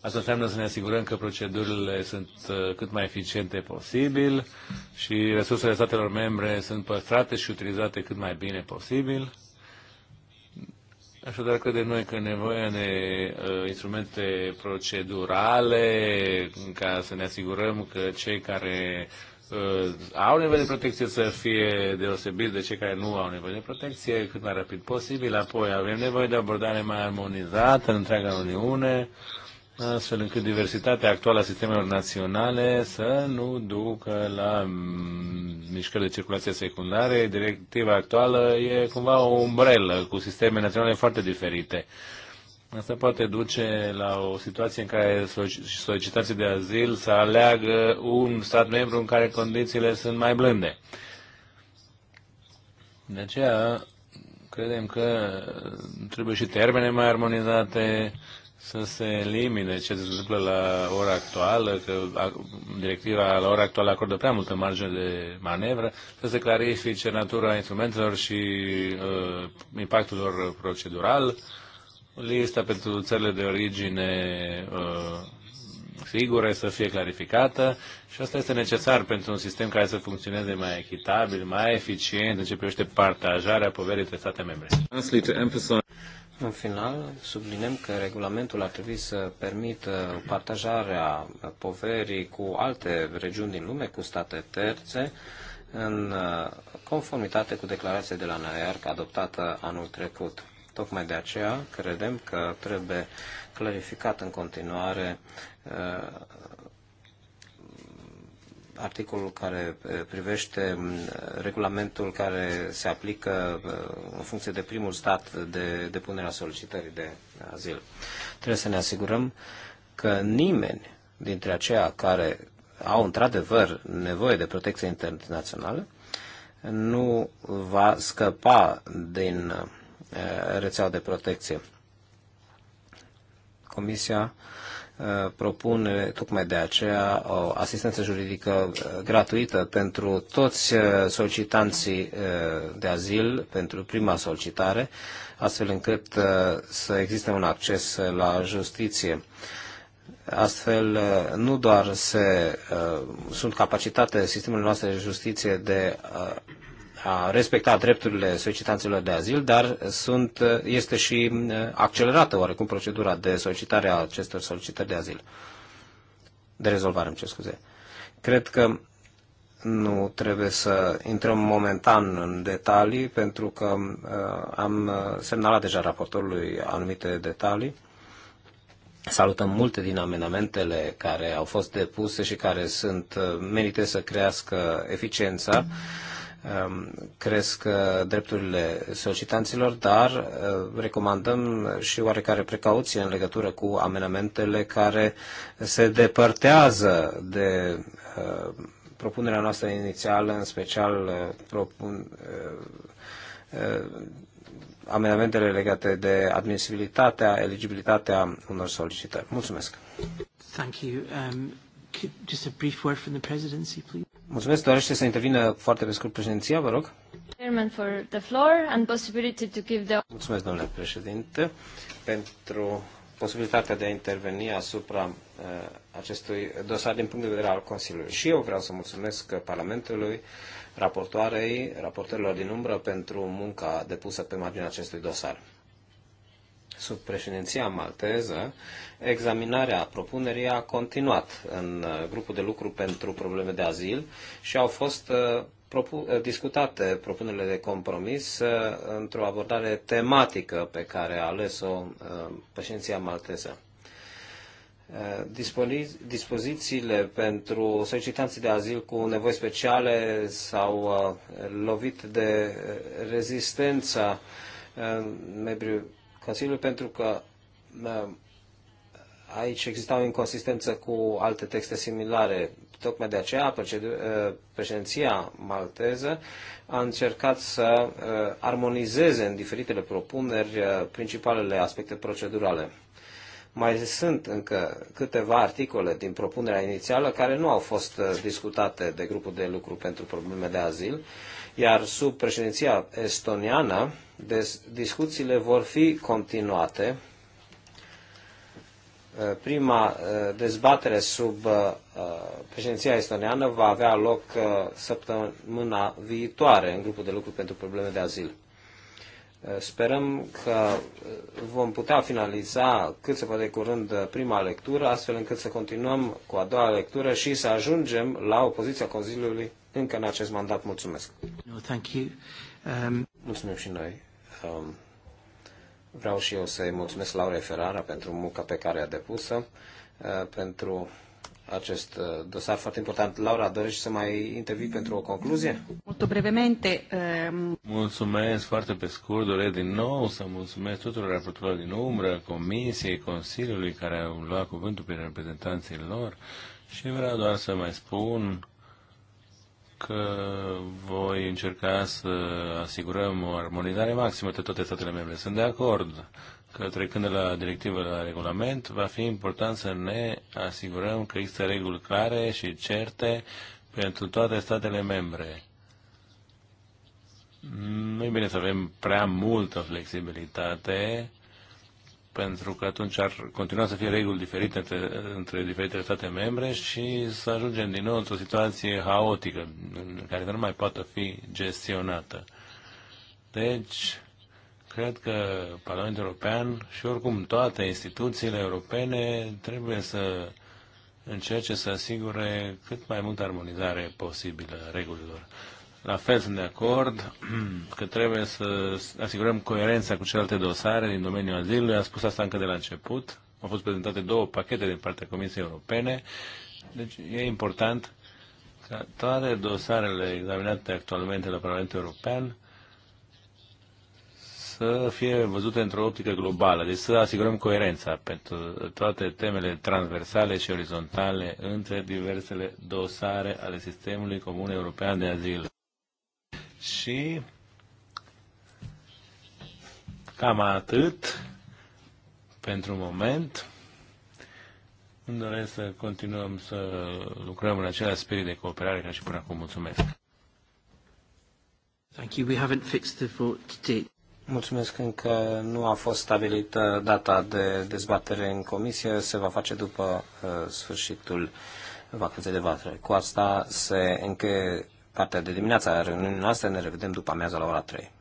Asta înseamnă să ne asigurăm că procedurile sunt uh, cât mai eficiente posibil și resursele statelor membre sunt păstrate și utilizate cât mai bine posibil Așadar, credem noi că nevoia de uh, instrumente procedurale ca să ne asigurăm că cei care uh, au nevoie de protecție să fie deosebit de cei care nu au nevoie de protecție cât mai rapid posibil. Apoi avem nevoie de abordare mai armonizată în întreaga Uniune. Uh, astfel încât diversitatea actuală a sistemelor naționale să nu ducă la mm, mișcări de circulație secundare. Directiva actuală e cumva o umbrelă cu sisteme naționale foarte diferite. Asta poate duce la o situație în care solicitații de azil să aleagă un stat membru în care condițiile sunt mai blânde. De aceea, credem că trebuie și termene mai armonizate, să se elimine ce se întâmplă la ora actuală, că directiva la ora actuală acordă prea multă margine de manevră, să se clarifice natura instrumentelor și uh, impactul lor procedural, lista pentru țările de origine uh, sigure să fie clarificată și asta este necesar pentru un sistem care să funcționeze mai echitabil, mai eficient în ce privește partajarea poverii între state membre. În final, subliniem că regulamentul ar trebui să permită partajarea poverii cu alte regiuni din lume, cu state terțe, în uh, conformitate cu declarația de la NAIARC adoptată anul trecut. Tocmai de aceea credem că trebuie clarificat în continuare uh, articolul care eh, privește mm, regulamentul care se aplică eh, în funcție de primul stat de depunerea solicitării de azil. Trebuie să ne asigurăm că nimeni dintre aceia care au într-adevăr nevoie de protecție internațională nu va scăpa din eh, rețeaua de protecție. Comisia Uh, propun tocmai de aceea o asistență juridică uh, gratuită pentru toți uh, solicitanții de azil pentru prima solicitare, astfel încât să existe un acces la justiție. Astfel, nu doar se, sunt capacitate sistemul noastre de justiție de a respecta drepturile solicitanților de azil, dar sunt, este și uh, accelerată oarecum procedura de solicitare a acestor solicitări de azil. De rezolvare, îmi cer scuze. Cred că nu trebuie să intrăm momentan în detalii, pentru că uh, am uh, semnalat deja raportorului anumite detalii. Salutăm multe din amendamentele care au fost depuse și care sunt uh, merite să crească eficiența. Mm-hmm Ehm, cresc uh, drepturile solicitanților, dar uh, recomandăm și oarecare precauție în legătură cu amenamentele care se depărtează de uh, propunerea noastră inițială, în special propun, amenamentele legate de admisibilitatea, eligibilitatea unor solicitări. Mulțumesc. Thank you. Um, Just a brief word from the presidency, please. Mulțumesc, dorește să intervină foarte pe scurt președinția, vă rog. Chairman for the floor and possibility to give the... Mulțumesc, domnule președinte, pentru posibilitatea de a interveni asupra uh, acestui dosar din punct de vedere al Consiliului. Și eu vreau să mulțumesc Parlamentului, raportoarei, raportorilor din umbră pentru munca depusă pe marginea acestui dosar sub președinția malteză, examinarea propunerii a continuat în uh, grupul de lucru pentru probleme de azil și au fost uh, uh, discutate propunerile de compromis într-o abordare tematică pe care a ales-o președinția malteză. Dispozițiile pentru solicitanții de azil cu nevoi speciale s-au lovit de rezistența membrilor Consiliul pentru că uh, aici exista o inconsistență cu alte texte similare. Tocmai de aceea uh, președinția malteză a încercat să uh, armonizeze în diferitele propuneri principalele aspecte procedurale. Mai sunt încă câteva articole din propunerea inițială care nu au fost discutate de grupul de lucru pentru probleme de azil iar sub președinția estoniană discuțiile vor fi continuate. Uh, prima uh, dezbatere sub uh, președinția estoniană va avea loc săptămâna viitoare în grupul de lucru pentru probleme de azil. Sperăm că vom putea finaliza cât se poate curând prima lectură, astfel încât să continuăm cu a doua lectură și să ajungem la o poziție a Consiliului încă în acest mandat. Mulțumesc. No, thank you. Um... Mulțumim și noi. Um, vreau și eu să-i mulțumesc Laurei Ferrara pentru munca pe care a depusă, uh, pentru acest uh, dosar foarte important. Laura, dorești să mai intervii pentru o concluzie? Mult brevemente. Um... Mulțumesc foarte pe scurt. Doresc din nou să mulțumesc tuturor raportorilor din umbră, Comisiei, Consiliului care au luat cuvântul prin reprezentanții lor și vreau doar să mai spun că voi încerca să asigurăm o armonizare maximă de toate statele membre. Sunt de acord că trecând de la directivă la regulament, va fi important să ne asigurăm că există reguli clare și certe pentru toate statele membre. Nu e bine să avem prea multă flexibilitate pentru că atunci ar continua să fie reguli diferite între, între diferitele state membre și să ajungem din nou într-o situație haotică, în care nu mai poate fi gestionată. Deci, cred că Parlamentul European și oricum toate instituțiile europene trebuie să încerce să asigure cât mai multă armonizare posibilă regulilor. La fel sunt de acord că trebuie să asigurăm coerența cu celelalte dosare din domeniul azilului. A spus asta încă de la început. Au fost prezentate două pachete din partea Comisiei Europene. Deci e important ca toate dosarele examinate actualmente la Parlamentul European să fie văzute într-o optică globală, deci să asigurăm coerența pentru toate temele transversale și orizontale între diversele dosare ale sistemului comun european de azil. Și cam atât pentru moment. Îmi doresc să continuăm să lucrăm în același spirit de cooperare ca și până acum. Mulțumesc. Thank you. We haven't fixed the vote date. Mulțumesc încă nu a fost stabilită data de dezbatere în comisie, se va face după uh, sfârșitul vacanței de vatră. Cu asta se încheie partea de dimineața a reuniunii noastre. Ne revedem după amiază la ora 3.